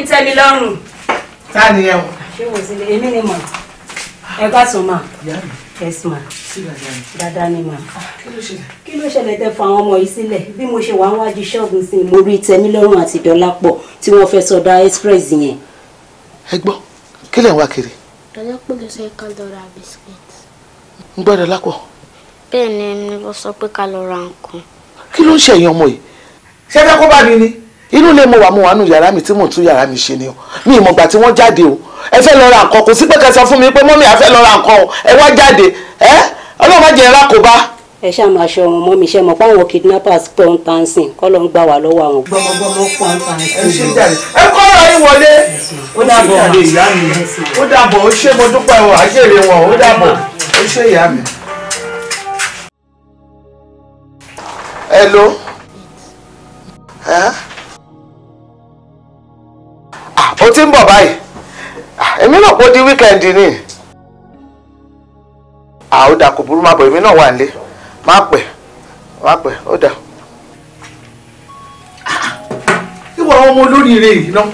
mi tẹ́ mi lọ́rùn. ta ni ẹ wọ. ṣé wo sílẹ̀ èmi ni mà ẹ bá sùn mà yes ma dada ni ma ah, kí ló ṣẹlẹ̀ tẹ fún àwọn ọmọ yìí sílẹ̀ bí mo ṣe wà ń wájú ṣọ́ọ̀bù sí i mo rí tẹ́mílọ́rùn àti dọ́lápọ̀ tí wọ́n fẹ́ sọdá express yẹn. ẹ gbọ́ kí lẹ̀ ń wá kiri. dọ́lápọ̀ ló sọ ká lọ ra biscuit. ń gbọ́ dọ́lápọ̀. bẹ́ẹ̀ ni mo sọ pé ká lọ ra nǹkan. kí ló ń ṣe èèyàn ọmọ yìí ṣé fẹ́ kó bá mi ni ilé mo wà mo wà nù yàrá mi tí mo tún yàrá mi ṣe ni o mi ì mọ̀gbà tí wọ́n jáde o ẹ fẹ́ lọ ra nǹkan kò sí pé kẹ́ sọ fún mi pé mọ́mí àfẹ́ lọ ra nǹkan o ẹ wá jáde ẹ ọlọ́run má jẹ́ ẹ rákòbá. ẹ ṣáà máa ṣe ọmọ mọ́mí ṣe mọ̀ páwọn kidnappers pọ̀ ń tàn sìn kọ́ ló ń gbà wá lọ́wọ́ àwọn. gbọmọgbọmọ pọ̀ ń tàn sìn. ẹ ṣe jáde ẹ kọ́ ọ̀rọ̀ yín wọlé. ó dàbọ̀ ó dàbọ̀ ó ṣe mo dúpẹ́ wọn àjèrè wọn ó dàbọ̀ ó ṣe ìyá mi. hello. ó ti ń bọ̀ báyìí ah, èmi náà kò di wíkẹ́ndì ni àwọn ah, ọ̀dà kò burú má bọ̀ èmi náà wà nílé má pẹ́ má pẹ́ ó dà. Ah, ìwọ àwọn ọmọ olóríire yìí náà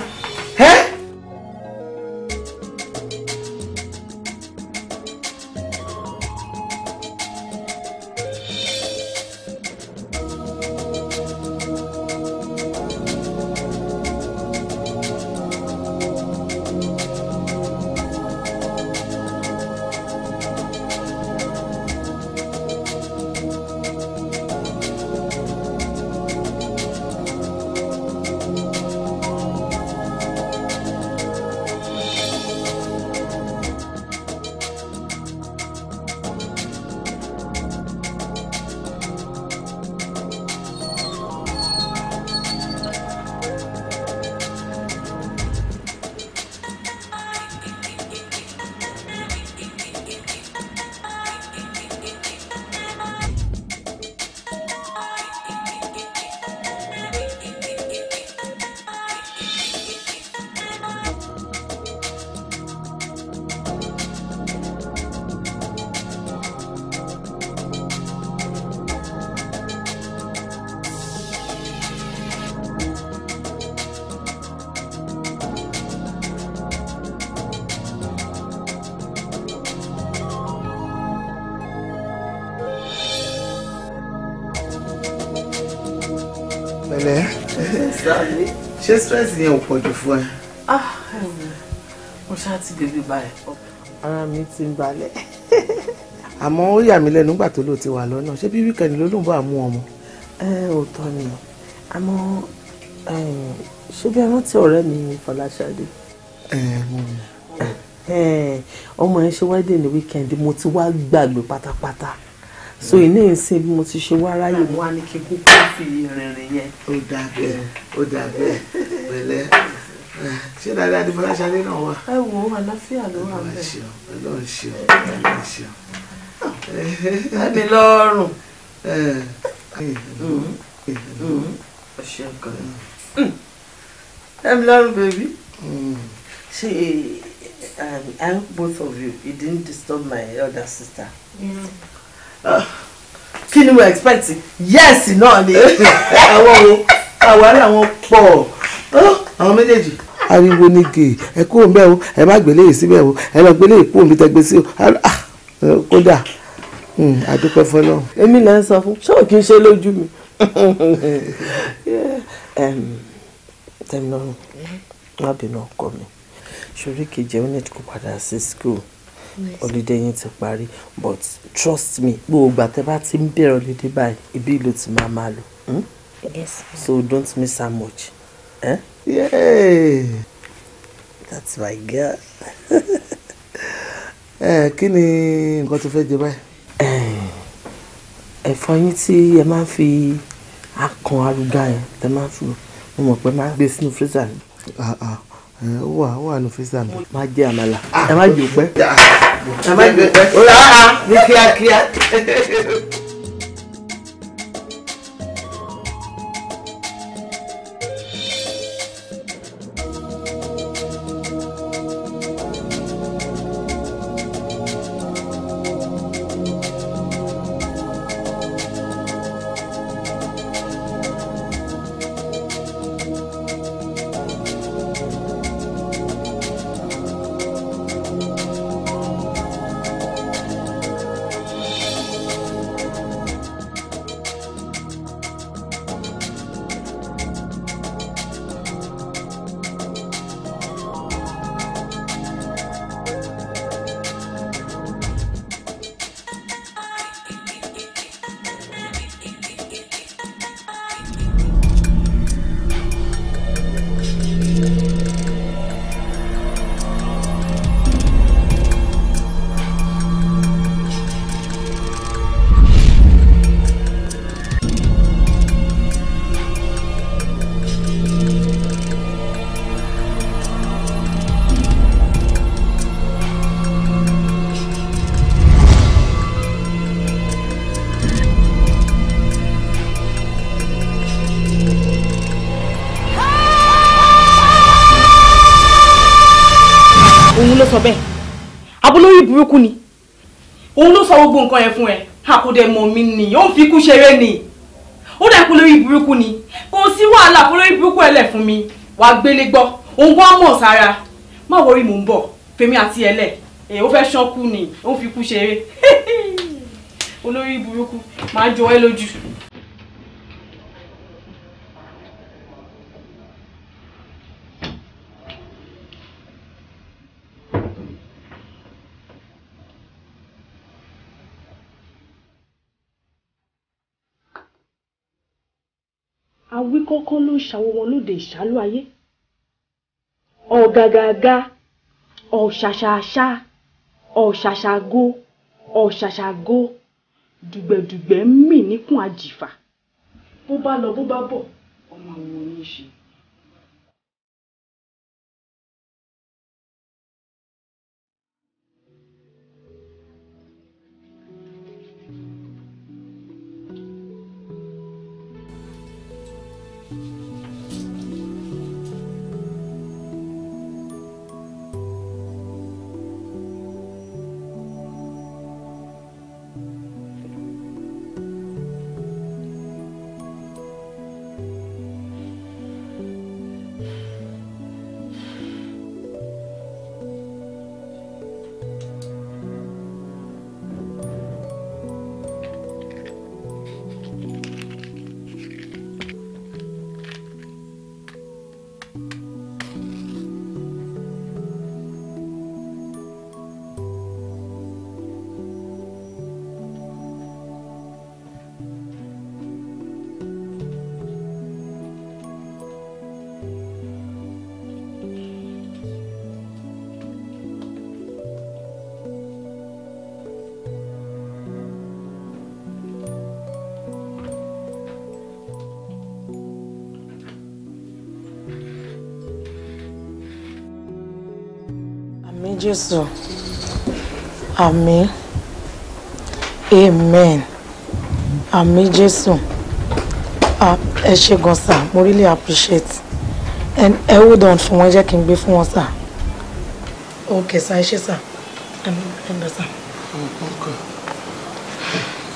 stress yẹn ò pọ̀jù fún ẹ. Ah, mo ṣáà ti bèbè balẹ̀. ara mi ti ń balẹ̀ àmọ́ ó yà mí lẹ́nu nígbà tó lò ti wà lọ́nà ṣé bí wíkẹ́ndì ló lóun bá mú ọmọ. ẹ òótọ́ ni àmọ́ ṣé bí ẹran tí ọ̀rẹ́ mi Fọláṣadé. ẹ mo mọ. ọmọ yẹn ṣe wedding ní wíkẹ́ndì mo ti wá gbàgbé pátápátá so ìní ìsìn bí mo ti ṣe wá ráyè. àwọn àníkè kúkú fi rìnrìn yẹn. ó dà bẹ́ẹ̀ ó dà bẹ́ẹ̀ pẹ̀lẹ́ ṣé dáadáa di fọláṣadé náà wà. ẹ wo àlàáfíà ló wà bẹ́ẹ̀. ọlọ́run ṣeun ọlọ́run ṣeun. ẹ̀mí lọ́rùn. ọ̀ṣẹ́ nǹkan ẹ̀mí lọ́rùn bèbí. ṣé eh, um, I hope both of you you didn't disturb my elder sister. Yeah. Uh, kí ni mo expect? yes náà ni àwọn wo àwárí àwọn pọ̀ àwọn méjèèjì. ariwo ni gè ẹ kúrò mbẹ o ẹ má gbélé yìí síbẹ̀ o ẹ lọ gbélé yìí kúrò mi tẹ gbé sí o ah, kódà àdúpẹ́ hmm, fọlọ́run. èmi náà ń sọ fún ṣé ò kí n ṣe lójú mi tẹmilọrun má bínú ọkọ mi ṣorí kejì ó ní kó padà sí school holiday yín ti parí but trust me gbogbo ìgbà tẹ́ bá ti ń bẹ̀rẹ̀ holiday báyìí ibi ìlú ti máa máa lò hmm? so don't miss am much. Huh? Yay! That's my girl. Ẹ eh, kí ni nǹkan tó fẹ́ jẹ báyìí? Eh, ẹ̀fọ́ yín tí ẹ máa ń fi akàn arúgbá yẹn tẹ máa ń fi mo mọ̀ pé máa ń gbé sínú fírísà ni. Ah, ah. Eh, ó wà ó wà ní fírísà mi. Má jẹ àmàlà. Ah. Ẹ má jò pẹ́. Ẹ má jò pẹ́. Ó rà á ní kíákíá. burúkú ni òun ló sọ gbogbo nǹkan yẹn fún ẹ àkúdẹ mọ mi nì ó fi ikú ṣeré ni ó dẹ̀ kú lórí burúkú ni kò sí wàhálà kó lórí burúkú ẹ fún mi wàá gbélé gbọ́ òun gbọ́ mọ̀ sára má wọrí mò ń bọ̀ fèmi àti ẹ ẹ ó fẹ́ ṣánkú ni ó fi ikú ṣeré olórí burúkú máa jọ ẹ lójú. ń ṣàwọ wọn lóde ìṣálú ayé ọ̀gàgàgà ọ̀ṣàṣàṣà ọ̀ṣàṣàgo ọ̀ṣàṣàgo dùgbẹ̀dùgbẹ̀ ń mì níkùn àjìfà bó bá lọ bó bá bọ̀ ọmọ àwọn oníṣe. Jésù àmín amen àmín Jésù ẹ ṣe gan sir mo really appreciate ẹ hold on fún wọn jẹ́ kí n gbé fún wọn sir okay sir ẹ ṣe sir ẹ ń bẹ sir.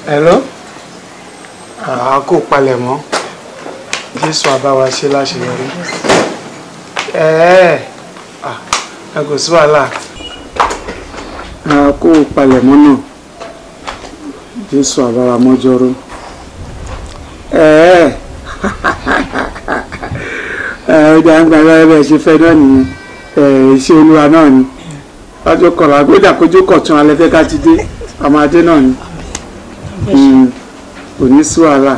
hello àá kò palẹ̀ mọ́ Jésù àbáwá ṣe láṣeyọrí ẹ̀ẹ́ ẹ kò sí wàhálà kó o palẹ̀mọ́ náà jésù àbáramọ́jọ́rò ẹ̀ẹ́ ẹ̀ẹ́dà ń gbàgbọ́ ẹ bẹ́ẹ̀ ṣe fẹ́ náà nìyẹn ẹ̀ẹ́ ṣe olúwa náà ni lọ́jọ́ kọ̀ọ̀rọ̀ àgbéjà kojú kọ̀tún alẹ́ fẹ́ ká ti dé àmọ́ adé náà ni hmm, òní sí wàhálà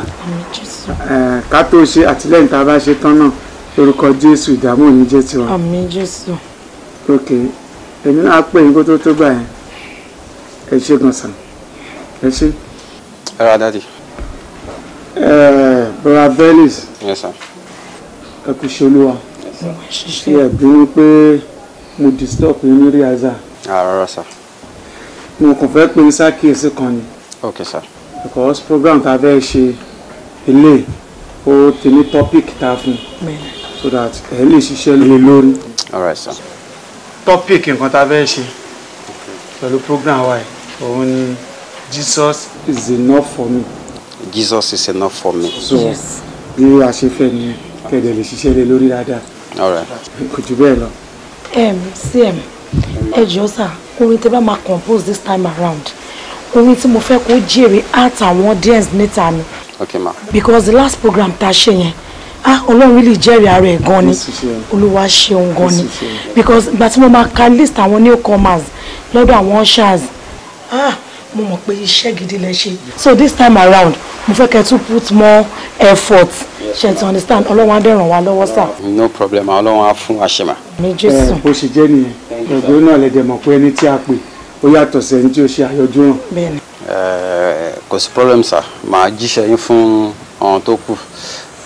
ká tó ṣe àtìlẹ́yìn tá a bá ṣe tán náà lórúkọ jésù ìdààmú òní jẹ́ tiwa. àmín jésù. ok èmi náà pè é kó tó tó gbà yẹn ẹ ṣe gan san ẹ ṣe. ẹ ra dadi. ẹ bọ́ra venice. yes sir. ẹ kò ṣe olúwa ṣe ẹ bínú pé mo disturb yín ní riaza. Ah, rárá sir. mo kàn fẹ́ pe ní sákìyèsí kan ok sir. because program ta fẹ́ ṣe ilé ó ti ní topic ta fún so that ẹ lè ṣiṣẹ́ lé lórí. all right sir. topic nǹkan ta fẹ́ ṣe pẹ̀lú program wa òun Jesus is enough for me. Jesus is enough for me. so bí a ṣe fẹ́ ni kẹ̀dẹ̀ lè ṣiṣẹ́ lé lórí dáadáa. kò jù bẹ́ẹ̀ lọ. cm ẹ jọ̀ọ́ sà orin tẹ́ bá máa compose this time around orin tí mo fẹ́ kó jèrè art àwọn dance níta ni. okay ma. because the last program ta ṣe yẹn ah ọlọ́run really jẹ́rìí ara ẹ̀ gan ni olúwa ṣeun gan ni because ìgbà tí mo máa ka list àwọn new comers lọ́dọ̀ àwọn ushers. Mm -hmm ah mo mọ̀ pé iṣẹ́ gidi lẹ ṣe so this time around mo fẹ́ kẹ́ tún put more effort ṣe ti understand ọlọ́wọ́n á dẹ̀ ràn wá lọ́wọ́ sà. no problem ọlọ́wọ́n á fún wa ṣe mà. méjì sùn. bó ṣe jẹ́ nìyẹn ẹ̀gbọ́n náà lẹ́dẹ̀ mọ̀ pé ẹni tí a pè ó yàtọ̀ sẹ́ni tí ó ṣe àyọjú hàn. kò sí problem sir màá jíṣẹ́ yín fún ọ̀hún tó kù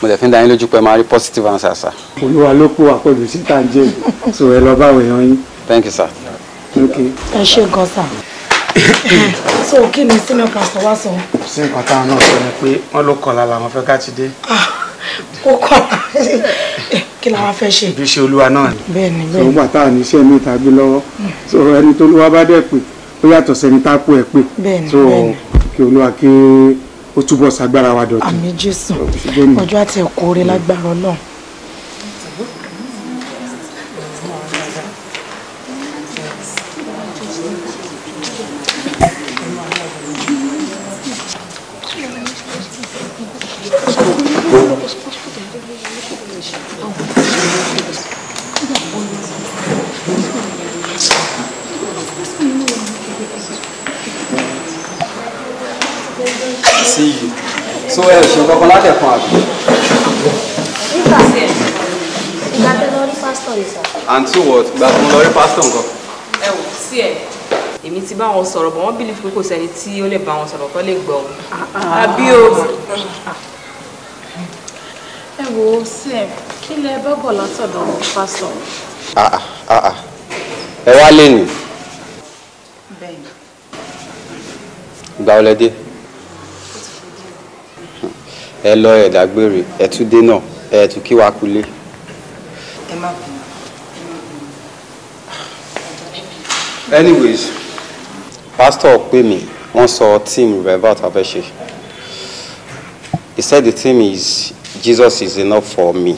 mo dẹ̀ fi lójú pé máa rí positive answer sir. olúwa ló kó wa pẹ̀lú sítáǹjẹ́ so ẹ lọ báwo yan yín. thank you sir. ẹ ṣé gan sir. so kí ni senior pastor wá sọ. sí nǹkan táwọn náà sọ ni pé wọn ló kọlà làwọn fẹ́ ká ti dé. Ah, ó kọlà kí làwọn fẹ́ ṣe. bí ṣe olúwa náà ni. bẹ́ẹ̀ni bẹ́ẹ̀ni. sọ wà tá à ní iṣẹ́ mi tàbí lọ́wọ́ hmm. so ẹni tó lówó bá dẹ̀ pé ó yàtọ̀ sẹ́ni tá a kú ẹ̀ pé. bẹ́ẹ̀ni bẹ́ẹ̀ni so kí olúwa kí ó túbọ̀ sagbára wa dọ̀tun. àmín jésù ọjọ́ àti ẹ̀kọ́ rẹ̀ lágbára ọlọ́run. pé kò sẹ́ni tí ó lè bá wọn sọ̀rọ̀ kó lè gbọ́ wọn. Ah, àbí o. Ah, ẹ wo sef kí lẹ bá bọ̀ látọ̀dọ̀ pásítọ̀. Ah, ẹ wá lè nì. bẹ́ẹ̀ni. ìgbà wo lẹ dé. ẹ lọ ẹ dágbére ẹ tún dé náà ẹ tún kí wa kulé. ẹ má bínú. anyways pastor pè mí wọ́n sọ team revival tá a ṣe he said the team is Jesus is enough for me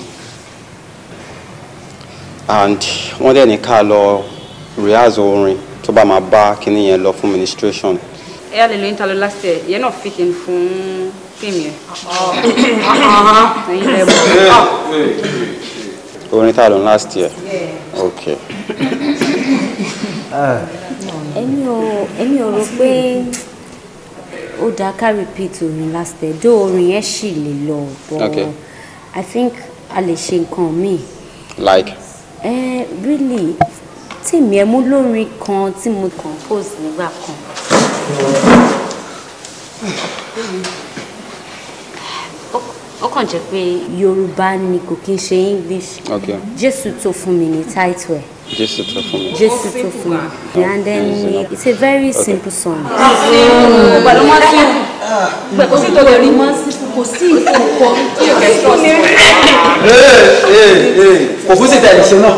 and wọ́n dẹ̀ ní ká lọ rehearse orin tó bá máa bá kinní yẹn lọ fún ministration. ẹ á lè lo interlo last year yẹn náà fit in fún team yẹn. orin tá a lò last year. Yeah. okay. Uh. èmi ò èmi ò rò pé ó dáa ká repeat orin last day dó orin yẹn ṣì lè lọ but okay. i think a lè ṣe nǹkan míì. like. ẹ eh, really tèmi ẹ mú lórin kan tí mo compose nígbà kan. ó kàn jẹ́ pé yorùbá ni kò kí n ṣe english. okay. jésù tó fún mi ní title ẹ̀. Jésù tó fún Just Jésù tó fún mi. And then it's a very okay. simple song. Pẹ̀lú wọn sí pẹ̀ kò sí ìtọ́jú rí wọn sí kò sí ìfowópamọ́ tí o kẹ́ sọ sí. Kò fún síta ìṣe náà.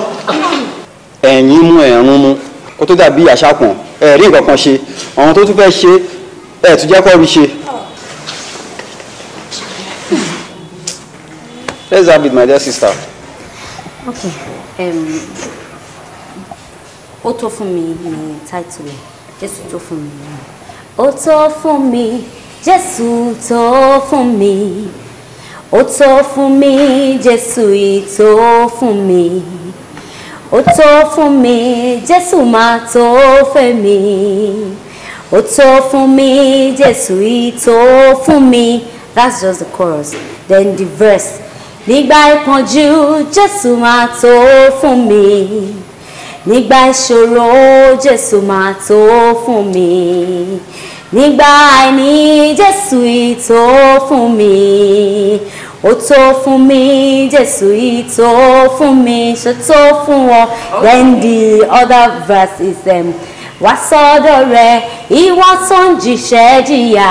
Ẹ̀yin mú ẹ̀rún mú kó tó dàbí àṣàpọ̀n ẹ̀rí nǹkan kan ṣe àwọn tó tún fẹ́ ṣe ẹ̀ tún jẹ́ kọ́ rí ṣe. Let's have it, my dear sister. Okay. Um, ó tó fún mi ní táìtù rẹ̀ jésù tó fún mi. ó tó fún mi jésù tó fún mi ó tó fún mi jésù yìí tó fún mi ó tó fún mi jésù máa tó fẹ́ mi ó tó fún mi jésù yìí fún mi that's just the chorus then the verse nígbà ìpọ́njú jésù máa tó fún mi nígbà ìṣòro jésù máa tó fún mi nígbà àìní jésù yìí tó fún mi ó tó fún mi jésù yìí tó fún mi ṣe tó fún wọn then the other verse is um, wá sọ́dọ̀ rẹ̀ ìwọ tó ń jìṣẹ́ jìyà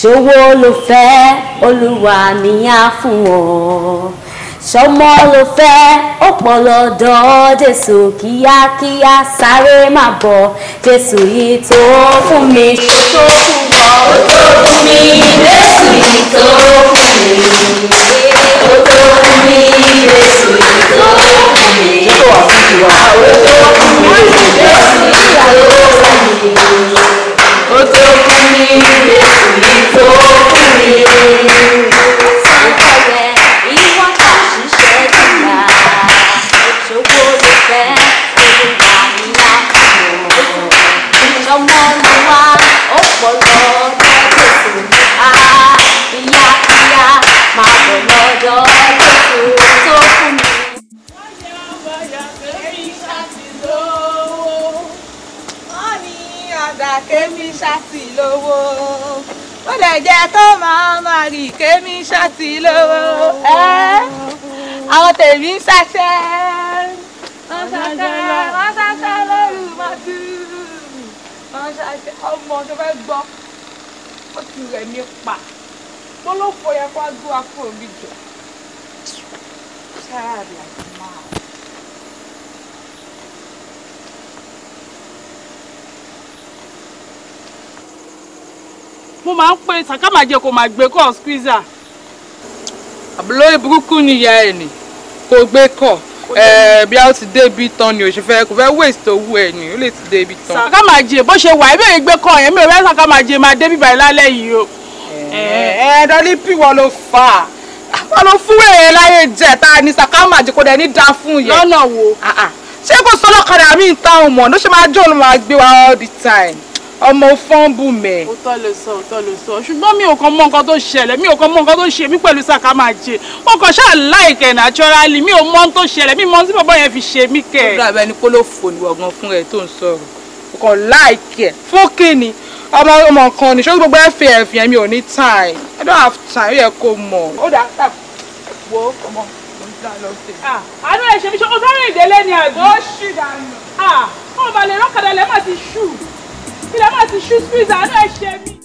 ṣòwò ló fẹ́ olúwa nìyà fún wọn sọmọ ló fẹ́ ó pọ̀ lọ́dọ̀ jésù kíákíá sáré má bọ̀ jésù yìí tó fún mi tó fún bọ̀ ó tó fún mi jésù yìí tó fún mi ó tó fún mi jésù yìí tó fún mi ó tó fún mi jésù yìí tó fún mi ó tó fún mi jésù yìí tó fún mi. jẹ́ kó máa máa rì kémi ṣọ́ọ̀tì lówó ẹ́ àwọn tèmi ń ṣàṣẹ wọ́n ṣàṣẹ wọ́n ṣàṣẹ lórí mọ́tú wọ́n ṣàṣẹ ọmọ tó fẹ́ gbọ́ ó ti rẹ̀ mí pa mo ló fọ yẹ kó a gbọ́ akó mi jọ ṣáà rẹ̀ àti. mo máa ń pè sàkámàjẹ kò máa gbé kọ́ squeezer àbúlóyè burúkú nìyá ẹ̀ ni kò gbé kọ́ eh, bí a ti dé ibi tán ni òṣèfẹ́ kò fẹ́ waste owó ẹ̀ ni ó lè ti dé ibi tán. sàkámàjẹ bó ṣe wà ẹ bẹ́ẹ̀ gbé kọ́ yẹn ò fẹ́ sàkámàjẹ máa dé bíbá yìí lálẹ́ o. ẹ ẹ dọ́lí pì wọ́n ló fà á wọ́n ló fún wèrè láyé jẹ́ tá a ní sàkámàjẹ kò dẹ̀ ní da fún yẹn. lọ́nà wo. Ah, ah. ṣé kò sọ́lọ́kadà mi ń ta òun mọ̀ ló ṣe máa jó òun ọmọ fọ́nbùmẹ̀. òótọ́ ló sọ òótọ́ ló sọ ṣùgbọ́n mi ò kàn mọ nǹkan tó ṣẹlẹ̀ mi ò kàn mọ nǹkan tó ṣe mí pẹ̀lú sàkà máa jẹ mo kàn ṣáà láìkẹ̀ naturally mi ò mọ ohun tó ṣẹlẹ̀ mi mọ ohun tí bàbá yẹn fi ṣe mí kẹ̀. ó dàbẹ́ ni kó ló fò ní ọgbọ́n fún ẹ tó ń sọ̀rọ̀ mo kàn láìkẹ̀ fókè ni ọmọ ọmọ kan ni ṣọ́gbọ́n gbogbo ẹ̀fẹ̀ ẹ̀fẹ̀ mi ò ní time I don't have time ó yẹ kó mọ̀. ó dà wo ọmọ ah, àánú ẹ̀ ṣe fi ṣe ọ̀sán rìn délé ni àgbọ̀ ó ṣì dànù ó balẹ̀ rọ́kàdà lẹ́ẹ̀ má ti ṣù kí lè má ti ṣú squeeze àánú ẹ̀ ṣe mí. Ṣé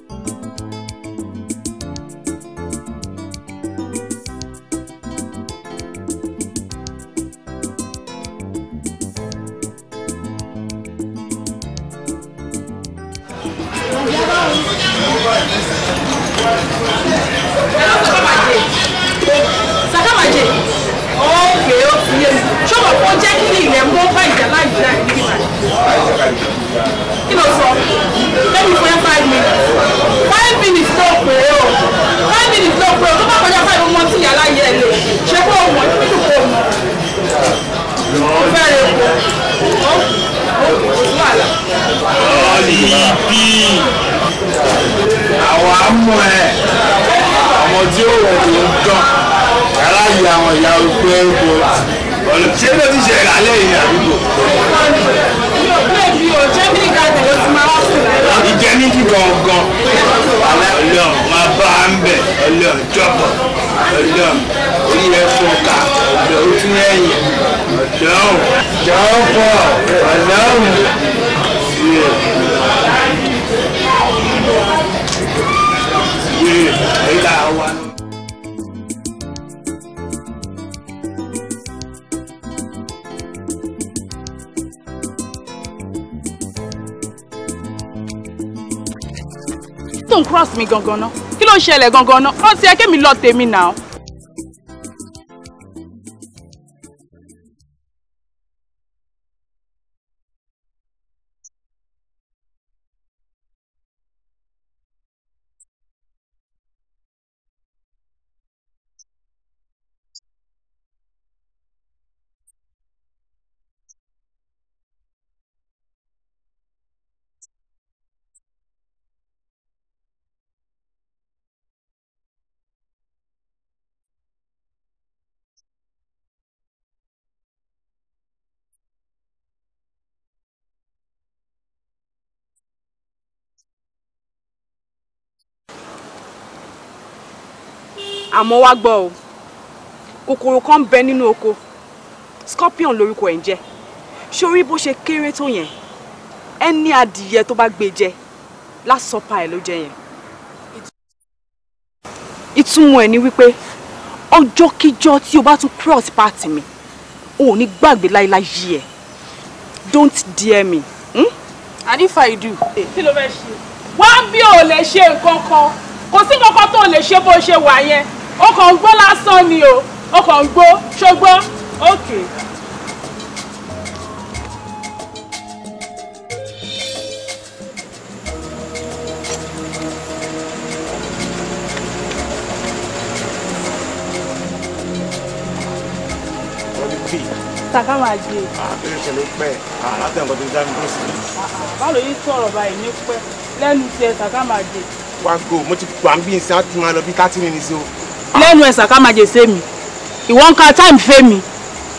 You know, sọ Let me ẹ five minutes five minutes tó pè o five minutes tó pè é o tó bá kọjá five ọmọ tí ìyàlá yẹ lè ṣe kó o mọ̀ kí kò mọ̀ o fẹ́ rẹ kó o wà lá. ọ̀ọ́lì bí àwọn amọ̀ ẹ̀ àwọn tí ó wọ̀ ló ń dán aláyé àwọn ìyá ogun ẹ̀kọ́ ọ̀nà tí ẹ bẹ́ẹ̀ ti ṣe ìrànlẹ́ yìí àdúgbò ìjẹnìjì gangan ọlọ́run máa bá a ń bẹ̀ ọlọ́run jọ̀bọ̀ ọlọ́run orí ẹ fọ́ka ọ̀dọ̀ ojú ẹ̀yìn ọ̀dọ́run jọ̀bọ̀ ọlọ́run. Yeah, they got one. tó ń cross mi gangan ná kí ló ń ṣẹlẹ̀ gangan ná wọ́n ti ẹ kémi lọ tèmi náà. àmọ́ wá gbọ́ o kòkòrò kan bẹ nínú oko scorpion lórúkọ ẹ̀ ń jẹ́ sórí bó ṣe kéré tó yẹn ẹni adìyẹ tó bá gbé jẹ lásọpa ẹ̀ ló jẹ yẹn ìtumọ̀ ẹ̀ ni wípé ọjọ́kíjọ́ tí o bá tún cross path mi o ò ní gbàgbé láíláyé ẹ̀ don't dare me. Hmm? and if i do. kí ló fẹ́ ṣe. wá bí o lè ṣe nǹkan kan kò sí nǹkan kan tó o lè ṣe bó ṣe wà yẹn o kàn ń gbọ́ lásán ni o o kàn ń gbọ́ ṣogbọ́ òkè. Taka máa jẹ. Àbẹ̀rẹ̀ ah, ṣẹlẹ̀ pẹ́, àlátẹ̀kọ́ ah, tó ń dá mi bó sí. Báwo yìí sọ̀rọ̀ báyìí ní pẹ́ lẹ́nu tiẹ̀ Taka máa jẹ. Wá go, mo ti gbà ń bí nsìn á ti máa lọ bí thirty minutes o lẹ́nu ẹ̀sà ká máa jèsè mi ìwọ ń ka time fẹ́ mi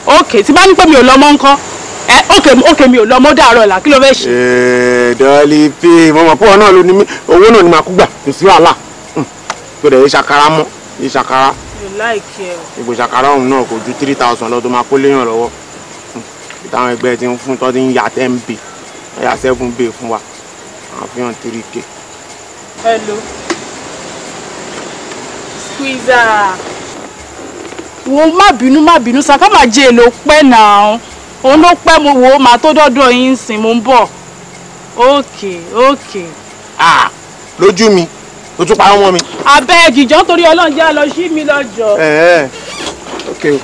òkè tí bá ní pé mi ò lọ́mọ ńkọ́ ẹ òkè òkè mi ò lọ́mọ dàárọ̀ là kí ló fẹ́ ṣe. ẹ dọ́ọ̀lì pé mo mọ̀ pé wọn náà ló ní mí owó náà ni màá kú gbà kò sí wàhálà tó hmm, dẹ̀ yé ṣàkárá mọ́ yé ṣàkárá ìgbò ṣàkárá ọ̀hún náà kò ju three thousand lọ tó máa kó léèyàn lọ́wọ́ hmm, ìtàwọn ẹgbẹ́ ti ń fún tọ́ ti ń ya ten b ya seven b fún wa àfihàn three k. hello squeezer. wo má bínú má bínú sa ká máa jẹ èlò pẹ́ náà òun ló pẹ́ mo wò ó máa tó dọ́dọ̀ yín sìn mo ń bọ̀ okay okay. ah lójú mi o tún parọ́ mọ́ mi. abẹ́ẹ̀gì jọ́ torí ọlọ́run jẹ́ àlọ́ sí mi lọ́jọ́. ok o.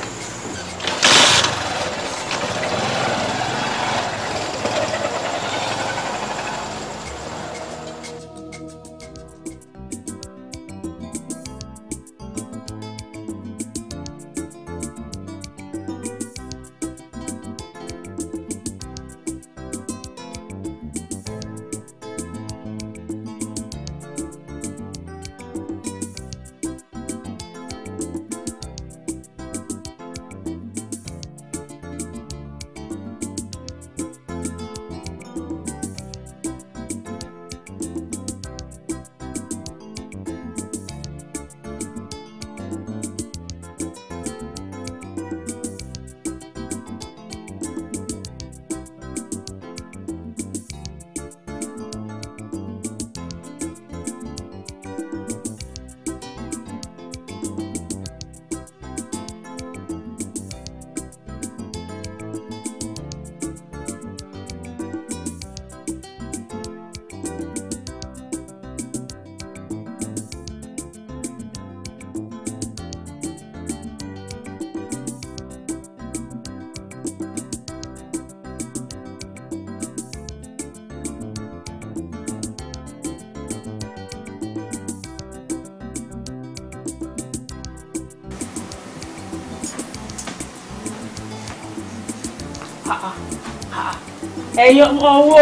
ọwọ́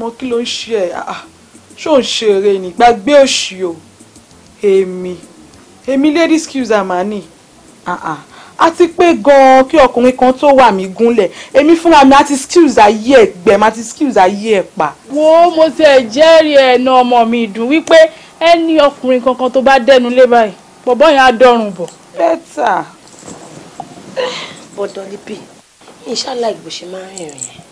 mọ kí ló ń ṣe ẹ ah, ah, ṣó ń ṣeré ni gbàgbé òṣì o èmi èmi ladies skills àmàní àti ah, pé gan-an kí ọkùnrin kan tó wà mí gúnlẹ̀ èmi fúnra mi àti skills ayé ẹ̀ gbẹ̀m àti skills ayé ẹ̀ pa. wo mo ti ẹ̀ jẹ́rìí ẹ̀nà ọmọ mi dùn wípé ẹni ọkùnrin kankan tó bá dẹnu lé báyìí bọ̀bọ́ yẹn á dọ̀rùn bọ̀. bẹ́tà. bọ́dọ̀ libi inshallah ìgbésẹ̀ máa ń rìnrìn yẹn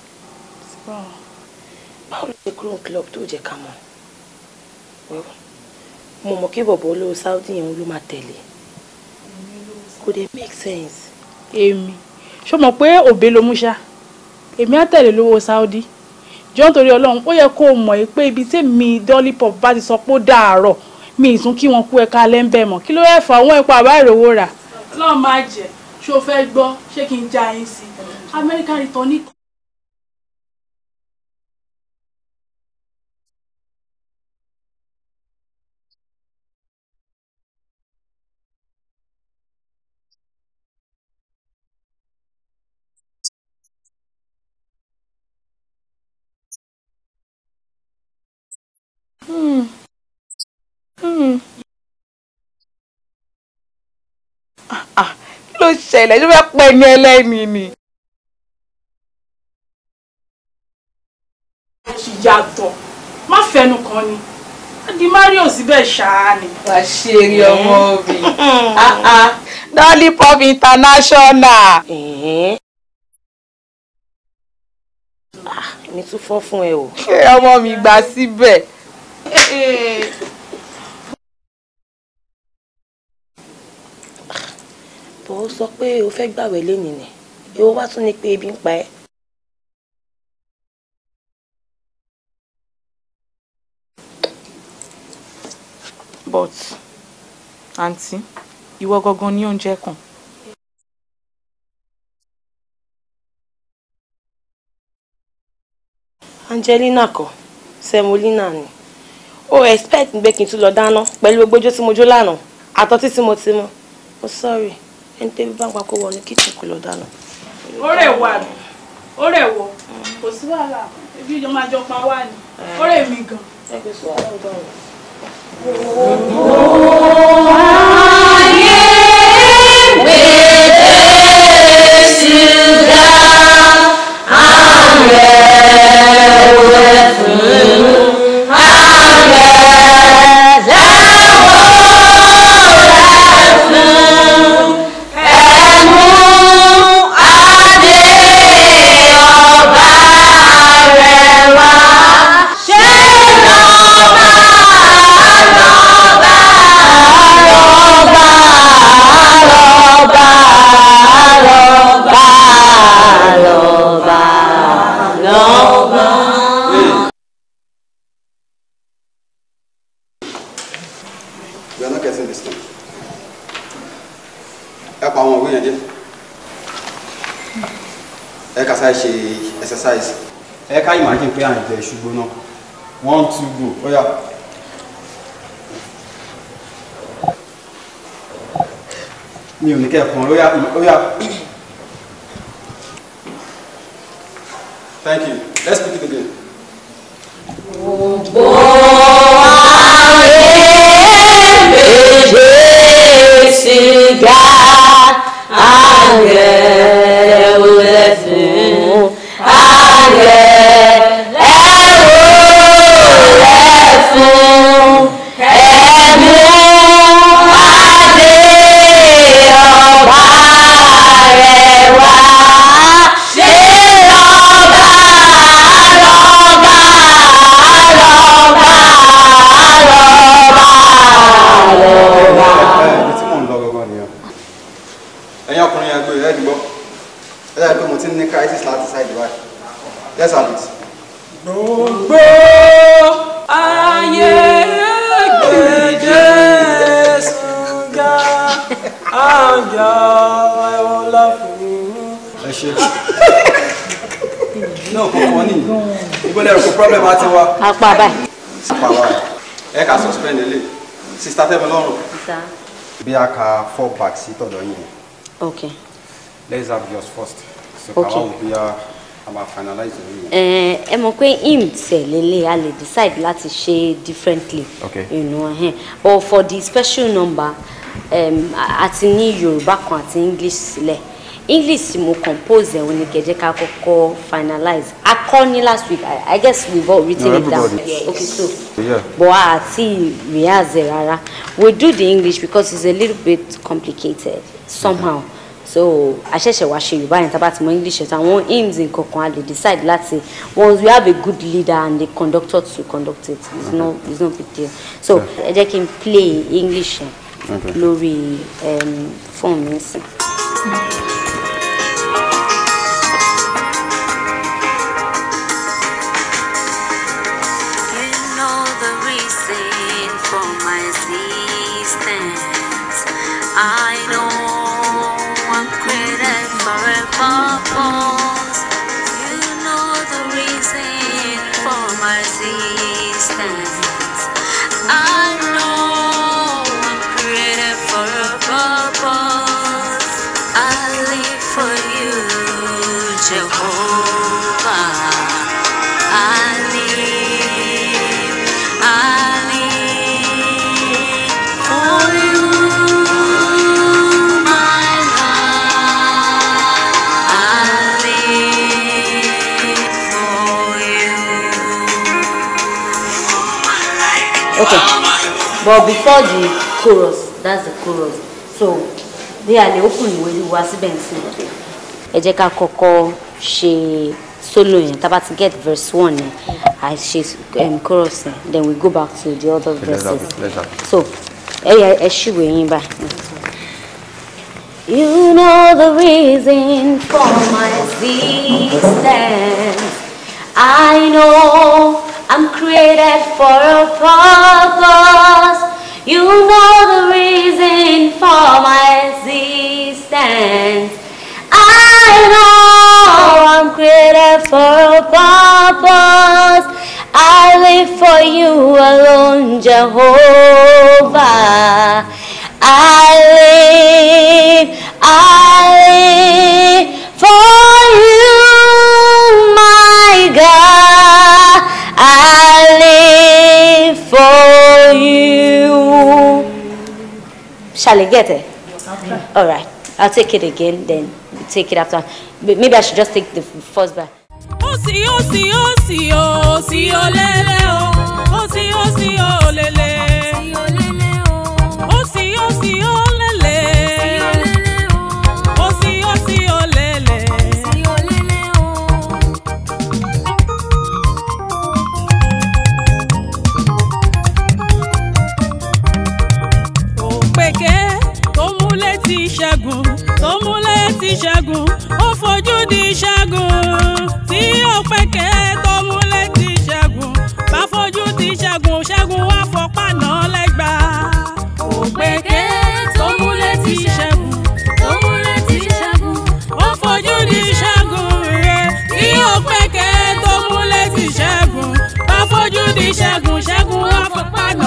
báwo ló ṣe kúrò ní club tó jẹ́ ká mọ̀ mo mọ̀ kí bọ̀bọ̀ olówó Saudi yẹn ló máa tẹ̀lé kò dé make sense. èmi ṣó mọ̀ pé òbí ló mú ṣá èmi á tẹ̀lé lówó Saudi jọ́n torí ọlọ́run ó yẹ kó o mọ̀ pé ibi tí mi dolly pop bá ti sọ pé ó dàárọ̀ mi ì tún kí wọn kú ẹ̀ka lẹ́ńbẹ̀ mọ̀ kí ló yẹ fà wọ́n ẹ̀pọ̀ àbá ìrówó rà. lọ́ọ̀ máa jẹ́ ṣó fẹ́ gbọ́ ṣé kí n já yín sí i American return ní ṣẹlẹ̀ ṣé wọ́n pẹ́ ní ẹlẹ́ni ni. ìyàtọ̀ má fẹnu kan ni di mario síbẹ̀ ṣáá wàá ṣe eré ọmọ mi ah, ah. lollipop international. Ah, èmi tún fọ́ fún ẹ o. ọmọ mi gbà síbẹ̀. Eh, eh. bọ́ ó sọ pé o fẹ́ gbàwẹ̀ lẹ́nìí ni èwo wá tún ni pé ebi ń pa ẹ́. but àǹtí ìwọ gangan ní oúnjẹ kan. Angelina kọ́ Semolina ni o expect pé tún lọ dáná pẹ̀lú gbogbo ojú tí mo jó lánàá àtọ́tí tí mo ti mọ́ I'm oh, sorry ẹni tẹ́bí bá ń pa wọ ní kíchìn kó lọ dáná. ọ̀rẹ́ wà ní ọ̀rẹ́ wọ kò sí wàhálà ebi ìjọ máa jọ pa wá ni ọ̀rẹ́ mi gan. ẹ kò sí wàhálà ọ̀dọ́ rẹ̀. ọkùnrin ó yà ó Thank you. Let's speak it again. Gbogbo àwọn èèyàn méje sí ga àgbẹ̀. let's have it. gbogbo ayé gbèjè sùgà àjà ẹ̀wọ̀n láfún. ẹ ṣe náà kò wọ́n ní ìgbọ́dọ̀ ẹ̀rọ kò problem á ti wá. apá báyìí. apá wa ẹ ká suspend ilé sista tẹ́mi lọ́rùn. bí a ka four bags sí tọ̀dọ̀ yìí. okay. let's have yours first. so okay. kàwá òbí a. Eh, ẹ mọ̀ pé im tẹ̀lélẹ̀ a lè decide láti ṣe differently okay. you know, eh. but for the special number àti um, ní Yorùbá kan àti English sílẹ̀ English mo compose ẹ̀ òní kẹ̀jẹ́ ká kọ́kọ́ finalize a kọ́ ní last week I, I guess we've all written no, it down okay so yeah. but àti rehearse rárá we do the English because it's a little bit complicated somehow. Yeah so àṣẹ̀ṣẹ̀ wá ṣe yorùbá yẹn tábà tí mo english ẹ̀ta àwọn aims nkankan a lè decide láti once we have a good leader and a conductor to conduct it it's no it's no big deal so ẹ jẹ́ kí n play english yẹn lórí fóònù um, mi sí. but before the chorus that's the chorus so they are the opening ìwé wa síbẹ̀ ń sìn. ẹ jẹ́ ká kọ́kọ́ ṣe solo yẹn tá a ti get verse one yẹn a ṣe um, chorus yẹn then we go back to the other verses so ẹ yẹ ẹ ṣìwé yín báyìí. You know the reason for my existence. I know I'm created for a purpose. You know the reason for my existence. I know I'm created for a purpose. I live for you alone, Jehovah. I live, I live. Shall I get it? Yeah. All right. I'll take it again, then take it after. Maybe I should just take the first back. Oh, see, oh, see, oh, see, oh, see, oh, lele, oh. ìṣẹ́gun ó fojú di ìṣẹ́gun tí ó pẹ̀kẹ́ tó múlẹ̀ ti ìṣẹ́gun bá fojú di ìṣẹ́gun ṣẹ́gun wá fọpá náà lẹ́gbà. ó pẹ̀kẹ́ tó múlẹ̀ ti ìṣẹ́gun tó múlẹ̀ ti ìṣẹ́gun ó fojú di ìṣẹ́gun rẹ̀ tí ó pẹ̀kẹ́ tó múlẹ̀ ti ìṣẹ́gun bá fojú di ìṣẹ́gun ṣẹ́gun wá fọpá náà.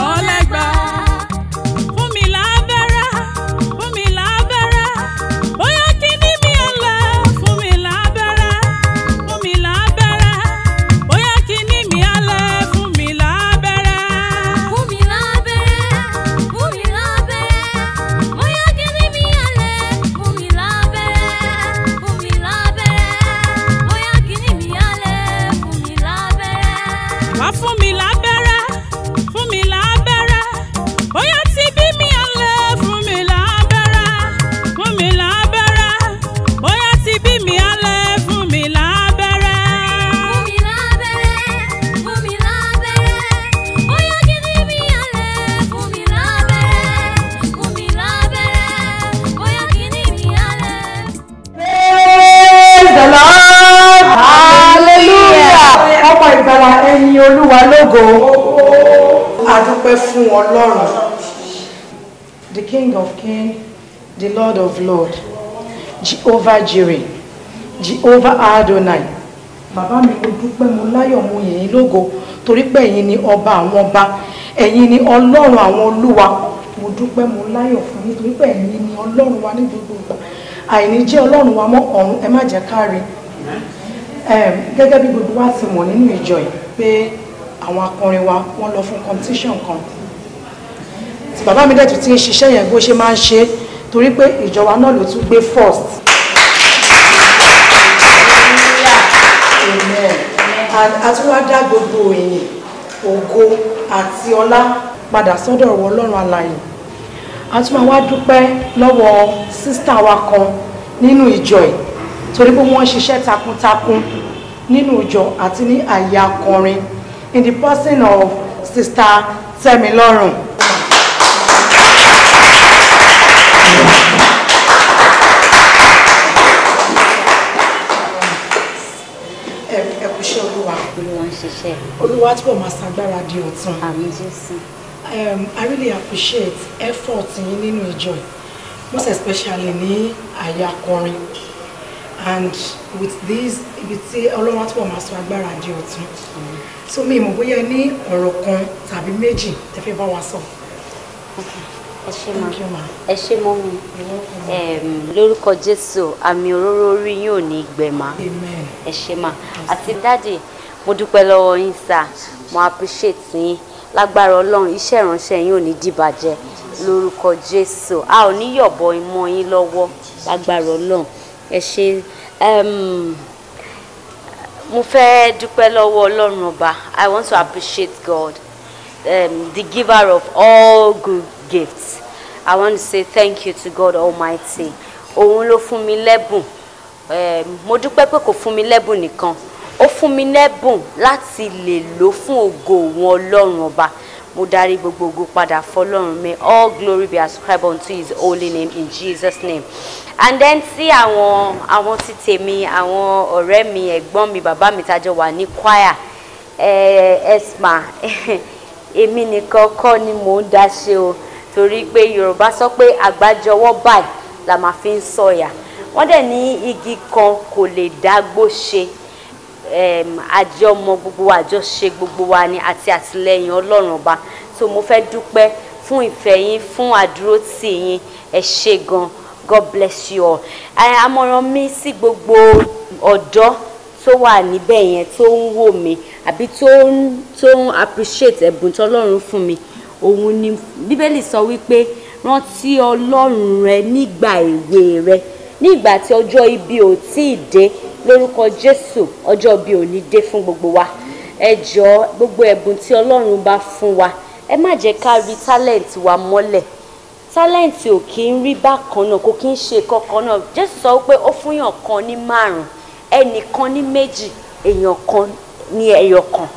lógo adúpẹ́ fún ọlọ́run the king of King, the lord of Lord, jehovah jireh jehovah adonai bàbá mi mo dúpẹ́ mo láyọ̀ mo yìn yín lógo torí pé ẹ̀yin ni ọba àwọn ọba ẹ̀yin ni ọlọ́run àwọn olúwa mo dúpẹ́ mo láyọ̀ fún yín torí pé ẹ̀yin ni ọlọ́run wa ní gbogbo ìgbà àìní jẹ́ ọlọ́run wa mọ́ ọ̀run ẹ má jẹ́ ká gẹ́gẹ́ bí gbogbo wa ti mọ̀ nínú ìjọ yìí pé àwọn akọrin wa wọ́n lọ fún competition kan tí bàbá mi dẹ̀tù ti ń ṣiṣẹ́ yẹn bó ṣe máa ń ṣe torí pé ìjọba náà ló tún gbé first. àtúwádá gbogbo èyìn ògo àti ọlá padà sọ́dọ̀ ọ̀rọ̀ ọlọ́run alààyè a tún máa wá dúpẹ́ lọ́wọ́ sísítà wa kan nínú ìjọ ẹ̀ torí pé wọ́n ṣiṣẹ́ takuntakun nínú ìjọ àti ní àyè akọrin in the person of Sister Temilorun. Olúwa túbọ̀ máa ṣàgbára di ọ̀tun. Àmín Jésù. Um, I really appreciate effort in nínú ìjọ most especially in àyà and with this ibi tí ọlọ́run àtúbọ̀ máa sọ agbára di ọ̀tún so mi ìmọ̀ bóyá ní ọ̀rọ̀ kan tàbí méjì tẹ́ fẹ́ bá wa sọ. ẹ ṣé ma ẹ ṣé mọ mi lórúkọ jésù àmì òróró orí yín ò ní gbẹ̀mà ẹ ṣé ma àti dáàdì mo dúpẹ́ lọ́wọ́ yín sá mo appreciate yín lágbára ọlọ́run iṣẹ́ ìránṣẹ́ yín ò ní dìbàjẹ́ lórúkọ jésù a ò ní yọ̀bọ ìmọ̀ yín lọ́wọ́ lágbára ọlọ́run ẹ ṣe mo fẹ́ dúpẹ́ lọ́wọ́ ọlọ́run ọba i want to appreciate god um, the giver of all good gifts i want to say thank you to god almighty òun ló fún mi lẹ́bùn mo dúpẹ́ pé kò fún mi lẹ́bùn nìkan ó fún mi lẹ́bùn láti lè lò fún ògo òun ọlọ́run ọba mo darí gbogbo padà fọ́lọ́run may all glory be ascribed unto his holy name in jesus name and then sí àwọn àwọn ti tèmi àwọn ọ̀rẹ́ mi ẹ̀gbọ́n mi bàbá mi tájọ wà ní choir ẹ̀ẹ́sma èmi nìkan kọ́ ni mò ń dá ṣe o torí pé yorùbá sọ pé àgbájọwọ́ báyìí la máa fi ń sọ̀yà wọ́n dẹ̀ ní igi kan kò lè dágbó ṣe àjọmọ gbogbo wa àjọṣe gbogbo wa ni àti àtìlẹyìn ọlọ́run ọba so mo fẹ́ dúpẹ́ fún ìfẹ́ yín fún àdúrótì yín ẹ ṣé gan god bless you all àmọ̀ràn mi sí gbogbo ọ̀dọ́ tó wà níbẹ̀ yẹn tó ń wò mí àbí tó ń tó ń appreciate ẹ̀bùn tọ́lọ́run fún mi òun ni bíbélì sọ wípé rántí ọlọ́run rẹ nígbà èwe rẹ nígbà tí ọjọ́ ibi ò tí ì dé lórúkọ jésù ọjọ́ bíi òní dé fún gbogbo wa ẹ jọ̀ọ́ gbogbo ẹ̀bùn tí ọlọ́run bá fún wa ẹ má jẹ́ ká rí talent wa mọ́lẹ̀ talent ò kí ń rí bákan náà kò kí ń ṣe kankan náà jésù sọ pé ó fún yàn kan ní márùn ẹnìkan ní méjì èèyàn kan ní ẹyọ kan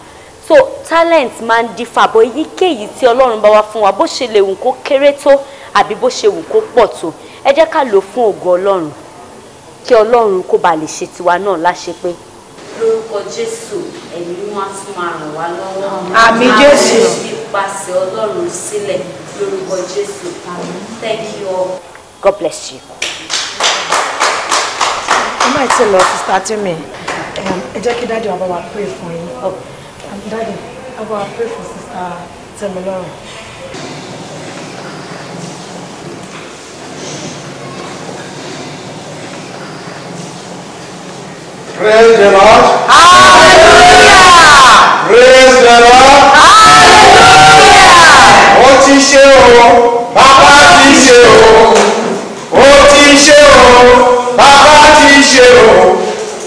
so talent máa ń differ bó èyíkéyìí tí ọlọ́run bá wá fún wa bó ṣe lè wù kó kéré tó àbí bó ṣe wù kó pọ̀ tó ẹ jẹ́ ká lò fún ògo ọlọ́run kí ọlọ́run kó ba lè ṣe tiwa náà láṣepé. lórúkọ jésù ẹ̀mí wọn tún máa ràn wá lọ́wọ́. àmì jésù. máa fi ipasẹ̀ ọlọ́run sílẹ̀ lórúkọ jésù. thank you all. god bless you. ẹ máa ti lọ sísá tí mi um, ẹ jẹ́ kí dájú àbáwá pray fún yín oh. um, dájú àbáwá pray fún sísá tẹ̀mílọ́rùn. Praise the Lord. Hallelujah. Praise the Lord. Hallelujah. Ó ti ṣe o, bàbá ti ṣe o. Ó ti ṣe o, bàbá ti ṣe o.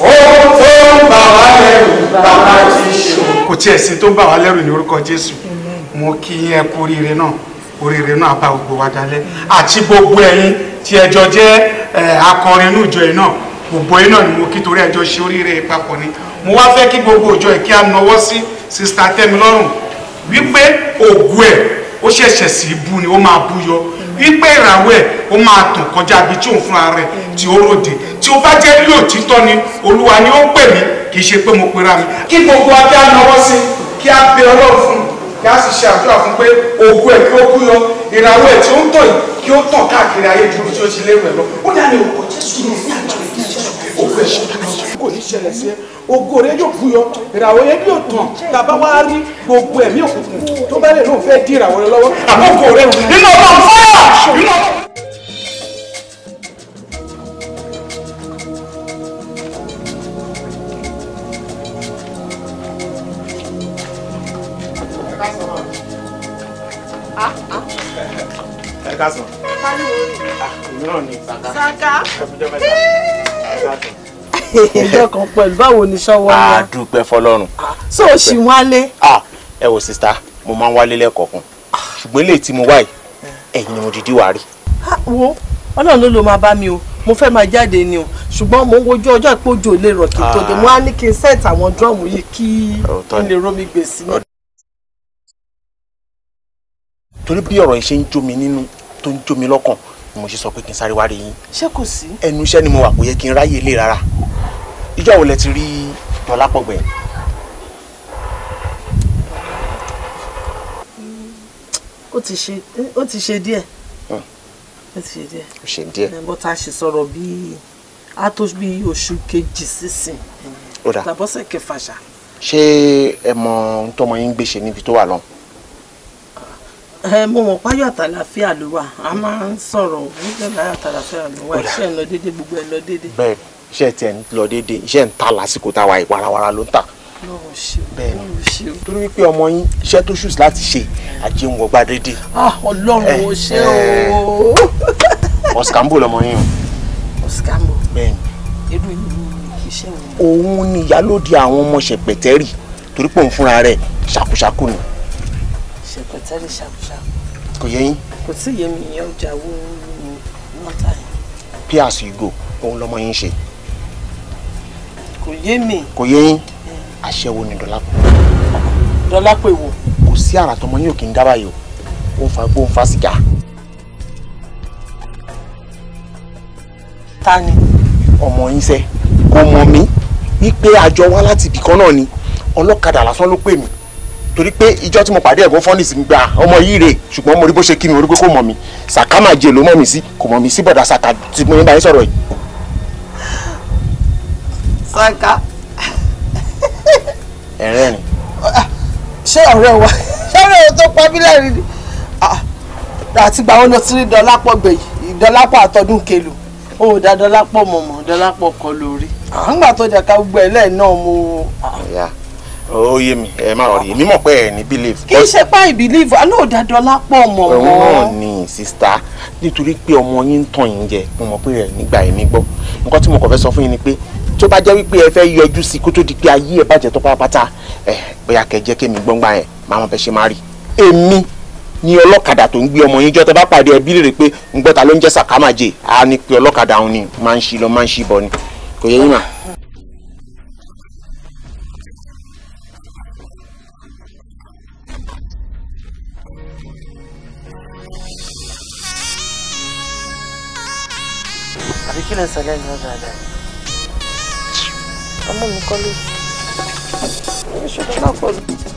Ohun tó ń bà wá lẹ́rù, bàbá ti ṣe o. Kò tiẹ̀ sí tó ń bà wá lẹ́rù ní orúkọ Jésù. Mo kí yín kú oríire náà oríire náà bá gbogbo wa dalẹ̀ àti gbogbo ẹ̀yin tí ẹjọ́ jẹ́ akọrin inú ìjọ yìí náà òbọ̀ iná ni mo kí torí ẹjọ́ ṣe oríire papọ̀ ni mo wá fẹ́ kí gbogbo òjọ ẹ̀ kí a nọwọ́ sí sista tẹ́milọ́rùn wípé ògùn ẹ̀ ó ṣẹ̀ṣẹ̀ sí bú ni ó máa bú yọ wípé ìràwọ̀ ẹ̀ ó máa tàn kọjá ibi tí òun fúnra rẹ̀ tí ó ròde tí ó bá jẹ́ ilé òtítọ́ ni olúwa ni ó pè mí kì í ṣe pé mo pera mi kí gbogbo wa kí a nọwọ́ sí kí a bẹ ọlọ́run fún kí a sì ṣe àdúrà fún pé ògùn ẹ̀ kí ó kú yọ ìràwọ̀ ẹ̀ tí ó ń tàn yìí kí ó tàn káàkiri ayé ju tí ó ti léwu òkú kò ní ṣẹlẹ̀ sí ẹ ògo rẹ yóò buyọ ìràwọ̀ yẹn yóò tàn tàbá wá rí gbogbo ẹ̀mí òkùnkùn tó bá lè lóun fẹ́ di ìràwọ̀ rẹ lọ́wọ́ àmọ́ rẹ nínú ọlọ́run fọ́ọ̀rọ̀ ẹ ká sàn. ká ló ń rìn. ah òmíràn ni saka. saka. ẹ fi jọba ẹ sàn ẹjọ́ kan pẹ̀lú báwo ni sọ́wọ́ yẹn. a fọlọ́run. Ah, so o ṣì wálé. Ah, ẹ wò sista mo máa ń wálé lẹ́ẹ̀kọ̀ọ̀kan ṣùgbọ́n eléyìí tí mo wá yìí ẹ̀yin ni mo dìdí wá rí. wo ọlọ́run ló ló máa bá mi o mo fẹ́ máa jáde ni o ṣùgbọ́n mo ń wojú ọjọ́ ìpọ́jù ò lè rọ̀ kí n tó dé ah. mo á ní kí n sẹ́ẹ̀tì àwọn drum yìí kí n lè rómi gbèsè. torí bí ọ̀rọ̀ yìí ṣe ń jó mi nínú tó ń jó mi lọ́kàn ni mo ṣe sọ pé kí n sáré wá rí yín. ṣé kò sí. ẹnu iṣẹ́ ni mo wà kò yẹ kí n ráyè lé rárá ìjọ wo lẹ ti rí Dọlápọ̀ gbẹ̀. ó ti ṣe ó ti ṣe díẹ̀ ó ti ṣe díẹ̀ ó ṣe díẹ̀ bó ta ṣe sọ̀rọ̀ bíi a tó bíi oṣù kejì sísìn tàbọ́sẹ̀ kẹfà ṣá. ṣé ẹ mọ ohun tọmọ yín ń gbèsè níbi tó wà lọ. ẹ mo mọ̀ páyọ̀ àtàlàfíà ló wà a máa ń sọ̀rọ̀ nígbà láyọ̀ àtàlàfíà ló wà iṣẹ́ ẹ̀ lọ déédéé gbogbo ẹ̀ lọ déédéé. bẹ́ẹ̀ iṣẹ́ tiẹ̀ ń lọ déédéé iṣẹ́ ń ta lásìkò táwa ìwarawara ló ń tà. bẹ́ẹ̀ ni torí wípé ọmọ yín iṣẹ́ tó ṣùs láti ṣe àjẹ́ ń wọgbà déédéé. Ah, ọlọ́run ò ṣe o. ọ̀sìkàmbò lọmọ yín o. ọ̀sìkàmbò bẹ́ẹ̀ ni. irú iṣẹ́ wo. òun ni ìyálòdì àwọn ọmọ ṣẹ̀pẹ̀tẹ́rì torí pé òun fúnra rẹ̀ ṣàkúṣàkú ni. ṣẹ̀pẹ̀tẹ́rì ṣàkúṣàkú. kò yẹ yín. kò sí yẹmi ìyẹn ọjà wo ni wọ́n tà yẹn. pay as òun lọmọ yín ṣe kò yé mi. kò yé yín aṣẹ́wó ni dọ́lápò. dọ́lápò èwo. kò sí àrà tọmọ yín ò kì í dábàá yìí o ó ń fa gbó ń fa sìgá. ta ni. ọmọ yín sẹ kò mọ mi wípé àjọ wá láti ibì náà ni ọlọ́kadà lásán ló pè mí torí pé ìjọ tí mo pàdé ẹ̀gbọ́n fọ́nìsì ń gba ọmọ yìí rè ṣùgbọ́n mo rí bó ṣe kí mi mo rí pé kò mọ̀ mi sàkámà jẹ́ ló mọ̀ mi sí kò mọ̀ mi sí bọ̀dà sàkà tí mo yín bá sọ̀rọ̀ yìí. Saka. ẹ̀rẹ́ ni. ṣé ọ̀rẹ́ wa ṣé ọ̀rẹ́ o tó pa mí lẹ́rìí ni ah, àti gbà wọn lọ sí dọlápọ̀ gbẹ̀yìn dọlápọ̀ àtọdún kelu ó dá dọlápọ̀ mọ̀mọ́ dọlápọ̀ kọ lórí. àǹgbà ah, tó jẹ́ ká gbogbo ẹ̀ lẹ́ẹ̀ náà mo. Ah. ó yé mi ẹ má rọrí èmi mọ̀ pé ẹ ní believe. kì í ṣe pa ìbílíìfù àná ò dá dọlápọ̀ mọ̀mọ́. òun náà ni sista nítorí pé ọmọ yín ń tàn yín jẹ mo mọ̀ pé ẹ nígbà ẹ̀ mi gbọ́ nǹkan tí mo kàn fẹ́ sọ fún yín ni pé tó bá jẹ́ wípé ẹ fẹ́ yọjú sí kó tó di pé ayé ẹ bàjẹ́ tó pátápátá ẹ bóyá kẹ jẹ́ kémi gbọ́ngbà yẹn máa mọ̀ fẹ́ ṣe máa rí èmi ni ọlọ́kadà tó ń gbé ọmọ yín jọ tó bá pàdé ẹbí rẹ̀ pé ń gbọ́ta ló ń jẹ́ sàkámàjè á ní pé ọlọ́kadà òun ni máa ń ṣí lọ máa ń ṣí bọ̀ ni kò yẹ yín mà. àbí kí lè sọ lẹ́nu ọ̀dọ̀ àdáyé ọmọ mi kọ́ ló sùn. èmi ṣe dáná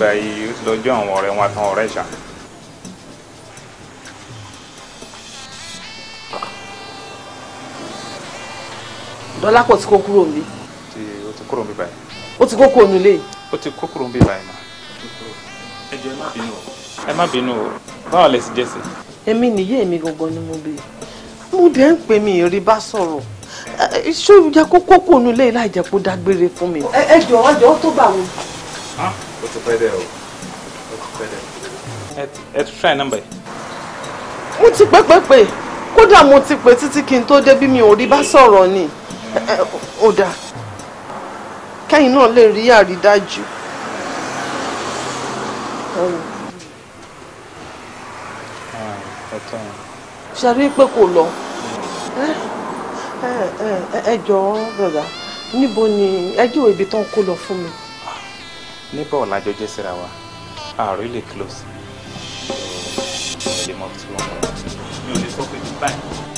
gbà yìí ó ti lọ jọ àwọn ọ̀rẹ́ wọn àtàwọn ọ̀rẹ́ ṣá. Dọ́lápọ̀ ti kó kúrò mi. ó ti kúrò mi báyìí. ó ti kó kúrò mi lé. ó ti kó kúrò mi báyìí mà. ẹ má bínú o. ẹ má bínú o báwo lẹ ti jẹ́ sí. èmi nìyí èmi gangan ni mo bè mo dẹ̀ ń pè mí ìrí bá sọ̀rọ̀ ṣó yẹ kó kókó onú lẹ́yìn láì jẹ́ kó dágbére fún mi. ẹ jọ̀ọ́ jọ̀ọ́ tó bá wọn ti pẹ́ bẹ́ẹ̀ o ó ti pẹ́ bẹ́ẹ̀. ẹ tún try nọ́mbà yìí. mo ti pẹ́ pẹ́ pé kódà mo ti pè títí kí n tó dé bí mi ò rí bá sọ̀rọ̀ ni ó dáa kẹ́yìn náà lè rí àrídájú. Ah, ṣe rí i pé kò lọ hmm. ẹ jọ̀ọ́ bọ̀dà níbo ni ẹjọ́ ibi tán kó lọ fún mi níbọ̀ ọ̀làjọ jẹ́ síra wa are really close. mi tí wọ́n mọ̀. mi ò lè sọ pé báyìí.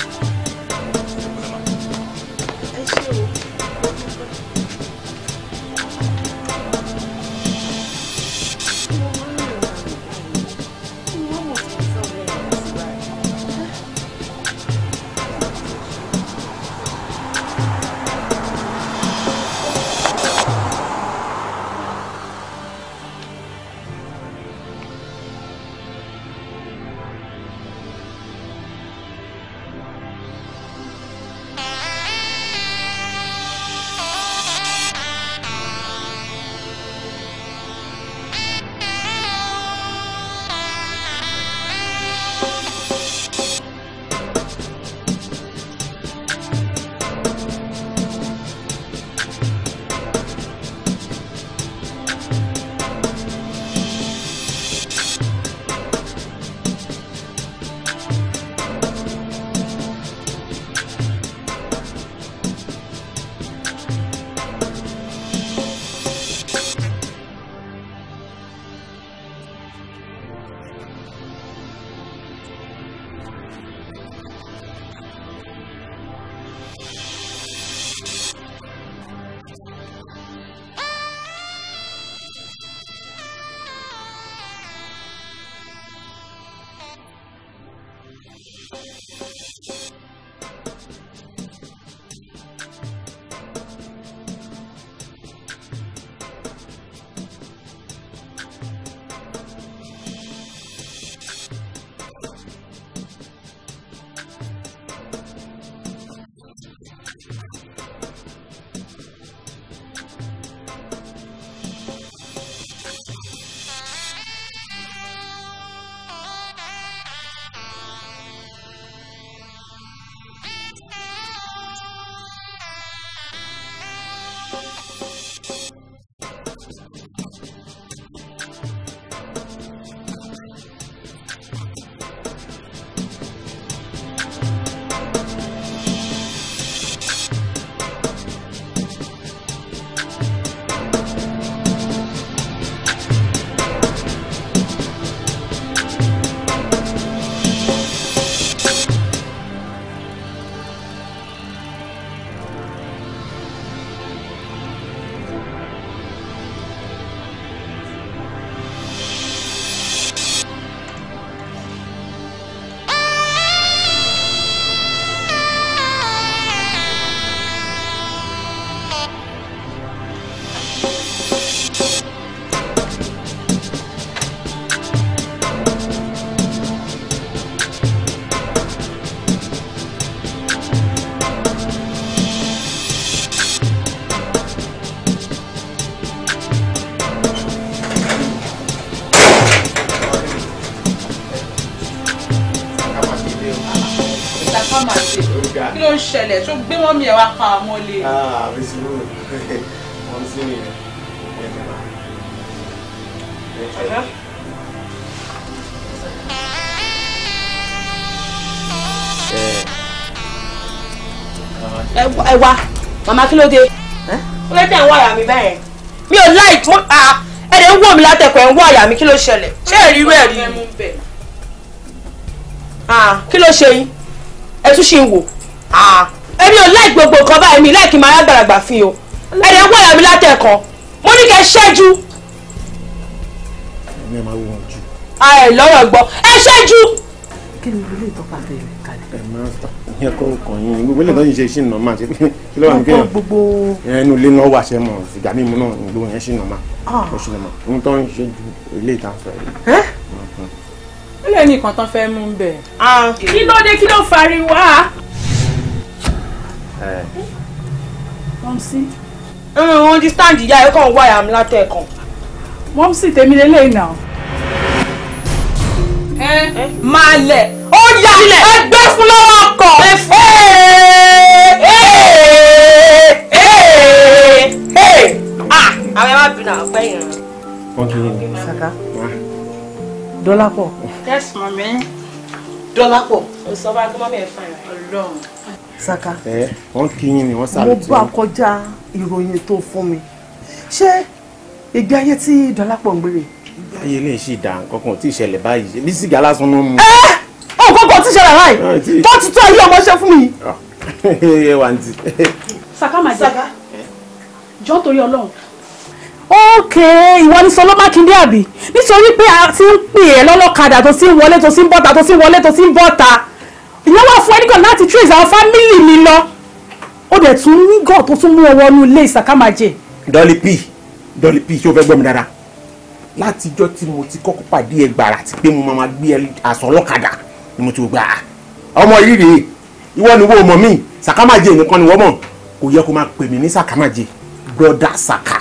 ń ṣẹlẹ̀ tó gbé wọ́n mi ẹ̀ wá pa àwọn olè. àbí sí wọ́n wọ́n sí mi rẹ̀. ẹ wá màmá kí ló dé ó lè tẹ̀ ń wá àyà mi bẹ́ẹ̀ mi ò láì tó ah, ẹ lè ń wọ̀ mí látẹ̀kọ̀ ẹ̀ ń wá àyà mi kí ló ṣẹlẹ̀ ṣé ẹ̀ rí rẹ̀ rí ah, kí ló ṣe yín ẹ tún ṣe ń wò ò láì gbogbo nǹkan báyìí mi láì kí n máa rágbàràgbà fi o ẹ̀yẹ wọ̀ ẹ̀mí látẹ̀kọ́ mo ní kẹ́ ṣẹ́jú. ẹ̀mí ẹ̀ máa wọ ojú. ẹ lọ́rọ̀ gbọ́ ẹ ṣẹ́jú. kí ni ilé ìtọ́pá bẹ̀rẹ̀ kalẹ̀. ẹ máa ta ìyẹn kọ́ ọkàn yín gbogbo ilé ìtọ́jú ṣe ṣì nà máa ṣe kí ló wà ní kéèyàn gbogbo ẹnu ilé náà wà ṣe mọ̀ ìgbà mímu náà ìgbò yẹn ṣì nà máa ah. ó ṣì nà máa ohun tó ń ṣe ju ilé ìta sọ yìí. ó lè ní nǹkan fẹ́ mú un bẹ̀. Ah. kí ló dé kí ló fariwo á. Ah mọ́mísì. wọ́n ti stand ìyá ẹ̀ kàn wáyà mi látẹ̀ kan. mọ́mísì tèmi lè lẹ́yìn náà. máa lẹ̀ ó yà ẹgbẹ́ fún lọ́wọ́ ọkọ̀. àwọn ẹ̀ má bínú àwọn pẹ́ yìí rán. wọ́n kì í yẹn. saka dọ́lápọ̀. yes mami dọ́lápọ̀. o sọ bá gbọ́mọ̀ bẹ́ẹ̀ fún ẹ̀. ọlọ́run. Saka. ẹ wọn kí yín ni wọn sáré tí mo bá kọjá ìròyìn tó fún mi ṣé ìgbé ayé tí Dọlápọ̀ ń gbére. ìgbé ayé lè ṣì dà nǹkankan tí ìṣẹ̀lẹ̀ báyìí bí sìgá lásán ló ń mu. ẹ ọ kọkọ tí ìṣẹ̀lẹ̀ báyìí tó ti tó ayé ọmọ ṣe fún mi. Ah, ẹ wà ntì. Saka máa jẹ jọ torí Ọlọ́run. ókè ìwọ ni Ṣọlá Mákindé àbí nítorí pé a ti ń pè é lọ́lọ́kadà tó ti ń wọlé tó ti ń bọ́ta tó ti ń wọlé tó ti ń bọ́ta ìyẹn wà fún ẹnìkan láti trace àwọn fámìlì mi lọ ó dẹ̀ tún ní gọ́ọ̀ tó tún mú ọwọ́ inú ilé ìsàkámàjẹ. Dolly P Dolly P ṣé o fẹ́ gbọ́ mi dára látijọ́ tí mo ti kọ́kọ́ pàdé ẹ gbàrà àti pé mo máa gbé ẹ aṣọ ọlọ́kadà ni mo ti gbà á ah, ọmọ yìí rèé ìwọ ni wo mọ̀ mí sàkámàjẹ nìkan ni wọ́n mọ̀ kò yẹ kó máa pè mí ní sàkámàjẹ broda saka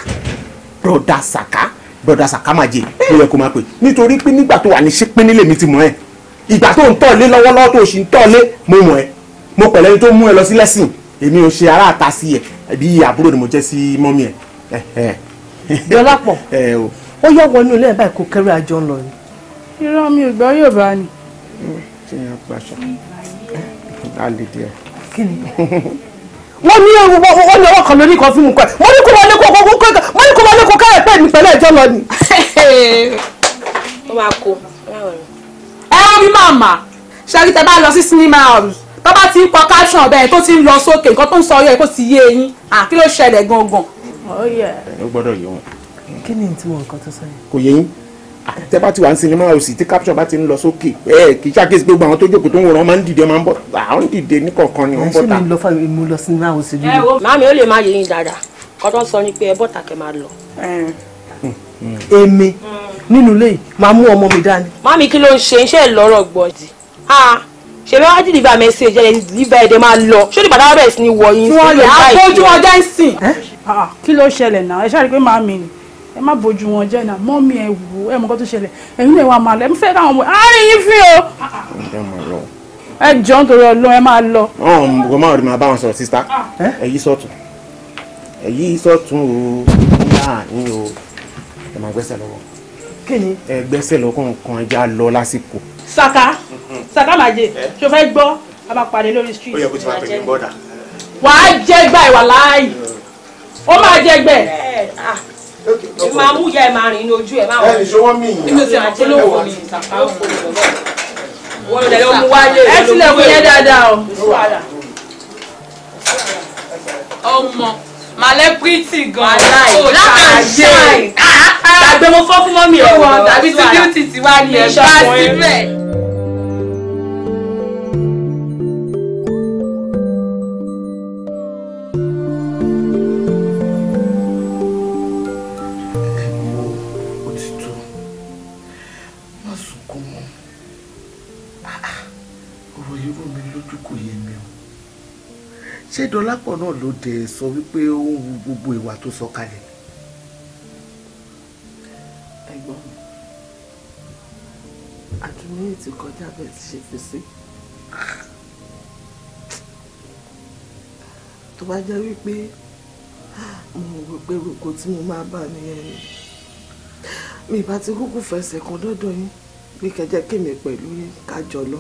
broda saka broda sàkámàjẹ kò yẹ kó máa pè nítorí pé nígbà tó wà ní ṣípínlẹ̀ mi ti mọ̀ ẹ́ ìgbà tó ń tọ̀lé lọ́wọ́lọ́wọ́ tó sì ń tọ̀lé mo mọ̀ ẹ́ mo pẹ̀lẹ́ ní tó mú ẹ lọ sí lẹ́sìn èmi ò ṣe aráàta sí ẹ bí àbúrò ni mo jẹ́ sí mọ́mí ẹ. dọ́lápọ̀ ó yọ wọnú ilé ẹ̀ báyìí kó kẹ́rù àjọ ń lọ ni. irọ́ mi ò gbọ́ yóò bá ni. kí ni wọ́n ní ewu wọ́n ní ọwọ́ kan lórí kan fún mi kọ́ ẹ̀ wọ́n ní kó wọlé kó kó kó wọ́n ní kó wọlé kó káyọ̀ pé mi pẹ̀lú ẹ̀jọ́ lọ ni. ó máa kó láwọn ọ̀rọ̀ ẹ rí màmá ṣẹ́rí tẹ bá lọ sí sinimá ọ̀rùn tó bá ti ń kọ caption ọ̀bẹ tó ti ń lọ sókè nǹkan tó ń sọ yẹ kó ti yé eyín kí ló ṣẹlẹ̀ gangan. ó oh, gbọ́dọ̀ yé wọn. kí ni ìtumọ̀ nǹkan tó sọ yẹn. kò yé yín tẹ bá ti wà ní sinimá ọ̀sì tí caption bá ti ń lọ sókè ẹ kì í ṣàkíyèsí gbogbo àwọn tó jókòó tó ń wòran máa ń dìde máa ń bọ̀ àwọn dìde ní kọ̀ọ̀kan ni wọ́n bọ̀ ta. ṣé mi lọ fún mi lọ sinimá ọ̀sì. ẹ wo màmí ó lè má yé yín dáadáa kọ́tọ́ sọ ni pé ẹ bọ́ta kẹ́ máa lọ èmi nínú ilé yìí máa mú ọmọ mi dání. mami kí ló ń ṣe iṣẹ́ lọ́rọ̀ gbọ̀dì ṣe bẹ́ẹ̀ wájú deliver message ẹ̀ deliver ẹ̀dẹ̀ máa lọ ṣé nígbà táwọn bẹ̀rẹ̀ sí ni wọ̀nyí. tí wọ́n lè àbójú ọjọ́ ìsìn. kí ló ṣẹlẹ̀ náà ẹ ṣáà rí i pé màámi ni ẹ má bójú wọn jẹ́ náà mọ́mí ẹ wò ẹ mọ̀ kó tó ṣẹlẹ̀ ẹ̀yin náà wà máa lọ ẹ fẹ́ káwọn ọmọ àárín yín fi o. ẹ jọ nítorí Ọlọ́run ẹ máa lọ. ọ̀hún máa rí màá bá wọn sọ̀rọ̀ sísá èyí sọ̀tún èyí sọ̀tún o láàánú o máa gbẹ́sẹ̀ lọ́wọ́ kí ni ẹ gbẹ́sẹ̀ lọ́kàn kan ẹ já lọ lásìkò. saka mm-hmm. saka màjè eh? ṣo fẹ́ gbọ́ a máa pàdé lórí street. ó yẹ kó ti máa pè mí bọ́dà. wàá jẹgbà ìwà láàyè mm. ó máa jẹgbẹ ah. máa mú ìyá ẹ máa rìn inú ojú ẹ máa wọ ẹni ṣọwọ́ mi yìí inú ti àti olówó mi ìtàkà ó kò lọ wọ́n lọ mú wáyé ẹ tilẹ̀ kú yẹn dáadáa o ọmọ malẹ pretty gan o ṣàṣe oh, ah, ah, ah. gbàgbé mo fọ́ fún mọ́mí ọ̀wọ́ tàbí tí beauty ti wá ní ẹ̀ bá síbẹ̀. Dọlápọ̀ náà ló dẹ̀ sọ wípé ó ń wu gbogbo ìwà tó sọ kalẹ̀. ẹ̀gbọ́n mi àdúnyẹ̀ ti kọjá bẹ́ẹ̀ ti ṣe fi sí. tó bá jẹ́ wípé mo rò pé rògbò tí mo máa bá nìyẹn ni mi ìbá ti kúkú fẹsẹ̀ kan dọ́dọ̀ yín bí kẹjẹ́ kémi pẹ̀lú yín kájọ lọ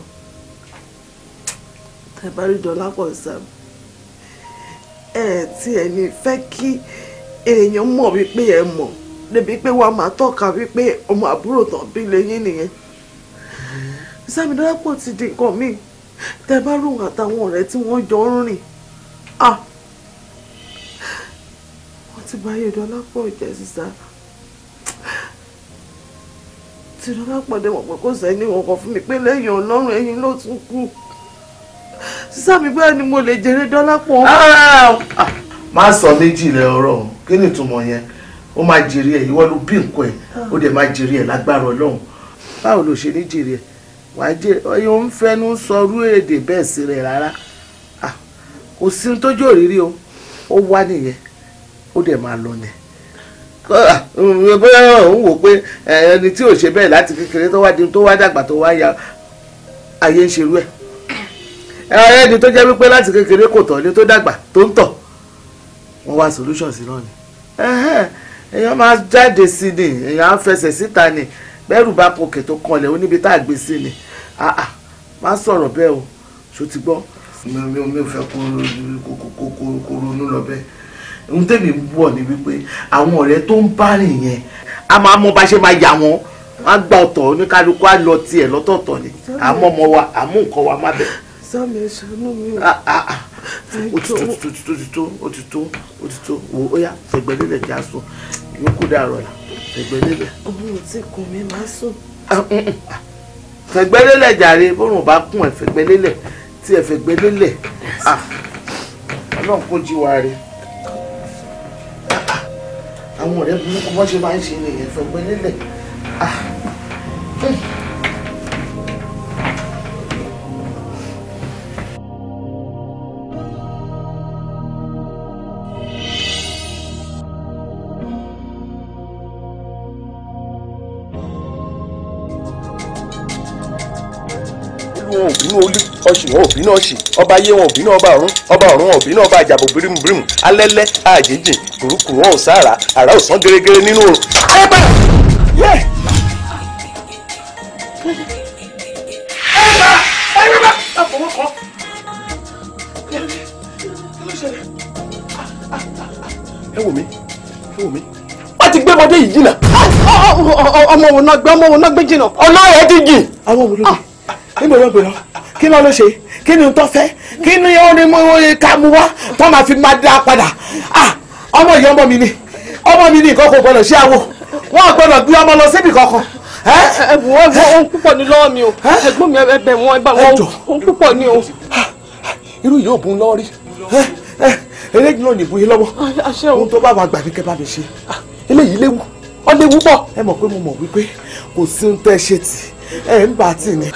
tẹ bá rí Dọlápọ̀ sáà ẹ tí ẹ ní fẹ́ kí èèyàn mọ̀ wípé ẹ mọ̀ débi pé wàá máa tọ́ka wípé ọmọ àbúrò tán bí lẹ́yìn nìyẹn Sàmídọ́lápọ̀ ti di nǹkan míì tẹ bá rò wọn àtàwọn ọ̀rẹ́ tí wọ́n jọ ń rìn ah wọ́n ti bá Ayédọ́lápọ̀ jẹ́ sísá tìrọ̀lápọ̀ dẹ̀ mọ̀ pé kò sẹ́ni wọn kàn fún mi pé lẹ́yìn Ọlọ́run ẹ̀yin ló tún kù sísá mi báyìí ni mo lè jèrè dọ́là pọ̀. Ah, ah, má sọ méjì lẹ ọ̀rọ̀ kí ni ìtumọ̀ yẹn ó máa jèrè ẹ̀ ìwọ ló bí nǹkan ẹ̀ ah. ó dẹ̀ máa jèrè ẹ̀ lágbára ọlọ́run báwo ló ṣe ní jèrè ẹ̀ wàá jèrè ọyọ ń fẹnu sọrú èdè bẹ́ẹ̀ sí rẹ̀ rárá kò sí ní tójú òrírí o ó wá nìyẹn ó dẹ̀ máa lọ nìyẹn bóyá òun wò pé eh, ẹni tí ò ṣe bẹ́ẹ̀ láti kékeré tó wá di tó wá dàgbà tó wá ya ayé ń ṣerú ẹ̀ ẹ ẹni tó jẹ́ wípé láti kékeré kò tọ̀ ni tó dàgbà tó ń tọ̀ wọ́n wá solution sí náà ni èèyàn máa jáde sí ni èèyàn á fẹsẹ̀ síta ni bẹ́rù bá pokè tó kanlẹ̀ ó níbi tá a gbé sí ni má sọ̀rọ̀ bẹ́ẹ̀ o ṣó ti gbọ́. mi ò mi ò fẹ́ kó ronú lọ bẹ́ẹ̀ ohun tèmi wọ̀ ni wípé àwọn ọ̀rẹ́ tó ń bá rìn yẹn a máa mọ bá ṣe máa yà wọ́n wọ́n á gba ọ̀tọ̀ oníkálukú á lọ tiẹ̀ lọ́tọ̀ọ̀tọ̀ ni àmọ́ ọmọ wa àmú nǹkan wa má bẹ̀rẹ̀ sá mi ṣàánú mi. Ah, ah, ah. ó ti tó ó ti tó ó ti tó ó ti tó wò a sùn yókù dàrọ̀ là fẹ̀gbẹ́ lélẹ̀. ọmọ ò tí kùn mí máa sùn. fẹ̀gbẹ́ mm, mm. lélẹ̀ jàre bọ́rùn bá kún ẹ̀ fẹ̀gbẹ́ lélẹ̀ tí ẹ̀ fẹ̀gbẹ́ lélẹ̀ ọlọ́run kò jí wa rẹ̀ àwọn ọ̀rẹ́ burúkú bọ́ ṣe máa ń ṣe nìyẹn fẹ̀gbẹ́ ọ̀sìn wọn òbí náà ṣì ọba ayé wọn òbí náà ọba ọ̀run ọba ọ̀run wọn òbí náà ọba àjàbò bírímùbírímù alẹ́lẹ́ àjèjì kùrùkùrù wọn ò sára àrà ò sán gẹ́rẹ́gẹ́rẹ́ nínú oòrùn. ayépa yẹ. ayépa ayépa àfọwọ́ kan. ẹ wò mí ẹ wò mí wọ́n ti gbé bọ́dé yìí jìnnà. ọmọ wo náà gbé ọmọ wo náà gbé jìnnà. ọ̀nà ti jìn. àwọn wo ló dé. Ah, ah, ah. níbo bẹ̀rẹ̀ kí náà ló ṣe kí ni tó fẹ́ kí ni ó ní ká mú wá tó máa fi máa dá padà ah ọmọ yìí ọmọ mi ni ọmọ mi ni nǹkan kò gbọdọ̀ ṣe àwò wọn gbọdọ̀ gbé ọmọ lọ síbi kankan. ẹ̀bùn ọgbọ́n ohun púpọ̀ ní lọ́wọ́ mi o ẹ̀gbọ́n mi ẹ̀bẹ̀ wọn ẹ̀bà wọn ohun púpọ̀ ní o. Ah, irú yìí ò bùn lọ́wọ́ rí eléyìí náà nìbùn yín lọ́wọ́ ah, ohun tó bá wà gbà ní kẹ́ bá mi ṣe eléyìí léwu ó léwu pọ̀ ẹ mọ̀ pé mo mọ̀ wípé kò sí ohun tẹ́ ṣe tì ẹ̀ ń bà á tì ní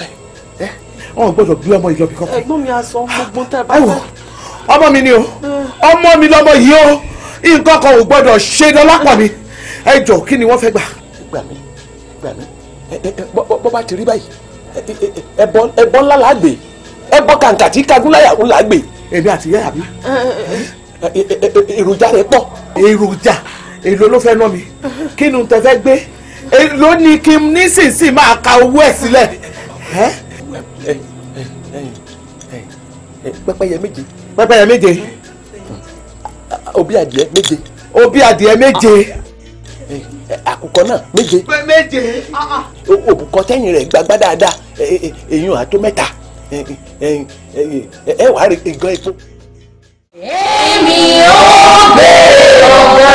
wọn gbọ́dọ̀ bí ọmọ ìjọba kankan. ẹ̀gbọ́n mi aṣọ gbogbo tẹ bá tẹ. ọmọ mi ni o eh. ọmọ mi lọmọ yìí o nǹkan kan ò gbọ́dọ̀ ṣe lọlápọ mi ẹ jọ kí ni wọ́n fẹ́ gbà. gbà mí gbà mí bọ́ bá ti rí báyìí ẹbọ ńlá là á gbé ẹbọ kàǹkà tí kagúnláyà ń là á gbé. èmi àti yẹ́yà eh, eh, mi. èròjà rẹ pọ̀. èròjà èlò ló fẹ́ ná mi kí ni n tẹ fẹ́ gbé èlò ni kí n nísinsìnyí máa ka owó ẹ̀ sílẹ̀ pẹ́pẹ́yẹ méje. pẹ́pẹ́yẹ méje òbí adìẹ méje òbí adìẹ méje àkùkọ náà méje méje òbúkọ tẹ̀yìn rẹ̀ gbagbá dáadáa èyàn e, e, e, àtó mẹ́ta ẹ wàá rí igán epo. èmi ò gbé ọ̀gá.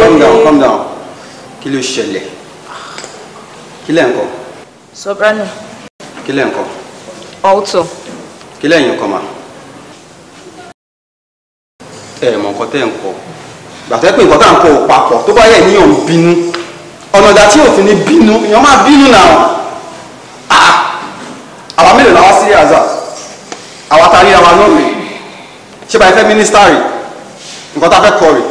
calm down calm down kí ló ṣẹlẹ̀ kí lẹ́ ń kọ. soprano. kí lẹ́ ń kọ. alto. kí lẹ́yìn kọ ma. ẹ mọ nǹkan tẹ́ ń kọ gbàtẹ́ pé nǹkan tá à ń kọ ò papọ̀ tó bá yẹ níyàn ń bínú ọ̀nà ìdá tí òfin ni bínú èèyàn máa bínú náà ah! àwa mélòó làwọn sí àzà àwa ta rí àwa náà rè é ṣé báyìí fẹ́ mínísítà rè nǹkan tá a fẹ́ kọ rè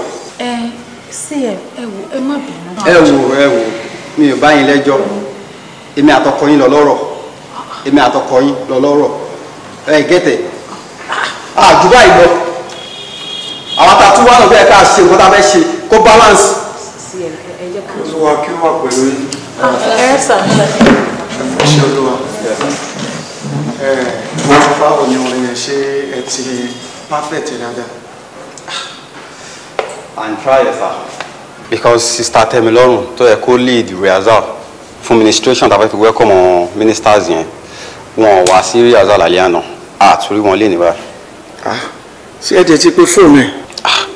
sí ẹ ẹ wò ẹ má bínú. ẹ wò ẹ wò mi ò bá yín lẹ́jọ́ èmi àtọkọ yín lọ lọ́rọ̀ èmi àtọkọ yín lọ lọ́rọ̀ ẹ gẹ́tẹ̀ àdúrà yìí lọ àwọn tá a tún wá lọ bẹ́ẹ̀ ká ṣe nǹkan tá a fẹ́ ṣe kó balance. olúwa kí wà pẹ̀lú yín. ẹ ah, ẹ sà. ẹ fẹ́ ṣe olúwa. ẹ wọ́n báwo ni orin yẹn ṣe ẹ ti because sista tẹmilọrun tó yẹ kó lead rehearsal fún ministration tàbí fi welcome àwọn ministers yẹn wọn wá sí rehearsal lálẹ́ àná àtúrí wọn lè ní báyìí. Ah, ṣé ẹ jẹ́ ti pé fóònù ẹ̀.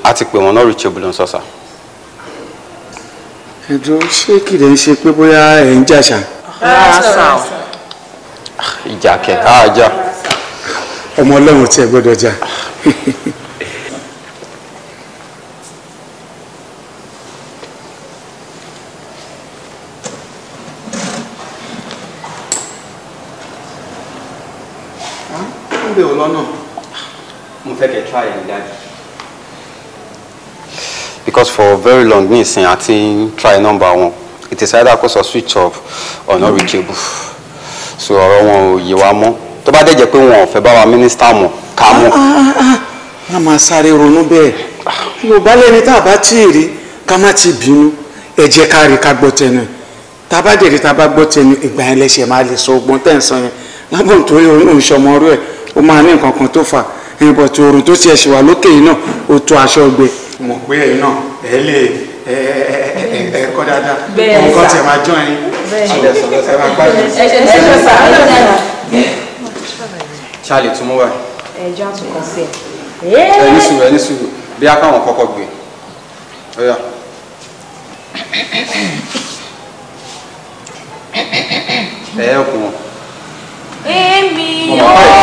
a ti pè wọ́n náà reachable ló ń sọ sá. ẹ̀dùn ṣé kìdẹ̀ ń ṣe pé bóyá ẹ̀ ń jàṣà. rárá sá o. Ah, ìjà kẹ̀ káàjà. ọmọ ọlọ́run tí ẹ gbọ́dọ̀ jà. Ah. bẹ̀ ọ́ lọ́nà mo fẹ́ kẹ́ try ẹ̀ dájú. because for very long ní ìsìn àti try number one, it is either cause of switch off or not reachable so ọ̀rọ̀ wọn ò yé wa mọ́ tó bá dẹ̀ jẹ́ pé wọn ò fẹ́ bá wa mínísítà mọ̀ ká mọ̀. Ah, ah, ah, a máa sáré ronú bẹ́ẹ̀ yorùbá lẹ́ni tá a bá tí ì rí ká má ti bínú ẹ jẹ́ ká rí ká gbọ́ tẹnu tá a bá dẹ̀ rí tá a bá gbọ́ tẹnu ìgbà yẹn lẹ́sẹ̀ máa lè sọ ọgbọ́n tẹ̀ ń sọ yẹn lábọ̀ nítorí oníṣọmọ ẹ̀ ó máa ní nǹkan kan tó fà ẹ̀yìn bọ̀tù oòrùn tó ti ẹ̀ṣẹ̀ wà lókè yìí náà ó tó aṣọ gbẹ. mo pé ẹ̀yin náà ẹ lè ẹ kọ dáadáa nǹkan tí ẹ máa jọ ẹyin ẹ máa gbádùn. ṣáàlì tún mú wa. ẹjọ́ àtúnkàn sí ẹ. ẹ ní sùúrù ẹ ní sùúrù bí a káwọn kọ́kọ́ gbé ọyà. ẹ ẹ kùn. èmi yóò.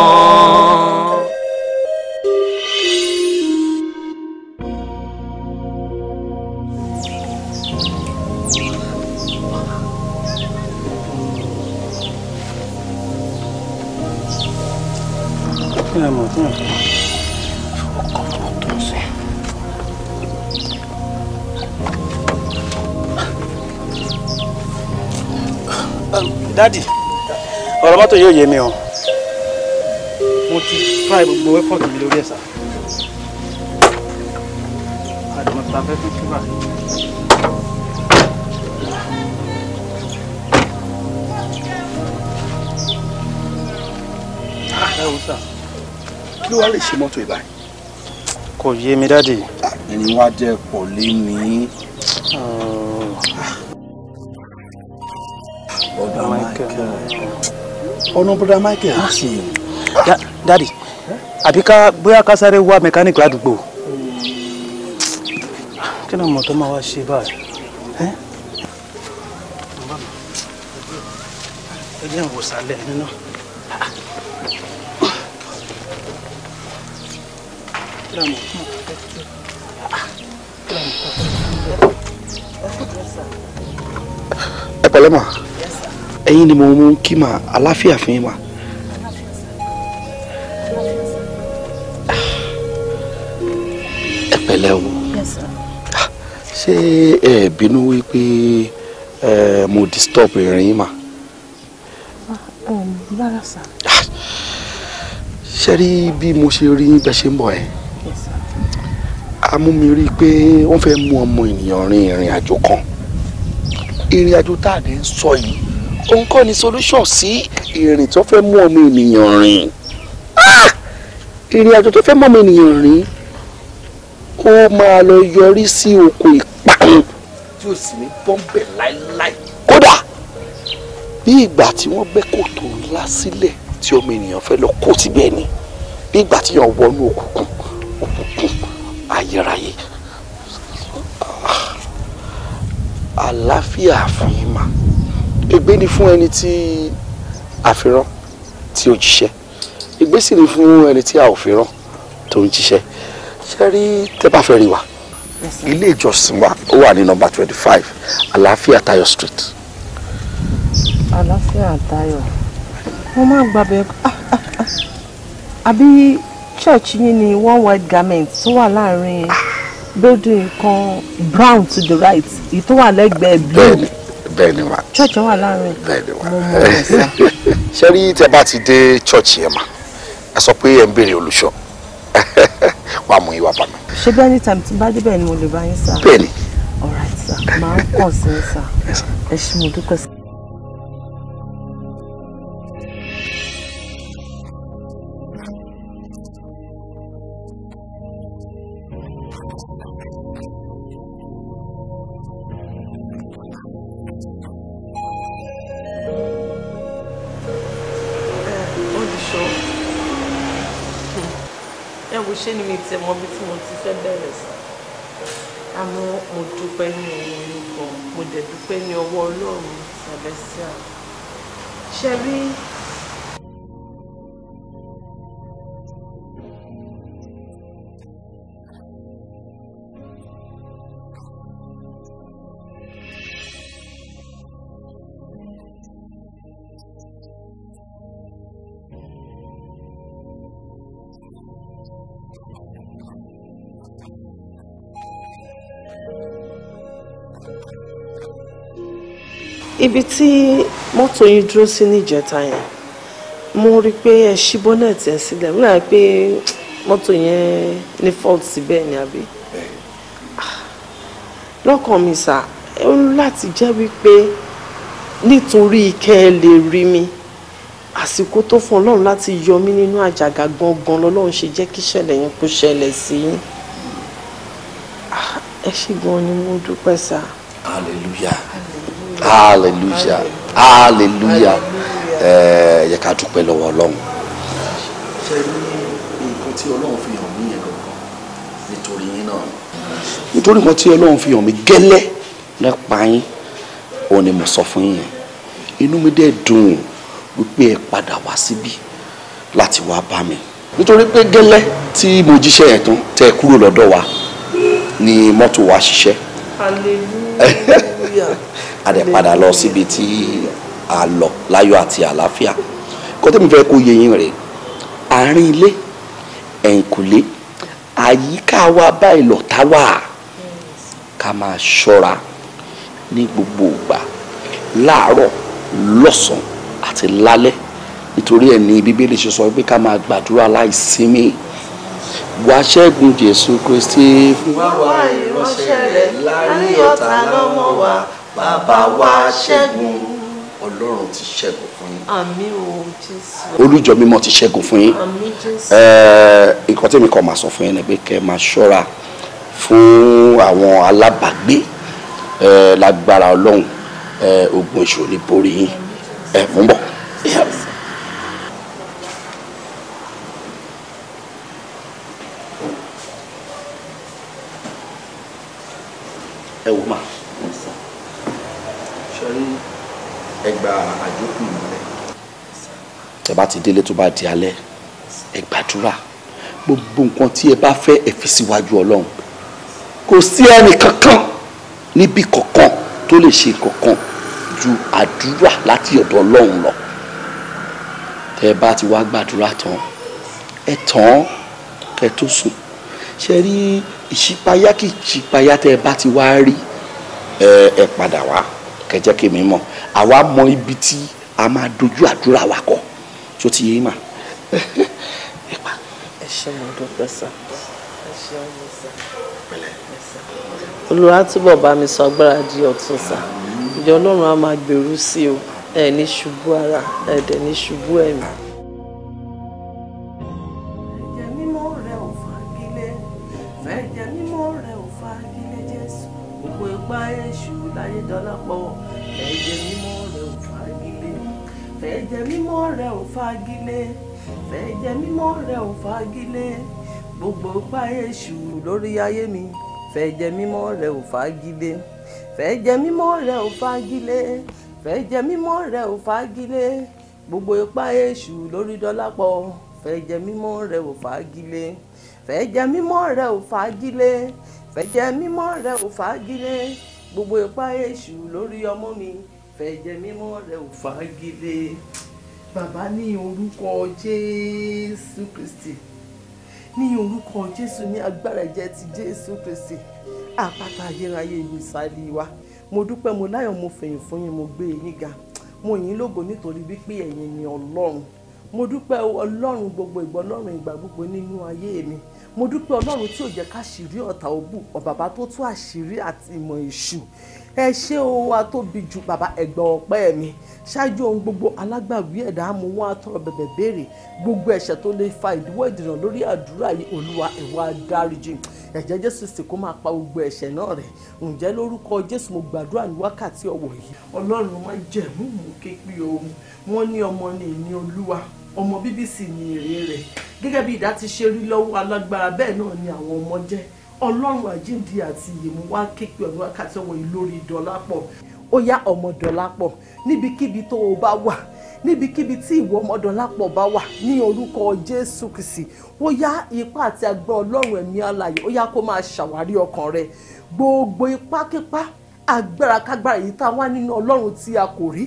dádì ọ̀rọ̀ mọ́tò yóò yé mi o mo ti try gbogbo effort mi lórí ẹ̀ sá àdùnnà tá a fẹ́ fún ṣúgà. Ah, ẹ wò sá kí ló wá lè ṣe mọ́tò ìbáyìí. kò yé mi dádì. àmì ah, wá jẹ́ pọ̀ lé mi. Uh... Ah. bọ́dà Michael ọ̀nà bọ́dà Michael á ah, sì. Daddy, àbí ká bóyá ká sáré wá mẹkáníìkì ládùúgbò kí ni mọ̀tọ́ máa wá ṣe báyìí. ẹ jẹ́ ìwòsàlẹ̀ nínú. Tramo. Tramo. Ẹ pẹ̀lẹ́ mà ẹ̀yin ni mo mú kí mà àlàáfíà fún yín mà. ẹ pẹ̀lẹ́ o ṣé ẹ bínú wípé mo disturb ìrìn yín mà. Ah, um, rárá sá. Ah, ṣe rí bí mo ṣe rí bẹ́ẹ̀ ṣe ń bọ̀ ẹ́ a pé wọ́n fẹ́ mú ọmọ ènìyàn rin ìrìn àjò kan ìrìn àjò tá a lè ń sọ yìí òun kọ́ ni solution sí ìrìn tó fẹ́ mú ọmọ ènìyàn rìn ah! ìrìn àjò tó fẹ́ mú ọmọ ènìyàn rìn ó máa lọ yọrí sí oko ìparun tí ó sì ní bọ́m̀bẹ̀ láéláé kódà bí ìgbà tí wọ́n gbẹ́ kòtò ńlá sílẹ̀ tí ọmọ ènìyàn fẹ́ lọ kó síbẹ̀ ni bí ìgbà tí yàn wọnú òkùnkùn òkùnkùn ayérayé ah! àlàáfíà fún yín máa ègbé ni fún ẹni tí a fi rán tí ó jíṣẹ́ ni fún ẹni tí a ò fi rán tó ń jíṣẹ́ ṣe rí tẹ́bà wa ilé ìjọsìn wa ó wà ní nọ́mbà twenty five àlàáfíà tayo street. àlàáfíà tayo mo máa gbàgbé ah, ah, ah. àbí church yín ni one white garment tó wà láàrin building kan brown to the right èyí tó wà lẹ́gbẹ̀ẹ́ blue bẹ́ẹ̀ ni ma. church wà láàrin. bẹ́ẹ̀ ni ma ṣe rí tẹ bá ti dé church yẹn ma ẹ sọ pé ẹ ń béèrè olùṣọ́ wà á mú yín wá bá mi. ṣé bí anytime tí bá dé bẹ́ẹ̀ ni mo lè bá yín sá. bẹ́ẹ̀ ni. all right sir màá kàn sí yín sá mo dúpẹ́ sí i. ṣé ni mi ti mọ bí tí mo ti fẹ́ bẹ̀rẹ̀ sí àmọ́ mo dúpẹ́ ní ọwọ́ olùkọ́ mo dẹ̀ dúpẹ́ ní ọwọ́ ọlọ́run sàbẹ́síà ṣe ibi tí mọ́tò yín dúró sí níjẹta yẹn mo rí i pé ẹ ṣí bọ́nẹ̀tì ẹ sílẹ̀ mo náà pé mọ́tò yẹn ní fault síbẹ̀ ni àbí ah, lọ́kàn mi sà ó ń láti jẹ́ wípé nítorí kẹ́ ẹ lè rí mi àsìkò tó fún ọlọ́run láti yọ mí nínú àjàgà gangan lọ́lọ́run ṣe jẹ́ kí ìṣẹ̀lẹ̀ yẹn kó ṣẹlẹ̀ sí yín ah, ẹ ṣe gan ni mo dúpẹ́ sà. hallelujah hallelujah hallelujah ẹ eh, yẹ ká dúpẹ́ lọ́wọ́ ọlọ́run. ṣe rí nǹkan tí ọlọ́run fi hàn mí yẹn lọ́kàn nítorí yín náà. nítorí nǹkan tí ọlọ́run fi hàn mí gẹ́lẹ́ nípa yín òun ni mo sọ fún yín inú mi dẹ̀ dùn wípé ẹ padà wá síbí láti wá bá mi nítorí pé gẹ́lẹ́ tí mo jíṣẹ́ yẹn tán tẹ́ ẹ kúrò lọ́dọ̀ wa ni mọ́tò wa ṣiṣẹ́. hallelujah. a dẹ̀ padà lọ síbi tí a lọ láyọ̀ àti àlàáfíà kọ́tẹ́mi fẹ́ kó yẹ yín rẹ̀ àárín ilé ẹ̀yìnkùlé àyíká wa báyìí lọ̀tá wà ká máa ṣọ́ra ní gbogbo ìgbà láàárọ̀ lọ́sàn-án àti lálẹ́ nítorí ẹ̀ ní bíbélì ṣe sọ pé ká máa gbàdúrà láìsinmi wá ṣẹ́gun jésù kristi. wá wá ìránṣẹ́ rẹ̀ láàrin ọ̀tá lọ́mọ wa bàbá wa ṣẹ́gun ọlọ́run ti ṣẹ́gun fún yín. àmín o jésù. olùjọ mímọ́ ti ṣẹ́gun fún yín. àmín jésù. nǹkan tí èmi máa sọ fún yín ni pé kẹ́ ẹ máa ṣọ́ra fún àwọn alábàágbé lágbára ọlọ́run ogun ìṣòro ní yín ẹ̀ mú bọ̀. tẹ́ bá ti délé tó bá di alẹ́ ẹ gbàdúrà gbogbo nǹkan tí ẹ bá fẹ́ ẹ fi síwájú ọlọ́run kò sí ẹnì kankan níbi kankan tó lè ṣe kankan ju àdúrà láti ọ̀dọ̀ ọlọ́run lọ tẹ́ ẹ bá ti wá gbàdúrà tán ẹ tán kẹ́ tó sùn ṣe rí ìṣípayá kì í ṣípayá tẹ́ ẹ bá ti wá rí ẹ ẹ padà wá kẹ́ kí mi mọ̀ àwa mọ ibi tí a máa dojú àdúrà wa kọ́ ṣó ti yé mà. ẹ ṣe mo dúpẹ́ sá ẹ ṣe ọmọ sá olùwà túbọ̀ bá mi sọ agbára di ọ̀tún sá ìjọ ọlọ́run á máa gbèrú sí o ẹ ní ṣubú ara ẹ dẹ̀ ní ṣubú ẹ̀mí. fagilé fẹ̀jẹ̀ mímọ́ rẹ ò fagilé gbogbo ipá èṣù lórí ayé mi fẹ̀jẹ̀ mímọ́ rẹ ò fagilé fẹ̀jẹ̀ mímọ́ rẹ ò fagilé fẹ̀jẹ̀ mímọ́ rẹ ò fagilé gbogbo ipá èṣù lórí dọ́lápọ̀ fẹ̀jẹ̀ mímọ́ rẹ ò fagilé fẹ̀jẹ̀ mímọ́ rẹ ò fagilé fẹ̀jẹ̀ mímọ́ rẹ ò fagilé gbogbo ipá èṣù lórí ọmọ mi fẹ̀jẹ̀ mímọ́ rẹ ò fagilé bàbá ní orúkọ jésù kristi ní orúkọ jésù ní agbára ẹ̀jẹ̀ ti jésù kristi àpáta ayérayé ìlú ìsàlẹ̀ wa mo dúpẹ́ mo láyọ̀ mo fẹ̀yìn fún yín mo gbé e yín ga mo yìn lógo nítorí wípé ẹ̀yin ni ọlọ́run mo dúpẹ́ ọlọ́run gbogbo ìgbà ọlọ́run ìgbà gbogbo nínú ayé mi mo dúpẹ́ ọlọ́run tí ò jẹ́ káṣírí ọ̀tá òbú ọ̀bàbá tó tú àṣírí àti ìmọ̀ èṣù ẹ ṣé o wa tóbi ju bàbá ẹ̀gbọ́n ọpẹ́ mi ṣáájú ohun gbogbo alágbàwí ẹ̀dá àmú wọn àtọrọ bẹ̀bẹ̀ béèrè gbogbo ẹ̀ṣẹ̀ tó lè fa ìdíwọ́ ìdènà lórí àdúrà yìí olúwa ẹ̀wà dáríjì ẹ̀jẹ̀ jésù sì kó máa pa gbogbo ẹ̀ṣẹ̀ náà rẹ̀ ǹjẹ́ lórúkọ jésù mo gbàdúrà ní wákàtí ọ̀wọ̀ yìí ọlọ́run máa jẹ̀mú mú képe ohun wọ́n ní ọmọ ní ìní olúwa ọmọ bíbí sì ní èrè rẹ̀ gẹ́gẹ́ bí ìdá ti ṣe rí lọ́wọ́ alágbára bẹ́ẹ̀ náà ni àwọn ọmọ jẹ́ ọlọ́run àjíǹde àti ìyèmú wá képe ọ̀nà wákàtí ọ̀wọ̀ yìí lórí dọ́lápọ̀ ó yá ọmọ dọ́lápọ̀ níbikíbi tó o bá wà níbikíbi tí ìwọ ọmọdọ̀lápọ̀ bá wà ní orúkọ jésù kìsì ó yá ipá àti agbára ọlọ́run ẹ̀mí alààyè ó yá kó máa ṣàwárí ọkàn rẹ gbogbo ipákípá agbára kágbára èyí tá a wá nínú ọlọ́run tí a kò rí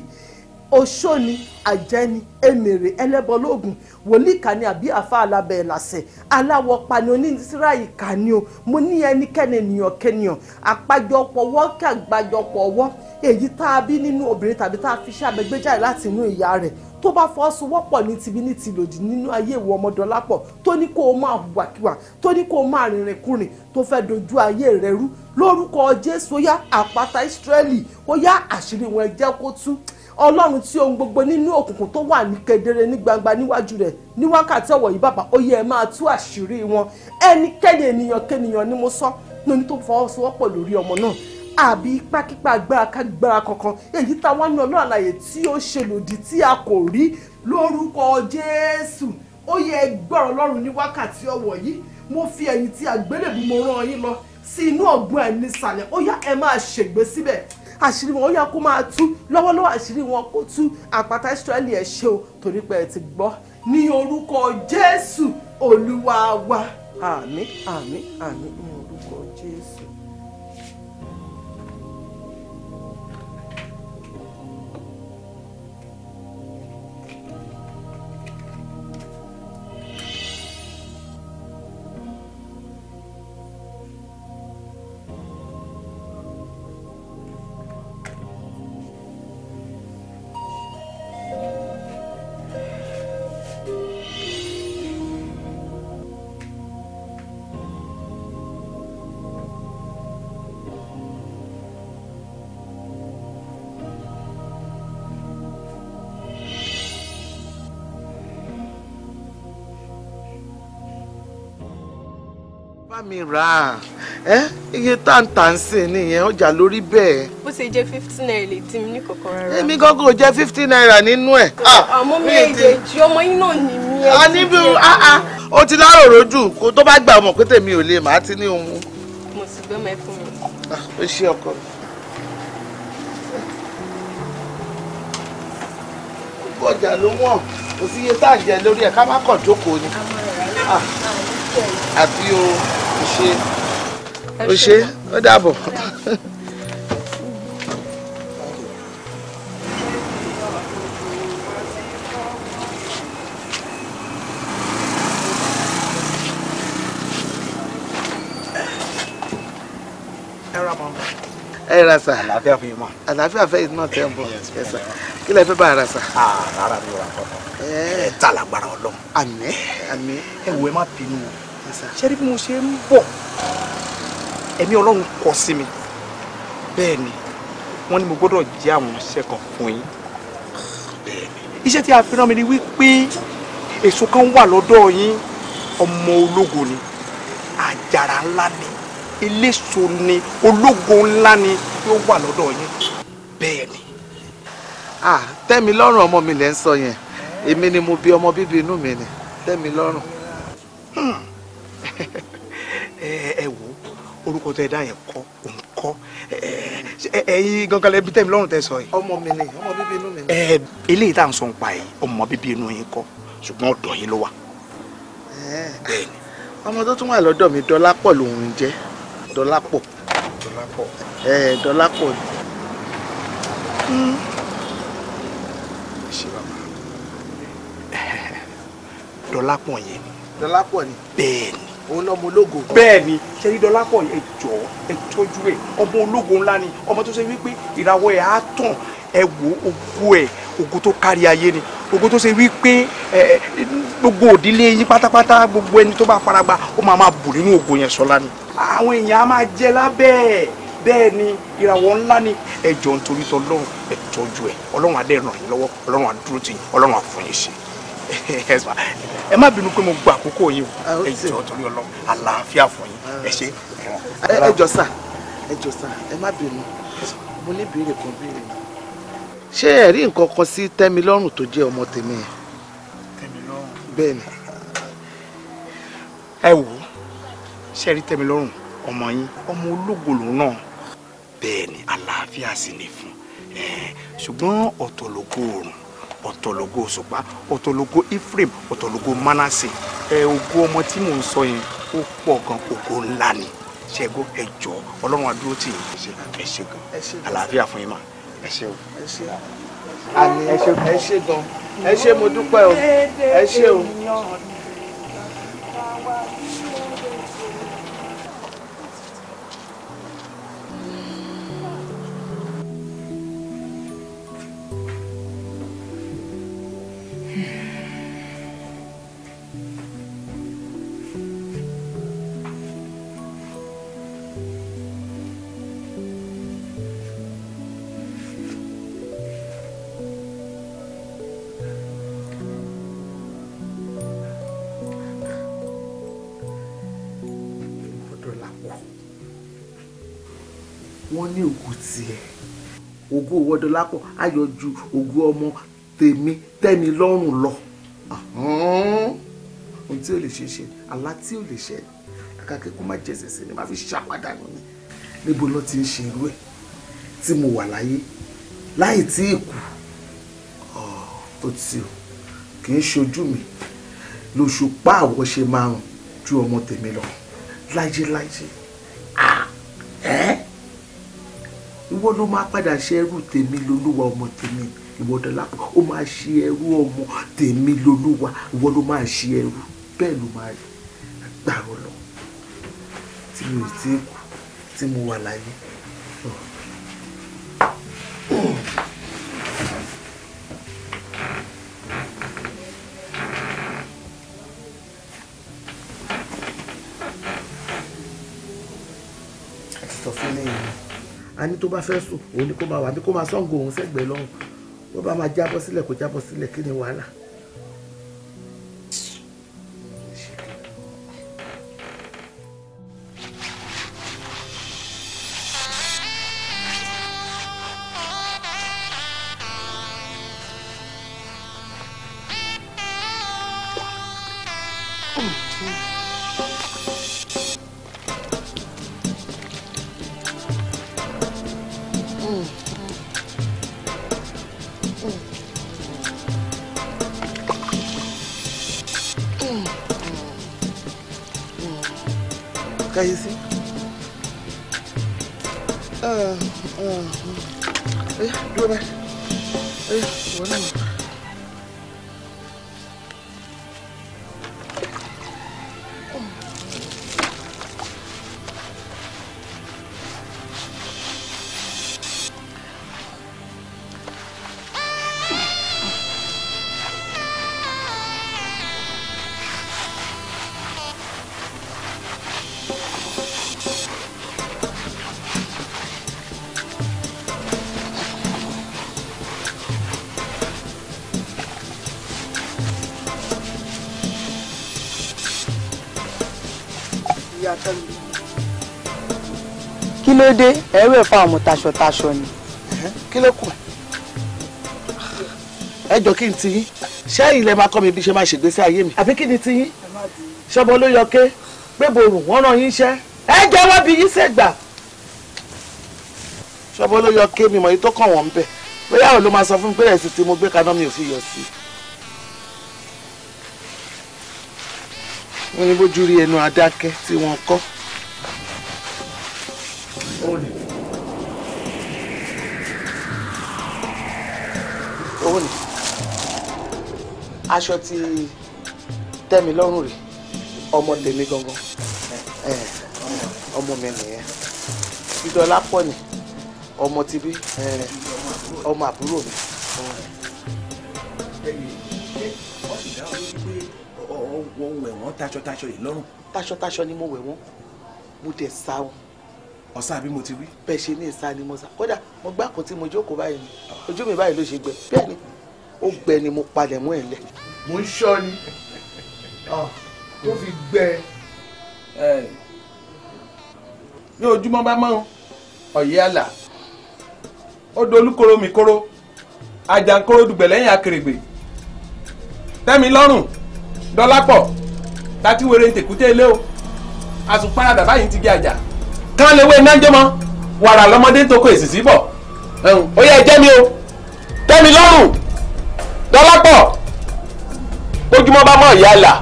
oṣó ni àjẹni emèrè ẹlẹ́bọ lóògùn wòlíì kan ni àbí àfa alábẹ́ ẹ̀làsẹ̀ aláwọ̀ pani oníṣírà ìkà ni o mo ní ẹnikẹ́ni ènìyàn kẹ́niyàn àpàjọpọ̀ ọwọ́ kí àgbàjọpọ̀ ọwọ́ èyí tá a bí nínú obìnrin tàbí tá a fi ṣe abẹgbẹ́jáde láti inú ìyá rẹ̀ tó bá fọwọ́sowọ́pọ̀ ní tibí ní tìlòdì nínú ayé ìwọ ọmọdọ́lápọ̀ tó ní kó o máa hùwàkiwà tó ní kó o máa rìnrìn kùnrin tó fẹ́ dojú ayé rẹ rú lórúkọ Jésù ó yá àpáta Ísírẹ́lì ó yá àṣírí wọn ẹ jẹ́ kó tú ọlọ́run tí ohun gbogbo nínú òkùnkùn tó wà ní kedere ní gbangba níwájú rẹ̀ ní wákàtí ọ̀wọ̀ yìí bàbá ó yẹ ẹ máa tú àṣírí wọn ẹnikẹ́ni ènìyàn kẹ́nìyàn ni mo sọ lóní tó fọwọ́sowọ́pọ̀ lórí ọmọ náà àbí ipákípa agbára kágbára kankan èyí táwọn ní ọlọ́run àlàyé tí ó ṣe lòdì tí a kò rí lórúkọ jésù ó yẹ gbọ́rọ̀ ọlọ́run ní wákàtí ọ̀wọ̀ yìí mo fi ẹ̀yìn tí àgbélébù mo rán yín lọ sí inú ọ̀gbun ẹ̀ nísàlẹ̀ ó yá ẹ máa ṣègbè síbẹ̀ àṣírí wọn ó yá kó máa tú lọ́wọ́lọ́wọ́ àṣírí wọn kó tú àpáta Ísírẹ́lì ẹ̀ ṣe o torí pé ẹ ti gbọ́ ní orúkọ Jésù Olúwa wa àmín àmín àmín. bá mi rà á ẹ iye táǹtà ń sìn nìyẹn ọjà lórí bẹ́ẹ̀. bó ṣe jẹ fifteen naira tí mi ní kọ̀ọ̀kan rárá. èmi gọ́gọ́ jẹ fifteen naira nínú ẹ̀. Ah, àmọ́ mi èdè jí ọmọ yín náà ní mi ẹ̀. a ah, níbi ah, O ti láròrò jù kó tó bá gbà mọ̀ pé tèmi ò lè máa ti ní òun. mo sì gbé ọmọ mi. ó ṣe ọkọ mi. gbogbo ọjà ló wọ̀n kò sí iye tá à ń jẹ lórí ẹ̀ ká má kàn jókòó ni àbí o ṣe o ṣe O dàbọ̀. ẹ ra sa àlàáfíà fún yín mọ àlàáfíà fẹ́ iná tẹ́ ń bọ̀ ẹ sa kí lẹ fẹ́ bá ara sa. rárá mi ò ra nǹkan kan ẹ ta lágbára Ọlọ́run. àmín àmín. ẹ wo ẹ má bínú ṣé rí bí mo ṣe ń bọ̀ ẹ̀mí ọlọ́run kọ sí mi bẹ́ẹ̀ ni wọ́n ní mo gbọ́dọ̀ jẹ́ àwọn iṣẹ́ kan fún yín iṣẹ́ tí a fi rán mi ni wípé èso kan wà lọ́dọ̀ yín ọmọ ológo ni àjàrà ńlá ni eléso ni ológo ńlá ni yóò wà lọ́dọ̀ yín bẹ́ẹ̀ ni. ah tẹ́mi lọ́rùn ọmọ mi lẹ́ ń sọ yẹn èmi ni mo bí ọmọ bíbí inú mi ni tẹ́mi lọ́rùn. Hmm orúkọ tẹ dá yẹn kọ òun kọ ẹyin gangan lẹbi tẹmi lọrùn tẹ sọ yìí. ọmọ mi ni ọmọ bíbí inú mi. ẹ eléyìí tá à ń sọ ń pa yìí ọmọ bíbí inú yín kọ ṣùgbọ́n ọ̀dọ̀ yín ló wà. bẹ́ẹ̀ni. ọmọ tó tún wà lọ́dọ̀ mi dọ́lápọ̀ lòun jẹ́ dọ́lápọ̀. dọ́lápọ̀. ẹ dọ́lápọ̀ ni. Hmm. dọ́lápọ̀ yẹn. dọ́lápọ̀ ni. bẹ́ẹ̀ni òun lọmọ ológo. bẹ́ẹ̀ ni ṣẹ́rí dọ́lápọ̀ ẹ jọ̀ọ́ ẹ tọ́jú ẹ̀ ọmọ ológo ńlá ni ọmọ tó ṣe wípé ìràwọ̀ ẹ̀ á tàn ẹ wo ògo ẹ̀ ògo tó kárí ayé ni ògo tó ṣe wípé gbogbo òdílé yín pátápátá gbogbo ẹni tó bá faragba ó máa máa bù nínú ògo yẹn sọlá ni. àwọn èèyàn á máa jẹ lábẹ́ ẹ̀ bẹ́ẹ̀ ni ìràwọ̀ ńlá ni ẹ jọ̀ọ́ nítorí tọ́lọ́run ẹ tọ́jú ẹ̀ ọlọ́run á ràn yín lọ́wọ́ ọlọ́run á dúró yín ọlọ́run á fún yín ẹ má bínú pé mo gba àkókò yín o ah, ẹ jọ torí Ọlọ́run àlàáfíà fún yín ah. ẹ ṣe. Eh, ẹ jọ sà ẹ jọ sà ẹ má bínú mo ní béèrè kan béèrè mi. ṣé ẹ rí nǹkan kan sí tẹ́milọ́rùn tó jẹ́ ọmọ tèmi yẹn. tẹ́milọ́rùn. bẹ́ẹ̀ ni. ẹ wò ó ṣe rí tẹ́milọ́rùn ọmọ yín ọmọ ológo lòun náà bẹ́ẹ̀ ni àlàáfíà sì ni fún eh, ṣùgbọ́n ọ̀tọ̀ lógo òrùn ọ̀tọ̀ lógo òṣùpá ọ̀tọ̀ lógo Ephraim ọ̀tọ̀ ẹ ògo ọmọ tí mò ń sọ yẹn ó pọ̀ gan ògo ńlá ni ṣẹ́gun ẹ jọ adúró tì yín ẹ ṣe gan àlàáfíà fún yín mà ẹ o. ẹ gan ẹ mo dúpẹ́ o ẹ o. wọ́n ní ògo tiẹ̀ ògo Owódọlápọ̀ ayọ̀ ju ògo ọmọ tèmi tẹ́mi lọ́rùn lọ ohun tí ò lè ṣe ṣe àlá tí ò lè ṣe kàkà kó má jẹ́ sẹ̀sẹ̀ ni má fi ṣàpàdà nù ni níbo ló ti ń ṣe irú ẹ̀ tí mo wà láyé láì tí ì kú ó ti o kì í ṣojú mi lóṣù pa àwọ̀ ṣe márùn ju ọmọ tèmi lọ láyé láyé. ìwọ ló máa padà ṣe ẹrú tèmi lolúwa ọmọ tèmi ìwọ Dọlápọ̀ ó máa ṣe ẹrú ọmọ tèmi lolúwa ìwọ ló máa ṣe ẹrú bẹ́ẹ̀ ló máa rí agbára lọ tí mi ò kú tí mo wà láyé tó bá fẹ́ sùn òun ni kó máa wà bí kó máa sọ́ǹgò òun sẹ́gbẹ̀ẹ́ lọ́hùn bó bá máa jábọ́ sílẹ̀ kó jábọ́ sílẹ̀ kí ni wàhálà bẹ̀ fún àwọn taṣọ-taṣọ ni. kí ló kù ẹ jọ kí n ti yín ṣẹ́yìn lẹ máa kọ́ mi bí ṣe máa ṣègbésí ayé mi àfi kí ni ti yín ṣọmọ ló yọ ké gbéborùn wọ́n ràn yín ṣẹ́ ẹ jẹ́ wọ́n bí yín ṣègbà ṣọmọ ló yọ ké mi mọ̀ tó kàn wọ́n ń bẹ̀ bóyá ò ló máa sọ fún mi pé ẹ̀sìn tí mo gbé kaná mi ò fi yọ sí i. wọ́n ní bójú rí ẹnu adákẹ́ tí wọ́n kọ́ aṣọ ti tẹ́mi lọ́rùn rè ọmọ tèmi gangan ọmọ mi nìyẹn dídọ́lá pọ̀ ni ọmọ ti bí ọmọ àbúrò mi. wọ́n wẹ̀ wọ́n taṣọ-taṣọ yìí lọ́rùn. taṣọ-taṣọ ni mo wẹ̀ wọ́n mo dẹ̀ sá wọn. ọ̀sán àbí mo ti wí. bẹ́ẹ̀ ṣe ní ìsá ni mo sá kódà mo gbá kó tí mo jókòó báyìí ni ojú mi báyìí ló ṣe gbẹ bẹ́ẹ̀ ni ó gbẹ ni mo palẹ̀ mọ́ ẹ̀ lẹ̀ mò ń ṣọ́ ni ah, tó fi gbẹ. bí ojúmọ́ bá mọ́ ọ̀yẹ́ àlà ó dolú koro mi koro ajankoro dùgbẹ̀ lẹ́yìn akèrègbè tẹ́mi lọ́rùn dọ́lápọ̀ tàti wèrè tèkúté ilé o àsùnpáradà báyìí ti gé àjà kán lè wé iná jọmọ wàrà lọmọdé tó kó èsì sí bọ̀ ó yẹ jẹ́ mi o tẹ́mi lọ́rùn dọ́lápọ̀ bójúmọ́ bá mọ̀ ìyá là.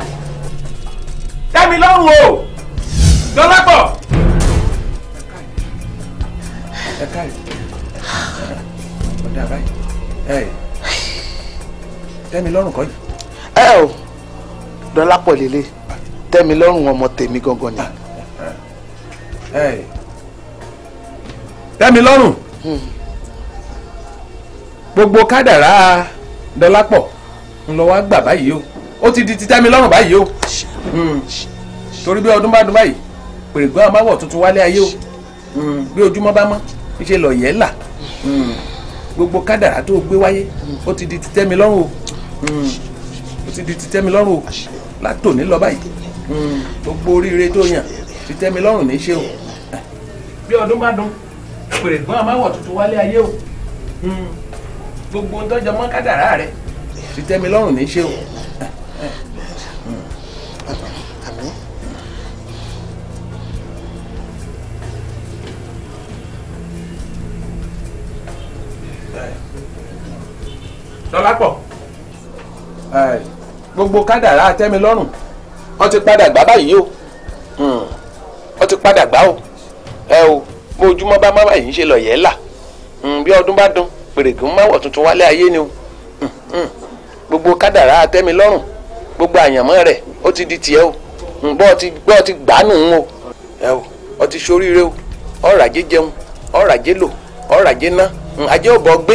tẹ́mi lọ́rùn o lọ́lápọ̀. ẹ káyọ̀ ọ̀dà báyìí ẹ tẹ́mi lọ́rùn kọ́ yìí. ẹ o dọ́lápọ̀ lélẹ̀ tẹ́mi lọ́rùn ọmọ tèmi gangan ni. tẹ́mi lọ́rùn hmm. gbogbo kádàrá dọ́lápọ̀ ńlọ wá gbà báyìí o ó ti di títẹ́ mi lọ́rùn báyìí o hmm. torí bí ọdún bá dún báyìí pèrègbọ́n amáwọ̀ tuntun wálé ayé o hmm. bí ojúmọ́ bá mọ́ ṣe lọ yẹ́ là hmm. gbogbo kádàrá tó gbé wáyé ó ti di títẹ́ mi lọ́rùn o ó ti di títẹ́ mi lọ́rùn o látòní lọ báyìí gbogbo oríire tó yàn títẹ́ mi lọ́rùn ní í ṣe o bí ọdún bá dún pèrègbọ́n amáwọ̀ tuntun wálé ayé o gbogbo ń mọ́ kádàrá rẹ̀ títẹ́ mi lọ́rùn ní í ṣe o àmì. Dọ́lápọ̀ gbogbo kádàrá tẹ́mi lọ́rùn wọ́n ti padà gbá báyìí o hmm. wọ́n ti padà gbá o ẹ o bó ojúmọ́ bá má báyìí ń ṣe lọ yẹ́ là hmm, bí ọdún bá dún pèrègùn máwọ̀ tuntun wálé ayé ni o hmm, gbogbo kádàrá tẹ́mi lọ́rùn gbogbo àyànmọ́ rẹ̀ ó ti di tiẹ̀ o bọ́ ti gbọ́ ti gbàánù ń o ọ ti ṣoríire o ọ̀rọ̀ ajé jẹun ọ̀rọ̀ ajé lò ọ̀rọ̀ ajé ná ajé ò gbé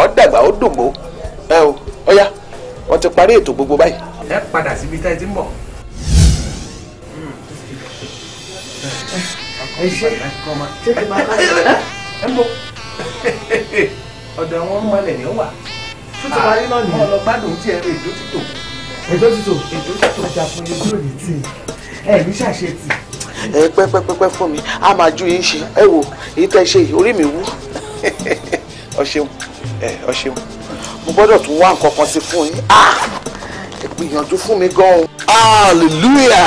ọ̀ dàgbà ó o wọ́n ti parí ètò gbogbo báyìí. ẹ padà síbi tá ẹ ti ń bọ̀. ètò títò ọjà fún yín dúró ní tì ẹ ní ṣàṣẹ tì. ẹ pẹ́pẹ́pẹ́pẹ́ fún mi a máa ju yín ṣe ẹ wò èyí tẹ́ ṣe yìí orí mi wú ọ ṣeun ọ mo gbọ́dọ̀ tún wá nǹkan kan sí fún yín ah! gbìyànjú fún mi gan. hallelujah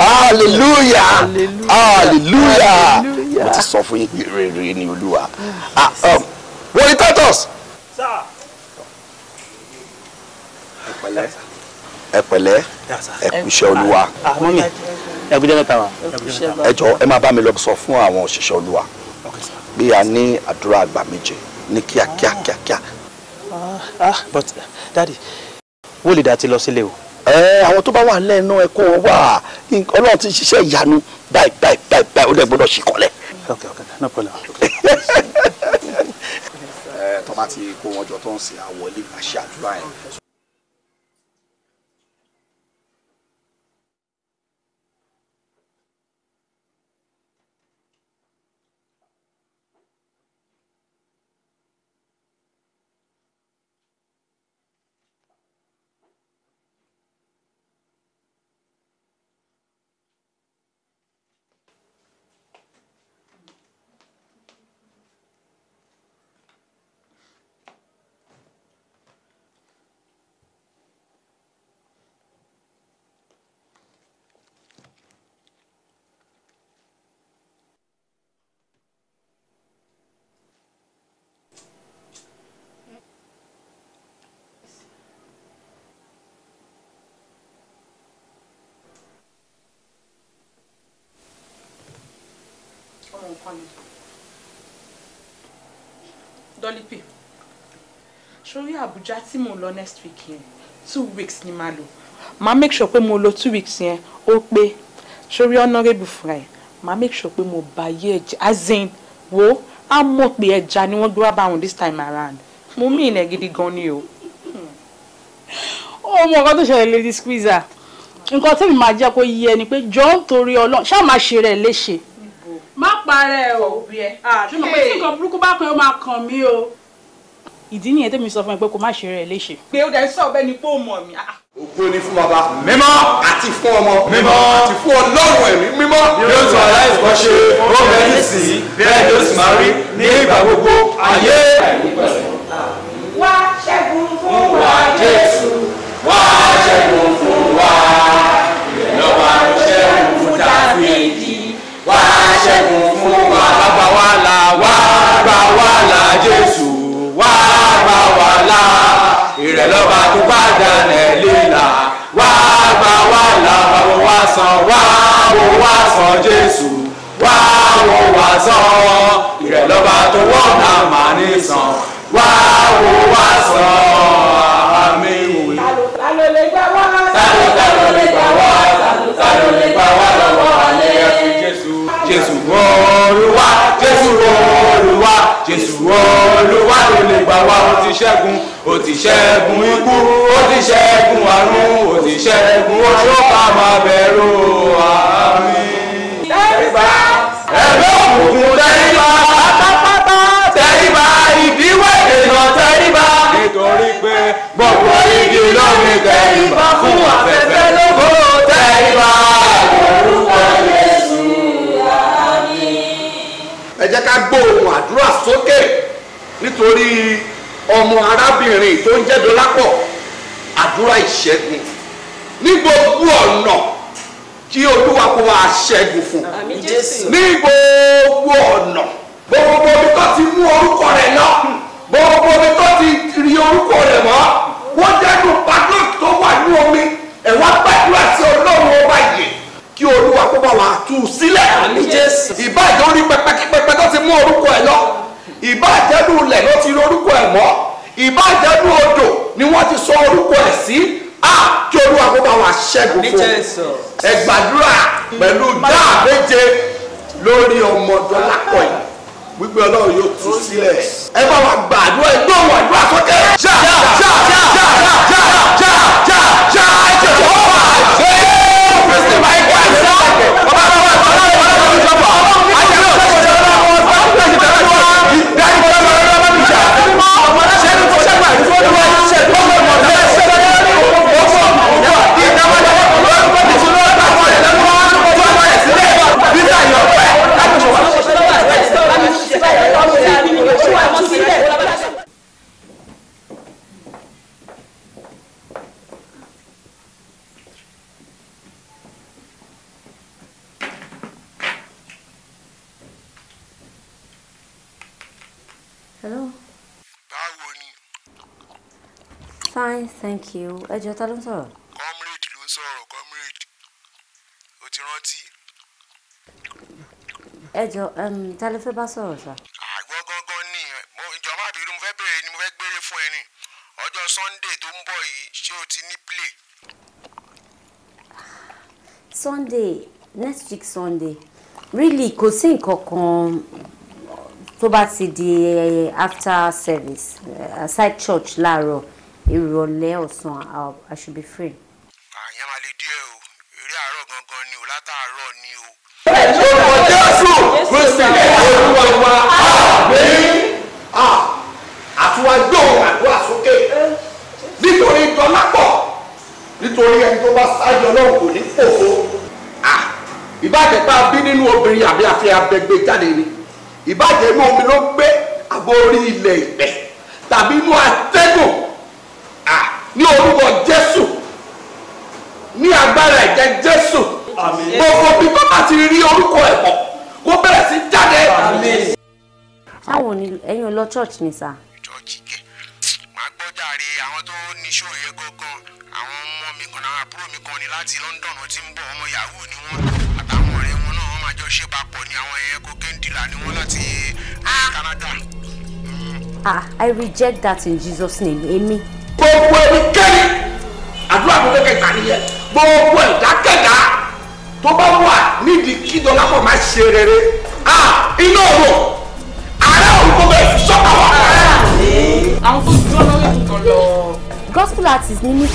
hallelujah hallelujah mo ti sọ fún yín pé rere ni olúwa ah, um, wọ́n ní tatus. sir ẹ pẹ̀lẹ́ ẹ kú iṣẹ́ olúwa ẹ jọ̀ọ́ ẹ máa bá mi lọ sọ fún àwọn òṣìṣẹ́ olúwa bí a ní àdúrà àgbà méje ní kíákíá kíákíá. Ah, ah, but daddy wọ́n lè dá ti lọ sílé o. ẹ àwọn tó bá wà lẹ́nu ẹ̀kọ́ wọn wà ọlọ́run ti ṣiṣẹ́ ìyanu báyìí báyìí báyìí báyìí ó lè gbọ́dọ̀ ṣì kọ́lẹ̀. ok ok no problem. tọ́mátì kó wọn jọ tó ń sin àwọlé àṣẹ àdúrà yẹn mi dọ́lípì sórí Àbújá tí mò ń lọ next week yẹn two weeks ni màá lò màá make sure pé mo lò two weeks yẹn ó pé sórí honourable fúnra ẹ̀ màá make sure pé mo bá yé ẹja as in wo á mọ̀ pé ẹja ni wọ́n gbé bá wọn this time around mo mí ìnà gidi gan ni o. ó mọ nǹkan tó ṣẹlẹ̀ lady squeezer nǹkan tẹ́mi máa jẹ́ kó yí ẹni pé jọ́ ń torí ọlọ́run ṣáà máa ṣe rẹ̀ léṣe má parẹ́ o ah, ṣé mo pé tí nǹkan burúkú bá kan ó máa kàn mí o. ìdí nìyẹn tẹ́mi sọ fún ẹ pé kó má ṣe rẹ̀ léṣe. pé ó dẹ̀ sọ bẹ́ẹ̀ ni pé ó mọ̀ mí. Ah, ah. ògo ni fún baba mímọ́ àti fún ọmọ mímọ́ àti fún ọlọ́run ẹ̀mí mímọ́ yóò tún aláìsàn ṣe ó bẹ́ẹ̀ ní bẹ́ẹ̀ ni sì máa rí ní ìgbà gbogbo ayé. wá ṣẹ́gun fún wa jésù wá ṣẹ́gun. rẹ̀ lọ́ba tó bá dáná lílà wá gba wá là bàbá wá san wá bò wá san Jésù wá wò wá san ìrẹ̀ lọ́ba tó wọ́n náà mà ní san wá wò wá san àmì ìwé. ta ló lè gbà wá ta ló lè gbà wá ta ló lè. Jésù Oluwa, Jésù Oluwa, Jésù Oluwa, ló lè gbà wá ó ti ṣẹ́gun ó ti ṣẹ́gun ikú ó ti ṣẹ́gun àrùn ó ti ṣẹ́gun oṣù ọ̀pá máa bẹ̀rù àmì. tẹ́ríba ẹ̀rọ òkùnkùn tẹ́ríba pátápátá tẹ́ríba ìdíwọ́ ìdènà tẹ́ríba nítorí pé gbogbo igi ló ní fún afẹ́fẹ́ lóko tẹ́ríba ká gbóhùn àdúrà sókè nítorí ọmọ arábìnrin tó ń jẹ́ Dọlápọ̀ àdúrà ìṣẹ́gun ní gbogbo ọ̀nà kí olúwa kó wa ṣẹ́gun fún ní gbogbo ọ̀nà gbogbo omi tó ti mú orúkọ rẹ̀ lọ gbogbo omi tó ti rí orúkọ rẹ̀ mọ́ wọ́n jẹ́nu padlock tó wà ní omi ẹ̀ wá gbàdúrà sí kí olúwa kó bá wa tú sílẹ̀ ìbàjẹ́ orí pẹpẹkípẹpẹ tó ti mú orúkọ ẹ lọ ìbàjẹ́ nù lẹ̀ ló ti rí orúkọ ẹ mọ́ ìbàjẹ́ nù odò ni wọ́n ti sọ orúkọ ẹ sí a kí olúwa kó bá wa ṣẹ́gun fún ẹ gbàdúrà pẹ̀lú dáa méje lórí ọmọ Dọlápọ̀ yìí wípé ọlọ́run yóò tú sílẹ̀ ẹ bá wa gbàdúrà ẹ gbọ́ wọn àdúrà sókè. ṣáà ṣáà ṣáà ṣáà ṣáà. ẹ jọ ta ló ń sọ̀rọ̀. comrade ló ń sọ̀rọ̀ comrade o ti rántí. ẹ jọ ta ló fẹ́ bá sọ̀rọ̀ sá. àgbọ̀ gangan ni ìjọba àbí mo fẹ́ bèrè ni mo fẹ́ gbére fún ẹ ọjọ́ sunday tó ń bọ̀ yìí ṣé o ti ní play. sunday next week sunday really kò sí nǹkan kan tó bá ti di eh, after service eh, aside church láàárọ̀ ìrọ̀lẹ́ ọ̀sán I should be free. àyàn máa lè díẹ̀ o eré àárọ̀ gangan ni o látàárọ̀ ni o. ẹ̀jọ̀ ọ̀pọ̀ jésù ló sì lè olúwa wa àmín àtúwájú àdúrà sókè nítorí dọ́lápọ̀ nítorí ẹni tó bá sáájú ọlọ́run kò ní fòfo ìbàjẹ́ bá bí nínú obìnrin àbí àfi abẹgbẹ jáde ni ìbàjẹ́ inú omi ló gbé àbórí ilẹ̀ ìgbẹ́ tàbí inú atẹ́gùn ní orúkọ jésù ní agbára ẹ̀jẹ̀ jésù gbogbo bí tó bá ti rí orúkọ ẹ̀ pọ̀ kó bẹ̀rẹ̀ sí jáde. báwo ni ẹ̀yin lọ church ni sá. church kẹ màá gbọ́ àwọn tó ní ṣó yẹn àwọn ọmọ mi kan náà àbúrò mi kan ni láti London ti ń bọ̀ ọmọ yahoo ni wọ́n àtàwọn ọ̀rẹ́ wọn náà wọ́n máa jọ ṣe papọ̀ ni àwọn ẹ̀yẹ kókéńdìlà ni wọ́n láti eh, Canada. ah I reject that in Jesus name amen gbogbo ẹnikẹ́ni àdúrà tó kẹ́kẹ́ gbà nìyẹn gbogbo ẹ̀dákẹ́dá tó bá wà nídìí kí Dọlápọ̀ máa ṣe rere iná òwò ààrẹ òrùkọ bẹ́ẹ̀ sọ́kà wà. àwọn tó dúró lọ́wọ́ ìtàn lọ. gospel artist ni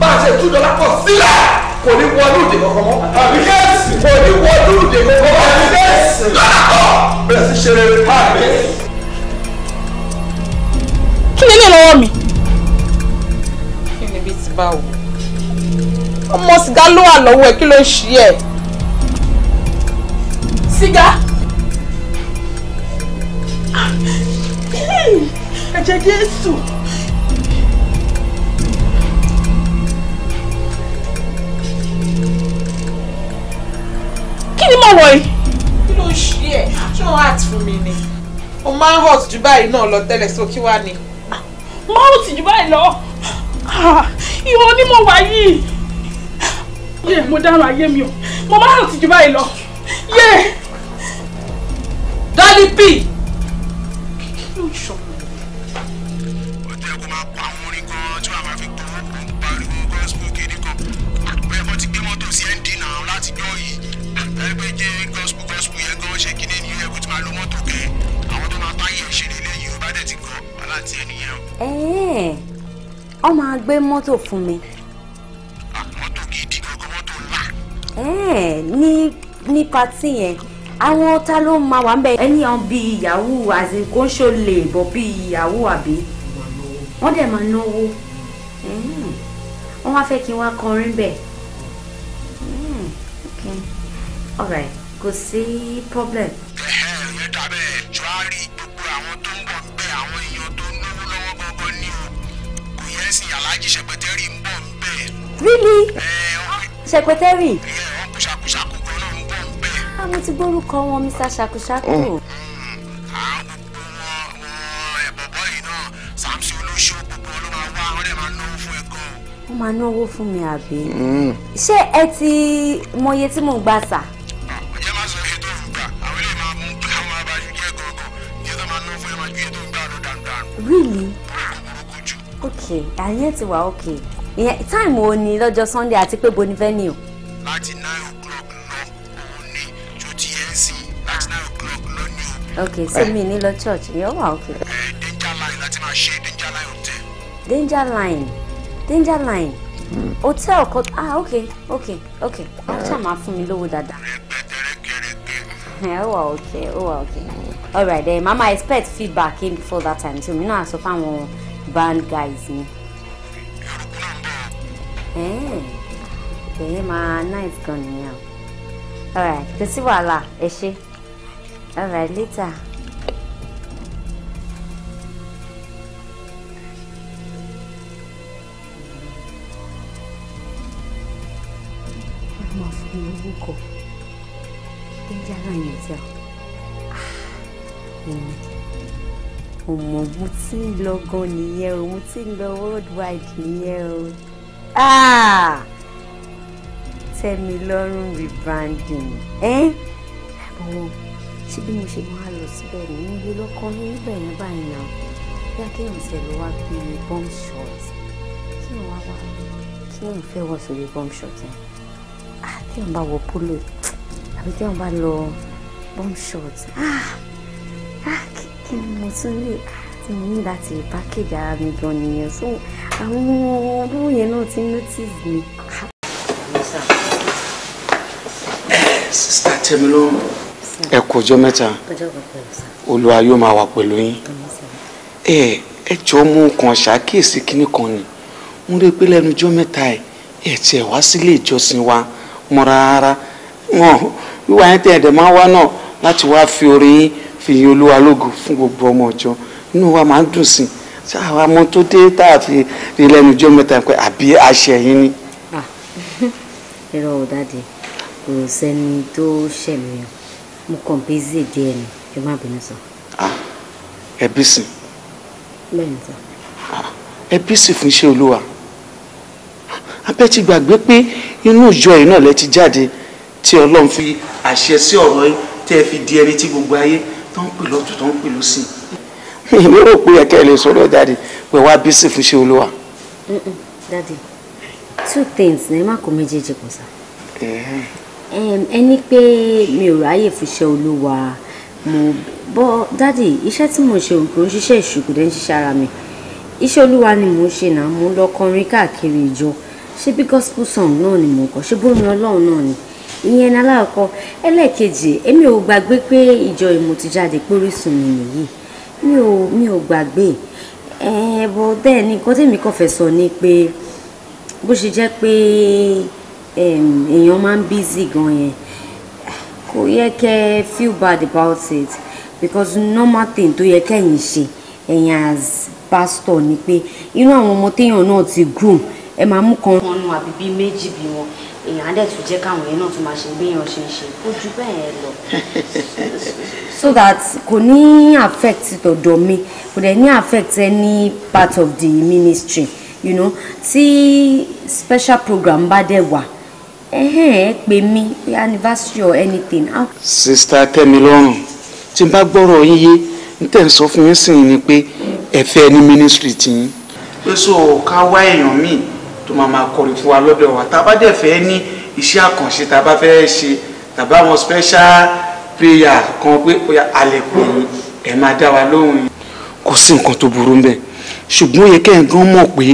bá a ṣe tú Dọlápọ̀ sílẹ̀ kò ní wọlé òde kankan mọ́. kò ní wọlé òde kankan mọ́. àbí kẹ́sì. bẹ̀rẹ̀ sí ṣe rere kí ni lọ́wọ́ mi. kí ni bí ti bá wò. ọmọ sìgá ló wà lọ́wọ́ ẹ kí ló ń ṣí ẹ. sìgá. ẹ̀jẹ̀ Jésù. kí ni mo wọ̀ yìí. kí ló ń ṣí ẹ ṣé wọn á tún mi ni. o máa ń hot ju báyìí náà lọ tẹ́lẹ̀ sókí wá ni má ò tìjú báyìí lọ ìwọ ni mo wà yìí yẹ mo dáràn ayé mi o mo má ò tìjú báyìí lọ yẹ. Dolly P. kí ló ń sọ. ọ máa gbé mọ́tò fún mi. mọ́tò gidi gbogbo mọ́tò ńlá. ẹ ní ní patí yẹn àwọn ta ló máa wà ń ẹni àwọn bíi ìyàwó àzìkóńṣó lè bọ̀ bíi ìyàwó àbí wọ́n dẹ̀ máa náwó hmm. wọ́n wá fẹ́ kí n wá kọrin bẹ́ẹ̀. Hmm. all right kò sí problem. really secretary. ṣàkóṣàkó kan náà ń bọ̀ ń bẹ̀. àwọn ti gbórúkọ wọn mr ṣàkóṣàkó. àwọn gbogbo wọn wọn ẹ̀bọ̀bọ̀ yìí náà sàmsì olóṣù gbogbo ló máa wá wọn dẹ̀ máa náwó fún ẹ gan. wọ́n máa náwó fún mi àbí. Hmm. ṣé ẹ ti mọye tí mò ń gbà sà. ọjọ́ máa sọ iye tó ń gbà àwọn ilé máa mú àwọn máa bá ju jẹ́ gangan iye tó máa náwó fún ẹ máa ju iye tó ń gbà lọ dáadáa. really? ok àyẹ̀ ti wà ok ìyẹn táìmù ò ní lọ́jọ́ sunday àti pé bo ni venue. láti nine o'clock lọ òun ni ju ti láti nine o'clock lọ ní o. ok so mi ní lọ church ìyẹn wà ok. ẹ eh, danger line láti máa ṣe danger line hotel. danger line danger line hotel kọ ah ok ok ok wọn ṣàmà fún mi lówó dáadáa. ẹ wà ok ó wà ok alright then mama expect feedback in before that time too mi náà sọ fáwọn band guys mi hey, hmm. my nice gan nìyẹn o alright kò sí wàhálà ẹ ṣe alright later. lórúkọ déjà náà yẹn tẹ ọ ọmọ mo ti ń lọ gan nìyẹn o mo ti ń lọ worldwide nìyẹn o. Ah! tẹ́mi lọ́rùn rebranding ẹ̀bùn ṣé bí mo ṣe máa lọ síbẹ̀ ní iye lọ́kọ́ níbẹ̀ yẹn báyìí náà yá kí ṣe lọ wá bí bomb shot kí n wá wá kí n fẹ́ wọ sórí bomb shot yẹn kí ah, n bá wọ polo àbí kí n bá lọ bomb shot ah! kí n mo tún lè tí mo ní láti package ara mi gan nìyẹn so àwọn olówó yẹn náà ti notice mi. sista tẹmi ló ẹ kú ọjọ́ mẹ́ta Olúwa yóò máa wà pẹ̀lú yín ẹ ẹ jọ mú kan ṣàkíyèsí kínní kan ni mo rí i pé lẹ́nu ọjọ́ mẹ́ta ẹ ẹ tiẹ̀ wá sílé ìjọsìn wa mọ rárá wọn wíwá yẹn tẹ ẹdẹ máa wá náà láti wá fi orin yín fi yin Olúwa lógo fún gbogbo ọmọ ọjọ́ inú wa máa ń dùn sí i àwọn ọmọ tó dé tá a fi rí lẹ́nu jẹ́ mẹ́ta pé àbí àṣẹ yín ni. irọ́ ò dáde kò sẹ́ni tó ṣẹ̀mí o mo kàn bí zè díẹ̀ ni ẹ má bínú sọ. ẹbí sìn. bẹ́ẹ̀ni sọ. ẹbí sìn fún iṣẹ́ olúwa abẹ́ ti gbàgbé pé inú ìjọ yìí náà lẹ ti jáde tí ọlọ́run fi àṣẹ sí ọ̀rọ̀ yìí tẹ́ ẹ fi di ẹni tí gbogbo ayé tó ń pè lọ́tún tó ń pè lọ́sìn èmi rò pé ẹ̀kẹ́ lè sọ̀rọ̀ jáde pé wá bísí fún ṣé olúwa. dadi two things ní má kó méjèèjì pọ̀ sá. ẹni pé mi ò ráyè fún ṣé olúwa mo bọ́ dadi iṣẹ́ tí mo ṣe òkè ó ṣiṣẹ́ ìṣùkùdẹ́ ń ṣiṣẹ́ ara mi iṣẹ́ olúwa ni mo ṣe náà mo lọ kọrin káàkiri ìjọ ṣé bí gospel song náà ni mo kọ ṣé bómi ọlọ́run náà ni ìyẹn ní aláàkọ ẹlẹ́ẹ̀kejì èmi ò gbàgbé pé ìjọ ìmọ̀tìjáde pórísun mi nìyí mi ò mi ò gbàgbé ẹ̀ẹ́bọ̀ bẹ́ẹ̀ ni nǹkan tèmi kàn fẹ́ sọ ni pé bó ṣe jẹ́ pé èèyàn máa ń busy gan yẹn kò yẹ kẹ́ feel bad about it because normal thing tó yẹ kẹ́yìn ṣe ẹ̀yìn as pastor ni pé inú àwọn ọmọ téèyàn náà ti groom ẹ máa mú kan. kan nu àbíbí méjì bí wọn èèyàn dẹ̀ tún jẹ́ káwọn yẹn náà tún máa ṣe gbéyàn ṣe ṣe kó ju bẹ́ẹ̀ lọ. so that kò ní affect tọ̀dọ̀ mi kò dẹ̀ ní affect any part of the ministry you know tí special program bá dẹ̀ wà pè mí pé anniversary or anything. sista tẹ́milọ́rùn tí n bá gbọ́rọ̀ yín yé n tẹ̀ ń sọ fún yín sìn ni pé ẹ fẹ́ ní ministry tiyín. pé so ká wá èèyàn míì tó máa máa kọrin fún wa lọ́dọ̀ wa tá a bá dẹ̀ fẹ́ ní iṣẹ́ àkànṣe tá a bá fẹ́ ṣe tàbí àwọn special prayer kan pé alẹ́ pè é ẹ̀ máa dá wa lóhùn yìí. kò sí nǹkan tó burú mbẹ̀ ṣùgbọ́n yẹ kẹ́hìngán mọ̀ pé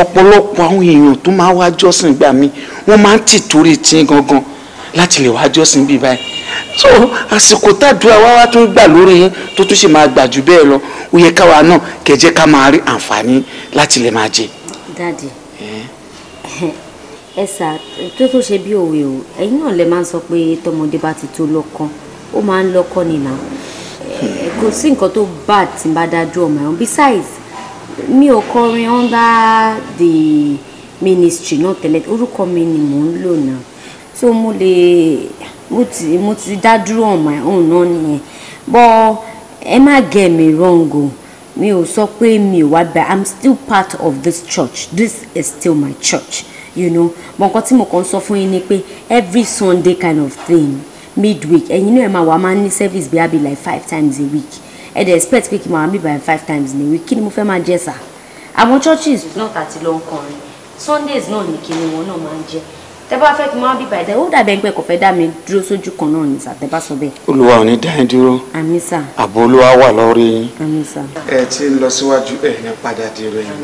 ọ̀pọ̀lọpọ̀ àwọn èèyàn tó máa wá jọ́sìn gbà mí wọ́n máa ń tì torí tí gangan láti lè wá jọ́sìn bíi báyìí so àsìkò tàdúrà wá wá tún gbà lórí yín tó tún ṣe máa gbà jù bẹ́ẹ̀ lọ ó yẹ káwa náà kẹjẹ ká máa rí àǹfààní láti lè máa jẹ. dáàdi ẹ sà tó tó ṣe bí òwe o ẹ̀yin náà lè máa ń sọ pé tọmọdé bá ti tó lọ́kàn ó máa ń lọ́kàn nìyà kò sí nǹkan tó bad tí n bá dájú ọmọ ẹ̀rọ besides mi ò kọrin under the ministry náà tẹ́lẹ̀ orúkọ mi ni mò ń lò náà so mo lè mo ti mo ti dá dúró on my own náà nìyẹn but ẹ má get me wrong o mi ò sọ pé mi ò wá bẹ́ẹ̀ i'm still part of this church this is still my church you know but nǹkan tí mo kàn sọ fún yín ni pé every sunday kind of thing midweek ẹ̀yin náà máa wà máa ní service bí abi like five times a week ẹ dẹ̀ expect pé kí n máa bí by five times in a week kí ni mo fẹ́ máa jẹ sà àwọn churches náà tàti lọ ń kọrin sundays náà ní kí ni wọn náà máa ń jẹ tẹ bá fẹ́ kí n máa bí by then ó dàbẹ̀ ń pẹ́ kò fẹ́ dá mi dúró sójú kan náà ní sà tẹ bá sọ bẹ́ẹ̀. olúwa ò ní dá yín dúró àmín sà ààbò olúwa wà lórí yín àmín sà. ẹ ti ń lọ síwájú ẹ ní padà dèrò yín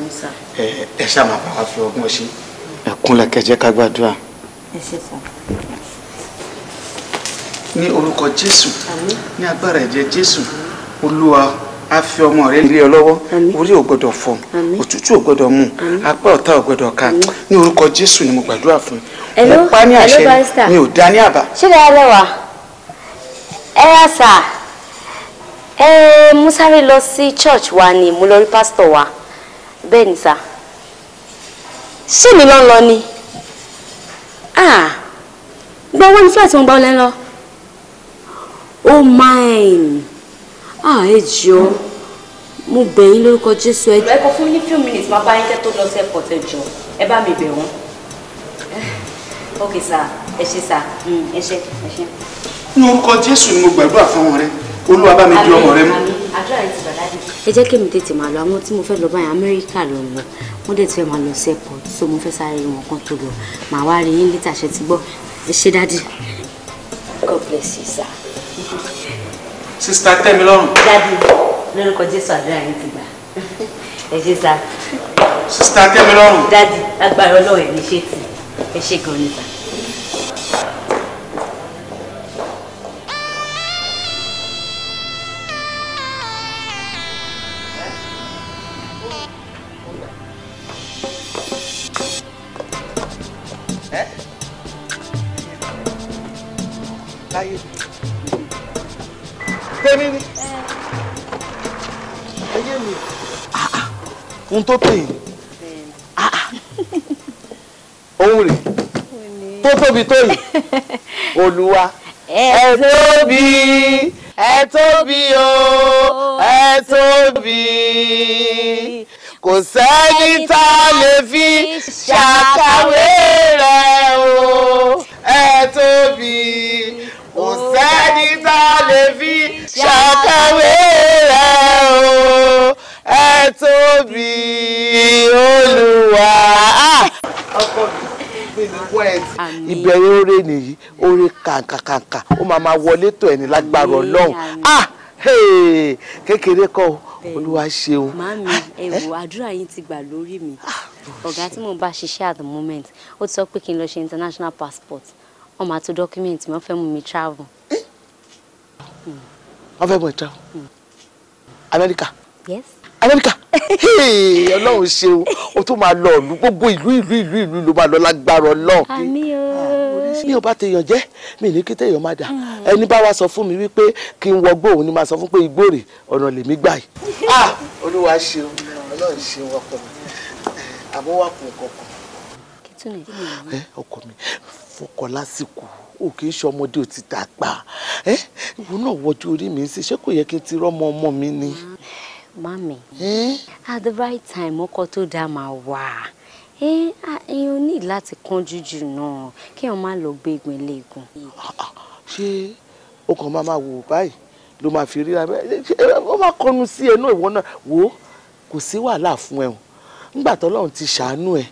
ẹ ṣáà máa wa fi ọgbọ́n ṣe ẹ kúnlẹ̀ kẹjẹ ká gbàdúrà. ẹ ṣe sọ. ní orúkọ jésù ní agbára ẹ̀jẹ̀ jésù olúwa a fi ọmọ rẹ lé ọ lọ́wọ́ orí ò gbọ́dọ̀ fọ́ òtútù ò gbọ́dọ̀ mú apá ọ̀tá ò gbọ́dọ̀ ká ní orúkọ jésù ni mo gbàdúrà fún mo pa ní àṣẹ mi ò dá ní àbá. ṣé dáadáa wà ẹ yá sà ẹ mú sáré lọ sí church wa ni mo lọ rí pastor wa bẹ́ẹ̀ ni sà ṣé mi lọ lọ ni gba owó ní fúláàtì wọn gba ọlẹ́ lọ ó máìn ẹ jọ mo bẹ̀ yín lórúkọ Jésù ẹ. ẹ kọ fún mi ní few minutes máa bá yín kẹ́ tó lọ sí airport ẹ jọ ẹ bá mi bẹ̀ wọ́n ok sir ẹ ṣé sir hmm, ẹ ṣé ẹ ṣé. ní orúkọ Jésù ni mo gbàdúrà fún wọn rẹ Olúwa bá mi di ọmọ rẹ mú. àdúrà yìí sir ẹ jẹ́ kí èmi tètè máa lọ àwọn tí mo fẹ́ lọ báyìí amẹ́ríkà lọ lọ wọ́n dẹ̀ ti fẹ́ máa lọ sí airport so mo fẹ́ sáré wọn kan tó lọ màá wá rí yín létà ṣe ti gbọ́ ẹ ṣe dáàdì. God bless you sir. sista tẹ́mi lọ́rùn. dáàdì lórúkọ jésù àdúrà yín ti gbà ẹ ṣe sá. sista tẹ́mi lọ́rùn. dáàdì agbára ọlọ́run ẹ̀ ní ṣe tì ẹ ṣe gan-an níta. tó tó yìí òun ah, ah. rè tó tóbi tó yìí olúwa ẹ tóbi ẹ tóbi o ẹ tóbi kò sẹ́ni tá a lè fi ṣàkàwé rẹ̀ o ẹ tóbi kò sẹ́ni tá a lè fi ṣàkàwé rẹ̀ o ẹ tóbi olúwa. Ah! ọkọ mi mi wọ ẹ ti. ìbẹ̀rẹ̀ oore nìyí oore kàǹkàǹkà ó máa máa wọlé tó ẹni lágbára ọlọ́run ah! kékeré kọ́ o olúwa ṣeun. màámi ah! ẹ̀wò àdúrà yín ti gbà lórí mi ọ̀gá tí mò ń bá ṣiṣẹ́ at the moment ó ti sọ pé kí n lọ ṣe international passport wọ́n máa tó document wọ́n fẹ́ mú mi travel. Eh! Hmm. wọ́n fẹ́ mú ẹ travel hmm. America. yes amẹ́ríkà ọlọ́run ṣeun o tún máa lọ ìlú gbogbo ìlú ìlú ìlú ìlú ló máa lọ lágbára ọlọ́run. àmín o. Ah, mi ò bá tèèyàn jẹ́ mi ní kí tèèyàn má dà ẹni bá wa sọ fún mi wípé kí n wọgbó òun ni máa sọ fún pé igbó rè ọ̀nà lèmi gbà yìí. ah olúwa ṣeun ọlọ́run ṣeun ọkọ mi àmọ́ wà kún kọ̀ọ̀kan. ẹ ọkọ mi fọkọ lásìkò o kì í ṣe ọmọdé o ti dàgbà ẹ ìwọ náà wọjú orí mi ń ṣe ṣé kò yẹ kí n ti rọ́mọ ọmọ mi ni. Mami. Eh? At the right time, ọkọ tó dáa máa wà. Eh, èèyàn ní láti kánjú jù náà kí wọ́n má lọ gbé igun eléegun. Ṣé o kàn máa máa wò báyìí ló máa fi ríra bẹ́ẹ̀? Ó máa kọnu sí ẹnu ìwọ náà. Wò ó, kò sí wàhálà fún ẹ o. Nígbà tọ́lọ́run ti ṣàánú ẹ,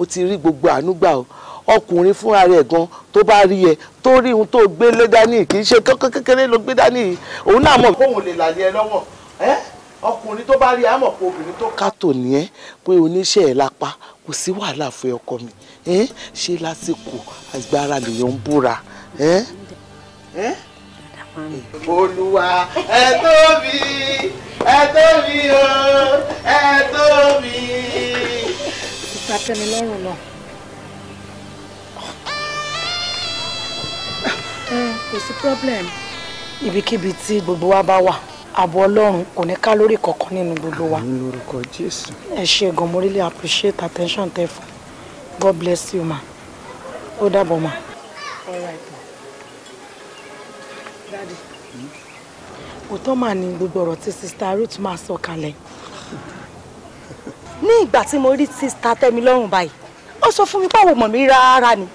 o ti rí gbogbo àánú gbà o ọkùnrin fúnra rẹ̀ gan tó bá rí ẹ tó rí ohun tó gbé lé dání kì í ṣe kékeré ló gbé dání òun náà mọ̀. kóun lè là ní ẹ lọ́wọ́ ẹ́ eh? ọkùnrin tó bá rí àmọ̀ pé obìnrin tó kátó ni ẹ́ pé oníṣẹ́ ẹ̀ lápá kò sí wàhálà fún ọkọ mi ṣé lásìkò agbára lèèyàn ń búra. olúwa ẹ tóbi ẹ tóbi o ẹ tóbi. ìta tẹ́mi lọ́rùn náà. kò sí problem ibikíbi tí gbogbo wa bá wà ààbò ọlọ́run kò ní ká lórí kankan nínú gbogbo wa. àmín lórúkọ jésù. ẹ ṣe gan mo really appreciate attention tẹ fún god bless you ma ó dàbọ̀ ma. daddy òótọ́ mà ní gbogbo ọ̀rọ̀ tí sista ruth máa sọ kalẹ̀ ní ìgbà tí mo rí sista tẹ́milọ́rùn báyìí ó sọ fún mi pàwọ̀ mọ̀ mi rárá ni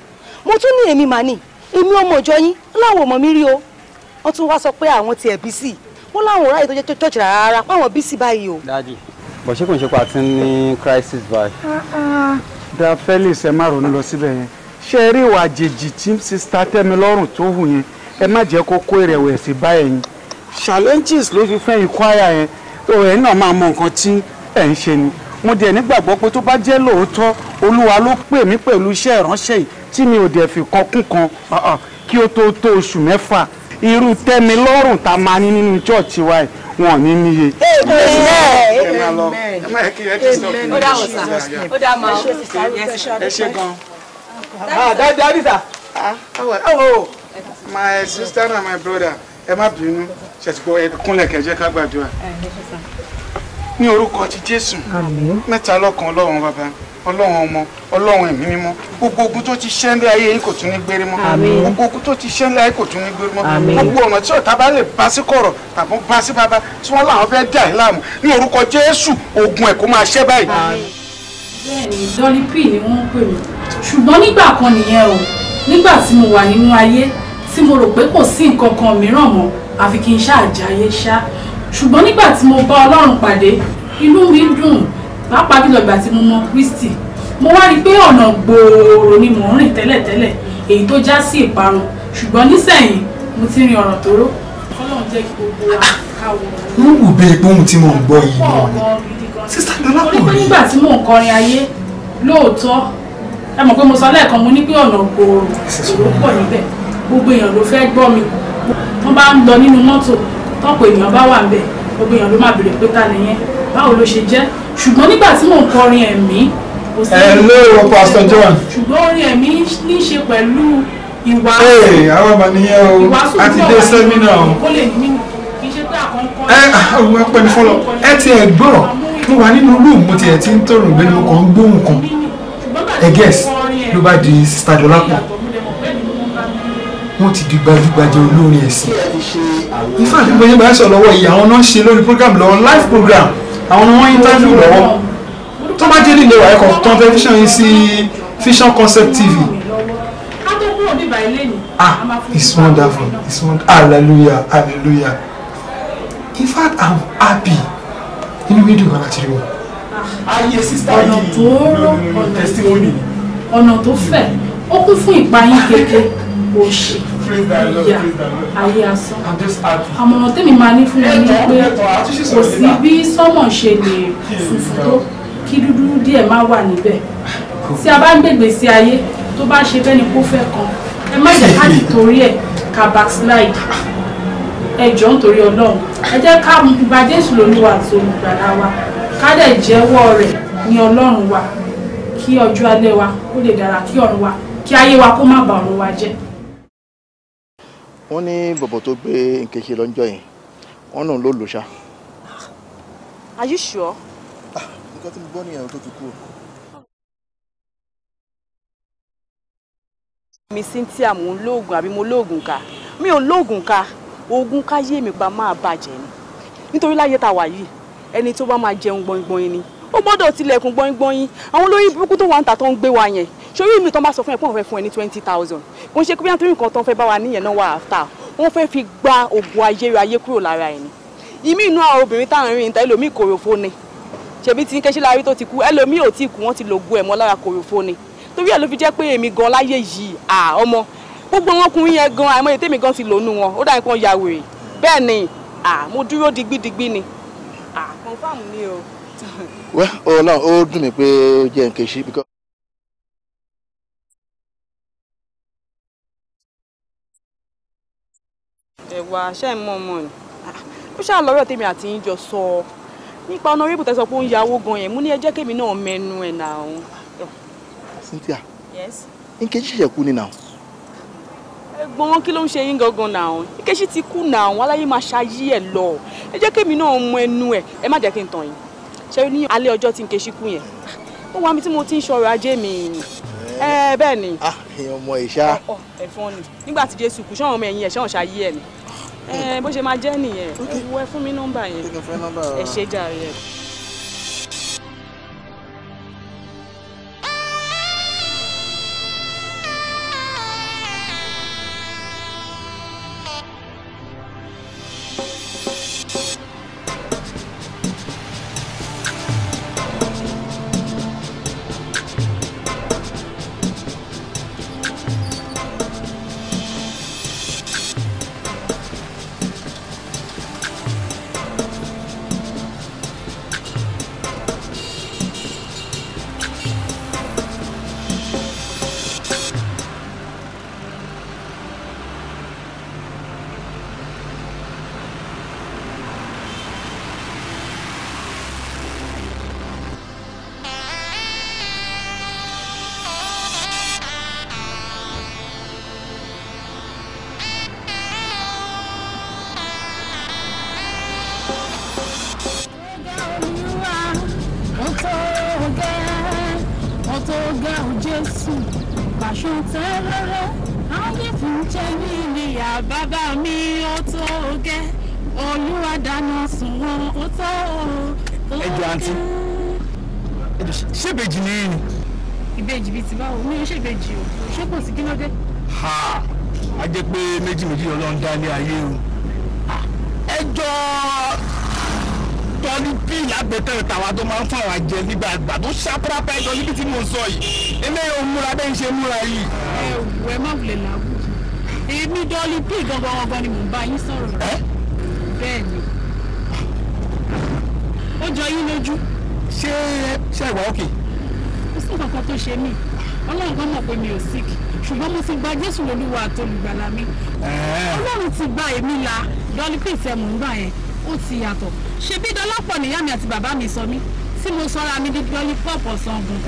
mo tún ní èmi mà ní èmi ọmọ ìjọ yín láwọn ọmọ mi rí o wọ́n tún wá sọ pé àwọn ti ẹ̀bí sí i wọ́n láwọn ráàyè tó jẹ́ church rárá páwọn bísí báyìí o. dadi bọ̀ ṣé kò ń ṣe pa ti ní crisis báyìí. Ah, ah. da Felix ẹ má ronú lọ síbẹ̀ yẹn ṣé ẹ rí ìwà àjèjì tí sista tẹ́mi lọ́rùn tó hù yẹn ẹ má jẹ́ kó kó ìrẹ̀wẹ̀sì bá ẹ̀yin challenges ló fi fẹ́ ìkwáyà yẹn tó ẹ̀ náà máa mọ nǹkan tí ẹ̀ ń ṣe ni mo dẹ̀ nígbàgbọ́ pé tó bá jẹ́ lóòótọ́ olúwa ló pè mí pẹ̀lú iṣẹ́ ìránṣẹ́ yìí tí mi ò dẹ̀ fi kọkún kan ah, kí ó tó tó oṣù mẹ́fà irú tẹ́milọ́rùn tá a máa ní nínú chọ́ọ̀chì wa yìí wọn ò ní níye. my sister and my brother ẹ má bínú ṣètìgbọ́ ẹ kúnlẹ̀ kẹjẹ ká gbàdúrà ní orúkọ ti Jésù mẹ́ta lọ́kan Ọlọ́run bàbá ọlọ́run ọmọ ọlọ́run ẹ̀mí mímọ́ gbogbo ogun tó ti ṣẹ́ ní ayé yìí kò tún ní gbére mọ́ gbogbo ogun tó ti ṣẹ́ ní ayé kò tún ní gbére mọ́ gbogbo ọ̀nà tí ọ̀tá bá lè bá sí kọ̀rọ̀ tàbí bá sí bàbá tí wọ́n láwọn fẹ́ dà yín láàmú ní orúkọ jésù ogun ẹ̀ kó máa ṣẹ́ báyìí. bẹ́ẹ̀ni Dolly P ni wọn ń pè mí ṣùgbọ́n nígbà kan nìyẹn o nígbà tí mo wà nínú ayé tí mo rò pé kò sí nǹkan kan mìíràn mọ́ pàápàá jùlọ ìgbà tí mo mọ Kristi mo wá rí i pé ọ̀nà gbòòrò ni mò ń rìn tẹ́lẹ̀tẹ́lẹ̀ èyí tó já sí ìparun ṣùgbọ́n nísẹ̀yìn mo ti rin ọ̀rọ̀ tóró fọlọ́run jẹ́ kí gbogbo wa káwọ́. mo wù bẹ́ẹ̀ pé ohun tí mo ń gbọ́ yìí náà ni sísá dọ́là kò rí. mo ní pé nígbà tí mò ń kọrin ayé lóòótọ́ ẹ mọ̀ pé mo sọ lẹ́ẹ̀kan mo ní pé ọ̀nà gbòòrò ló pọ̀ níbẹ̀ gbogbo èèyàn ló fẹ́ gbọ́ mi wọ́n bá ń lọ nínú mọ́tò tọ́pọ̀ èèyàn bá wà ń bẹ̀ gbogbo èèyàn ló má béèrè pé ta nìyẹn ṣùgbọ́n nígbà tí mò ń kọrin ẹ̀mí. hello pastor john. ṣùgbọ́n orin ẹ̀mí ní ṣe pẹ̀lú ìwà. ee àwọn ọmọ nìyẹn o a ti dé sẹ́mínà o. ẹ àwọn ẹpẹ mi fọlọ ẹ ti ẹ gbọ́ mo wà nínú rúùmù mo ti ẹ ti ń tọrùn gbé mo kàn ń gbóhùn kan ẹ gẹ́sì ló bá di sista Dọlápọ̀ wọ́n ti di gbajúgbajà olórin ẹ̀sìn ìfáàfin bóyá bá sọ lọ́wọ́ ìyá àwọn náà ń ṣe lórí program lọ́wọ́ live program àwọn ni wọ́n interview lọ́wọ́ tó bá jẹ́ ní ilé wa ẹ̀kọ́ tó ń fẹ́ fíṣàn yín sí Vision Concept TV. ah it's wonderful it's wonderful hallelujah hallelujah in fact i'm happy inú mi dùn gan láti rí wọn. ayé ah, ah, sísá yìí ọ̀nà tó rọ ọ̀nà tó fẹ̀ ó kún fún ìpayín kékeré òṣè. praise thy lord praise thy lord ayé asán i'm just happy. àmọ̀ràn tèmi máa ní fún mi ni pé kò sí bí sọ́mọ̀ ṣe lè funfun tó kí dúdú díẹ̀ má wà níbẹ̀ tí a bá ń gbègbè sí ayé tó bá ṣe bẹ́ni kó fẹ́ kan ẹ má jẹ́ ká nítorí ẹ̀ ká backslide ẹ jọ̀ọ́ nítorí ọlọ́run ẹ jẹ́ ká gba jésù lóníwà àti olùgbàlà wa ká dẹ̀ jẹ́wọ́ rẹ̀ ní ọlọ́run wa kí ọjọ́ alẹ́ wa kó lè dára kí ọ̀run wa kí ayé wa kó má bà wa jẹ́ wọ́n ní bọ̀bọ̀ tó gbé nkeṣe lọ́jọ́ yẹn wọ́n náà ló lò ṣá. are you sure. Ah, nǹkan tí mo gbọ́ nìyẹn tó ti kú. mi cynthia mò ń lóògùn àbí mo lóògùn ká mi ò lóògùn ká oògùn ká yé mi pa máa bàjẹ́ ni nítorí láyé tá wà yìí ẹni tó bá máa jẹun gbọ̀ngbọ̀n ni ó gbọ́dọ̀ tilẹ̀kùn gbọ́ngbọ́nyín àwọn olóyìn burúkú tó wà ń ta tó ń gbé wa yẹn ṣorí mi tó bá sọ fún ẹ pé wọ́n fẹ́ fún ẹ ní twenty thousand kò ń ṣe kóbíyá torí nǹkan tó ń fẹ́ bá wa níyẹn náà wà áfta wọ́n fẹ́ fi gba ògùn ayé ayé kúrò lára ẹ̀ ni ìmí inú àwọn obìnrin táwọn rìn ta ẹlòmíì kòròfó ni ṣèbí tí ń kẹ́ṣẹ́ láàrí tó ti kú ẹlòmíì ò tí ì kú wọ́n ti lògùn ẹ̀ mọ́ lára kòròfó ni torí ẹ̀ ló fi jẹ́ pé èmi gan láyé yìí à ọmọ gbogbo wọn kùnrin yẹn gan àìmọye tèmi gan ti lónú wọn ó dàbí kan ya wèrè bẹ́ẹ̀ ni à mo dúró digbidigbi ni à confam ni o. Well, oh no, oh do me ó jẹ́ Nkechi because. ẹ̀wà ṣe ń mọ̀ mọ̀ ni ah, ó ṣáà lọ́rọ̀ tèmi àti yín jọ sọ nípa ọ̀nà orí ìbùtẹ́sọ pé ó ń yàwó gan yẹn mú ní ẹ jẹ́ kémi náà mẹ́nu ẹ̀ nà Cynthia yes Nkechi ṣẹ̀ṣẹ̀ kú ni nà òun. ẹ̀gbọ́n kí ló ń ṣe yín na nà òun Nkechi ti kú nà òun aláyé máa ṣayé ẹ̀ lọ ẹ jẹ́ kémi náà mọ ẹnu ẹ̀ ẹ má jẹ́ kí n tàn ṣe ní alẹ́ ọjọ́ tí n kè síkú yẹn ó wá mi tí mo ti ń ṣọrọ̀ ajé mi ẹ bẹ́ẹ̀ ni. Ah, èèyàn mọ ìṣá. ẹ̀fọn ni nígbà tí jésù kù ṣọ́run ọmọ ẹ̀yìn ẹ̀ ṣọ́run ṣayé ẹ̀ ni ah. bó ṣe máa jẹ́ nìyẹn ẹ fún mi nọ́mbà yẹn ẹ ah. jàre ẹ. ṣe múra yìí. ẹ wò ẹ má wulẹ̀ làágùn èmi dọ́ọ̀lì pé gangan gangan ni mò ń bá yín sọ̀rọ̀ bẹ́ẹ̀ ni ó jọ yín lójú. ṣé ṣe ìwà òkè. ó sì kankan tó ṣe mí ọlọ́run kan mọ̀ pé mi ò sick ṣùgbọ́n mo ti gba jésù lolúwa àtolùgbàlà mi ọlọ́run ti gba èmi la dọ́ọ̀lì pé ìfẹ́ mò ń gbà yẹn ó ti yàtọ̀ ṣebí dọ́lápọ̀ nìyá mi àti bàbá mi sọ mí tí mo sọra mi di dọ́ọ̀lì pọ̀pọ̀ sangun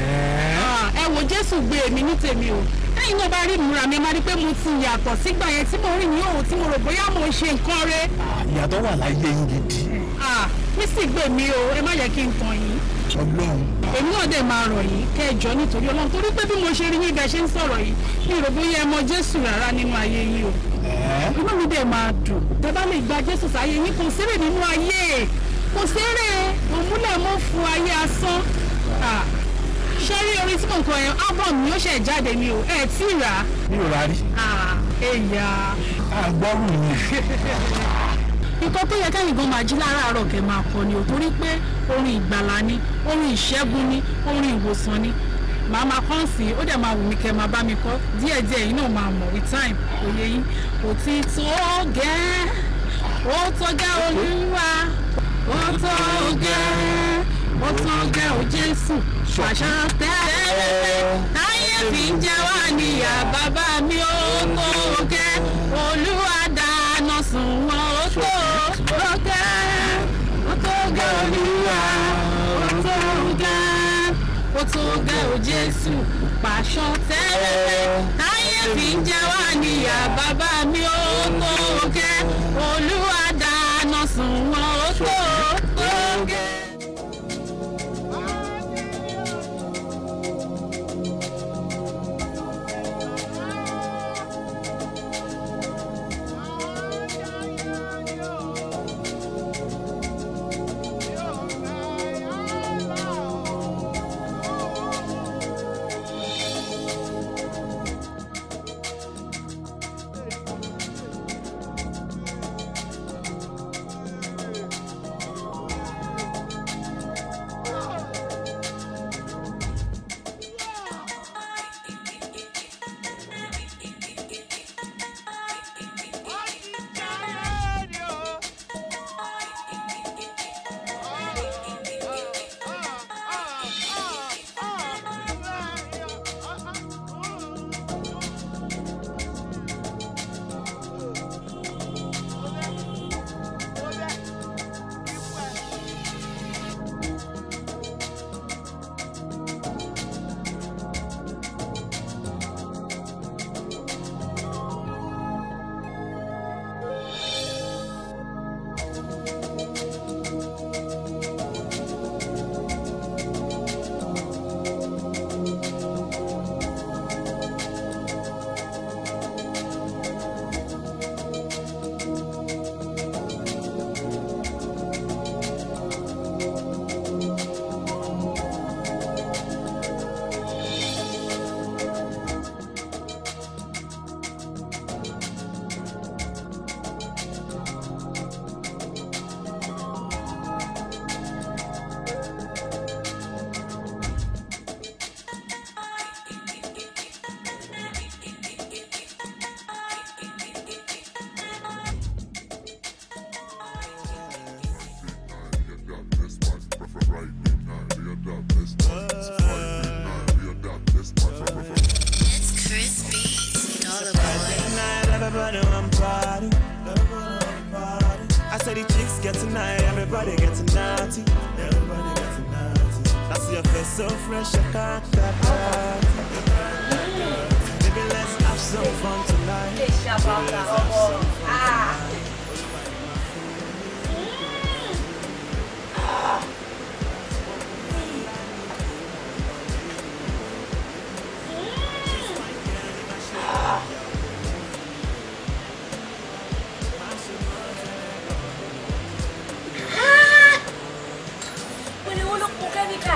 ẹ wò jésù gbé èmi ní tèmi o lẹ́yìn náà bá rí ìmúra mi máa rí pé mo ti yàtọ̀ sígbà yẹn tí mo rìn ní òun tí mo rò bóyá mo ń ṣe nǹkan rẹ. ìyàtọ̀ wà láyé yín gidi. mi sì gbé mi o ẹ má yẹ kí n tàn yín. ọlọ́run. èmi náà dẹ̀ máa rọ̀ yìí kẹjọ nítorí ọlọ́run torí pé bí mo ṣe rí yín bẹ́ẹ̀ ṣe ń sọ̀rọ̀ yìí mi rò bóyá ẹ mọ jésù rárá nínú ayé yín o. inú mi dẹ̀ máa dùn tẹ bá lè gba jésù sáyé yín kò sí ṣé rí orin tí mò ń kọ yẹn album mi ó ṣe jáde mi o ẹ tí ì rà. mi ò rà rí. ẹ̀yà. àgbọ̀rù mi. nǹkan tó yẹ kẹ́yìn gan máa jí láràárọ̀ kẹ́ máa kọ ni o torí pé orin ìgbàlá ni orin ìṣẹ́gun ni orin ìwòsàn ni màá máa kọ́ sí i ó dẹ̀ máa wù mí kẹ́ máa bá mi kọ́ díẹ̀díẹ̀ yìí náà máa mọ̀ with time òye yín ó ti tó gẹ́ ó tó olúwa ó tó gẹ́ ó tún gẹ̀rún jésù àṣà tẹ́lẹ̀tẹ́ táyé fi ń jẹ wá níyà bàbá mi ó tó gẹ́ olúwa dáná sùn wọn ó tó ó gẹ́ ó tó gẹ́ olúwa ó tó gẹ́ ó tó gẹ́ ó jésù pàṣọ tẹ́lẹ̀tẹ́ táyé fi ń jẹ wá níyà bàbá mi ó tó gẹ́ olúwa dáná sùn wọn ó.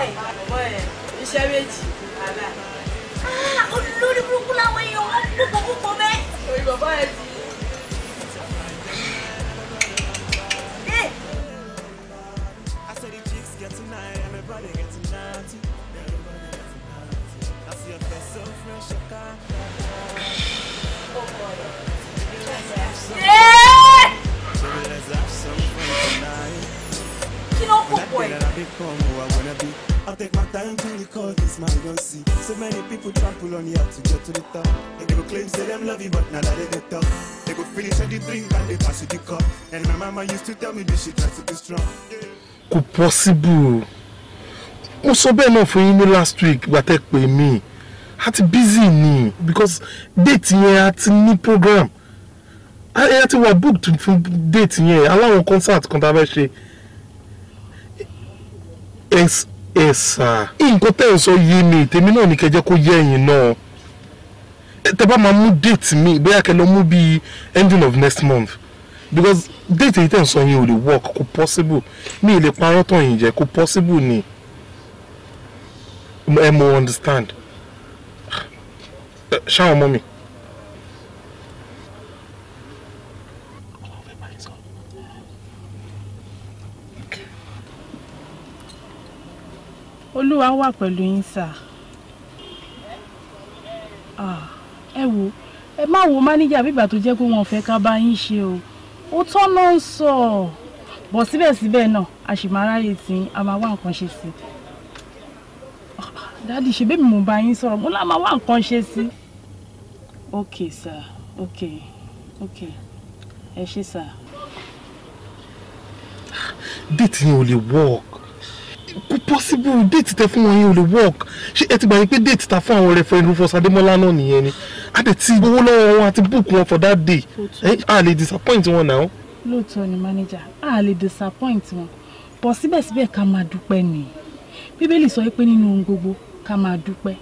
iṣẹ́ méjì àlá. Ah, olórí burúkú I'll take my time to recall this man, you see. So many people trample on you to get to the top. They go claim, say them love you, but now that they get tough. They go finish at the drink and they pass you the cup. And my mama used to tell me this, she tries to be strong. Kò possible. Mo sọ bẹ́ẹ̀ náà fún yín ní last week gbà tẹ́ pè mí. A ti busy ni because date yẹn a ti ní program. A ti wà booked fún date yẹn aláwọn concert kan tá a fẹ́ ṣe ẹ sà nǹkan tẹ́ ẹ̀ sọ yé mi tèmi náà ní kẹjẹ́ kó yé ẹ̀yìn náà tẹ bá máa mú date mi bóyá kẹ lọ mú bíi ending of next month because date èyí tẹ̀ ń sọ yẹn ò lè work kò possible mi ì lè parọ́ tàn yín jẹ́ kò possible ni ẹ mo understand ṣáà ọmọ mi. olúwa wà pẹ̀lú yín sà ẹ wo ẹ má wo mánéjà bíbà tó jẹ́ pé wọn ò fẹ́ ká bá yín ṣe o ó tọ́nà ń sọ bọ̀ síbẹ̀síbẹ̀ náà a sì máa ráyè tí a máa wá nǹkan ṣe sí dáàdì ṣe bẹ́ẹ̀ mi mò ń bá yín sọ̀rọ̀ mo lá máa wá nǹkan ṣe sí. ok sir ok ok ẹ ṣe sir. déètì yẹn ò lè work kò possible date tẹ fún wọn yẹn ò lè work ṣé ẹ ti gbà yín pé déètì ta fún àwọn referee Rufus Adémọ́lá náà nìyẹn ni a dẹ̀ ti gbowó lọ́wọ́ wọn àti book wọn for that day a lè disappoint wọn náà. lóòótọ́ ni manager a lè disappoint wọn pọ̀ síbẹ̀síbẹ̀ ká máa dúpẹ́ ni bíbélì sọ pé nínú ohun gbogbo ká máa dúpẹ́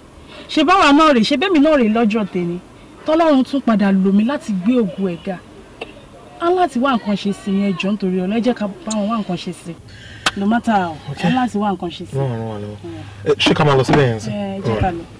ṣe báwa náà rèé ṣe bẹ́ẹ̀ mi náà rèé lọ́jọ́ tèmi tọ́lọ́run tún padà lò mí láti gbé ògùn ẹ̀ ga á láti wá nǹkan ṣe sí yẹn jọ nítorí ọ̀nà ẹ jẹ́ ká bá wọn wá nǹkan ṣe sí i no matter how aláàsì wà nǹkan No, no, eh, ṣé ká she come sílẹ̀ yẹn sí. ẹ eh, jẹ́ ká lọ.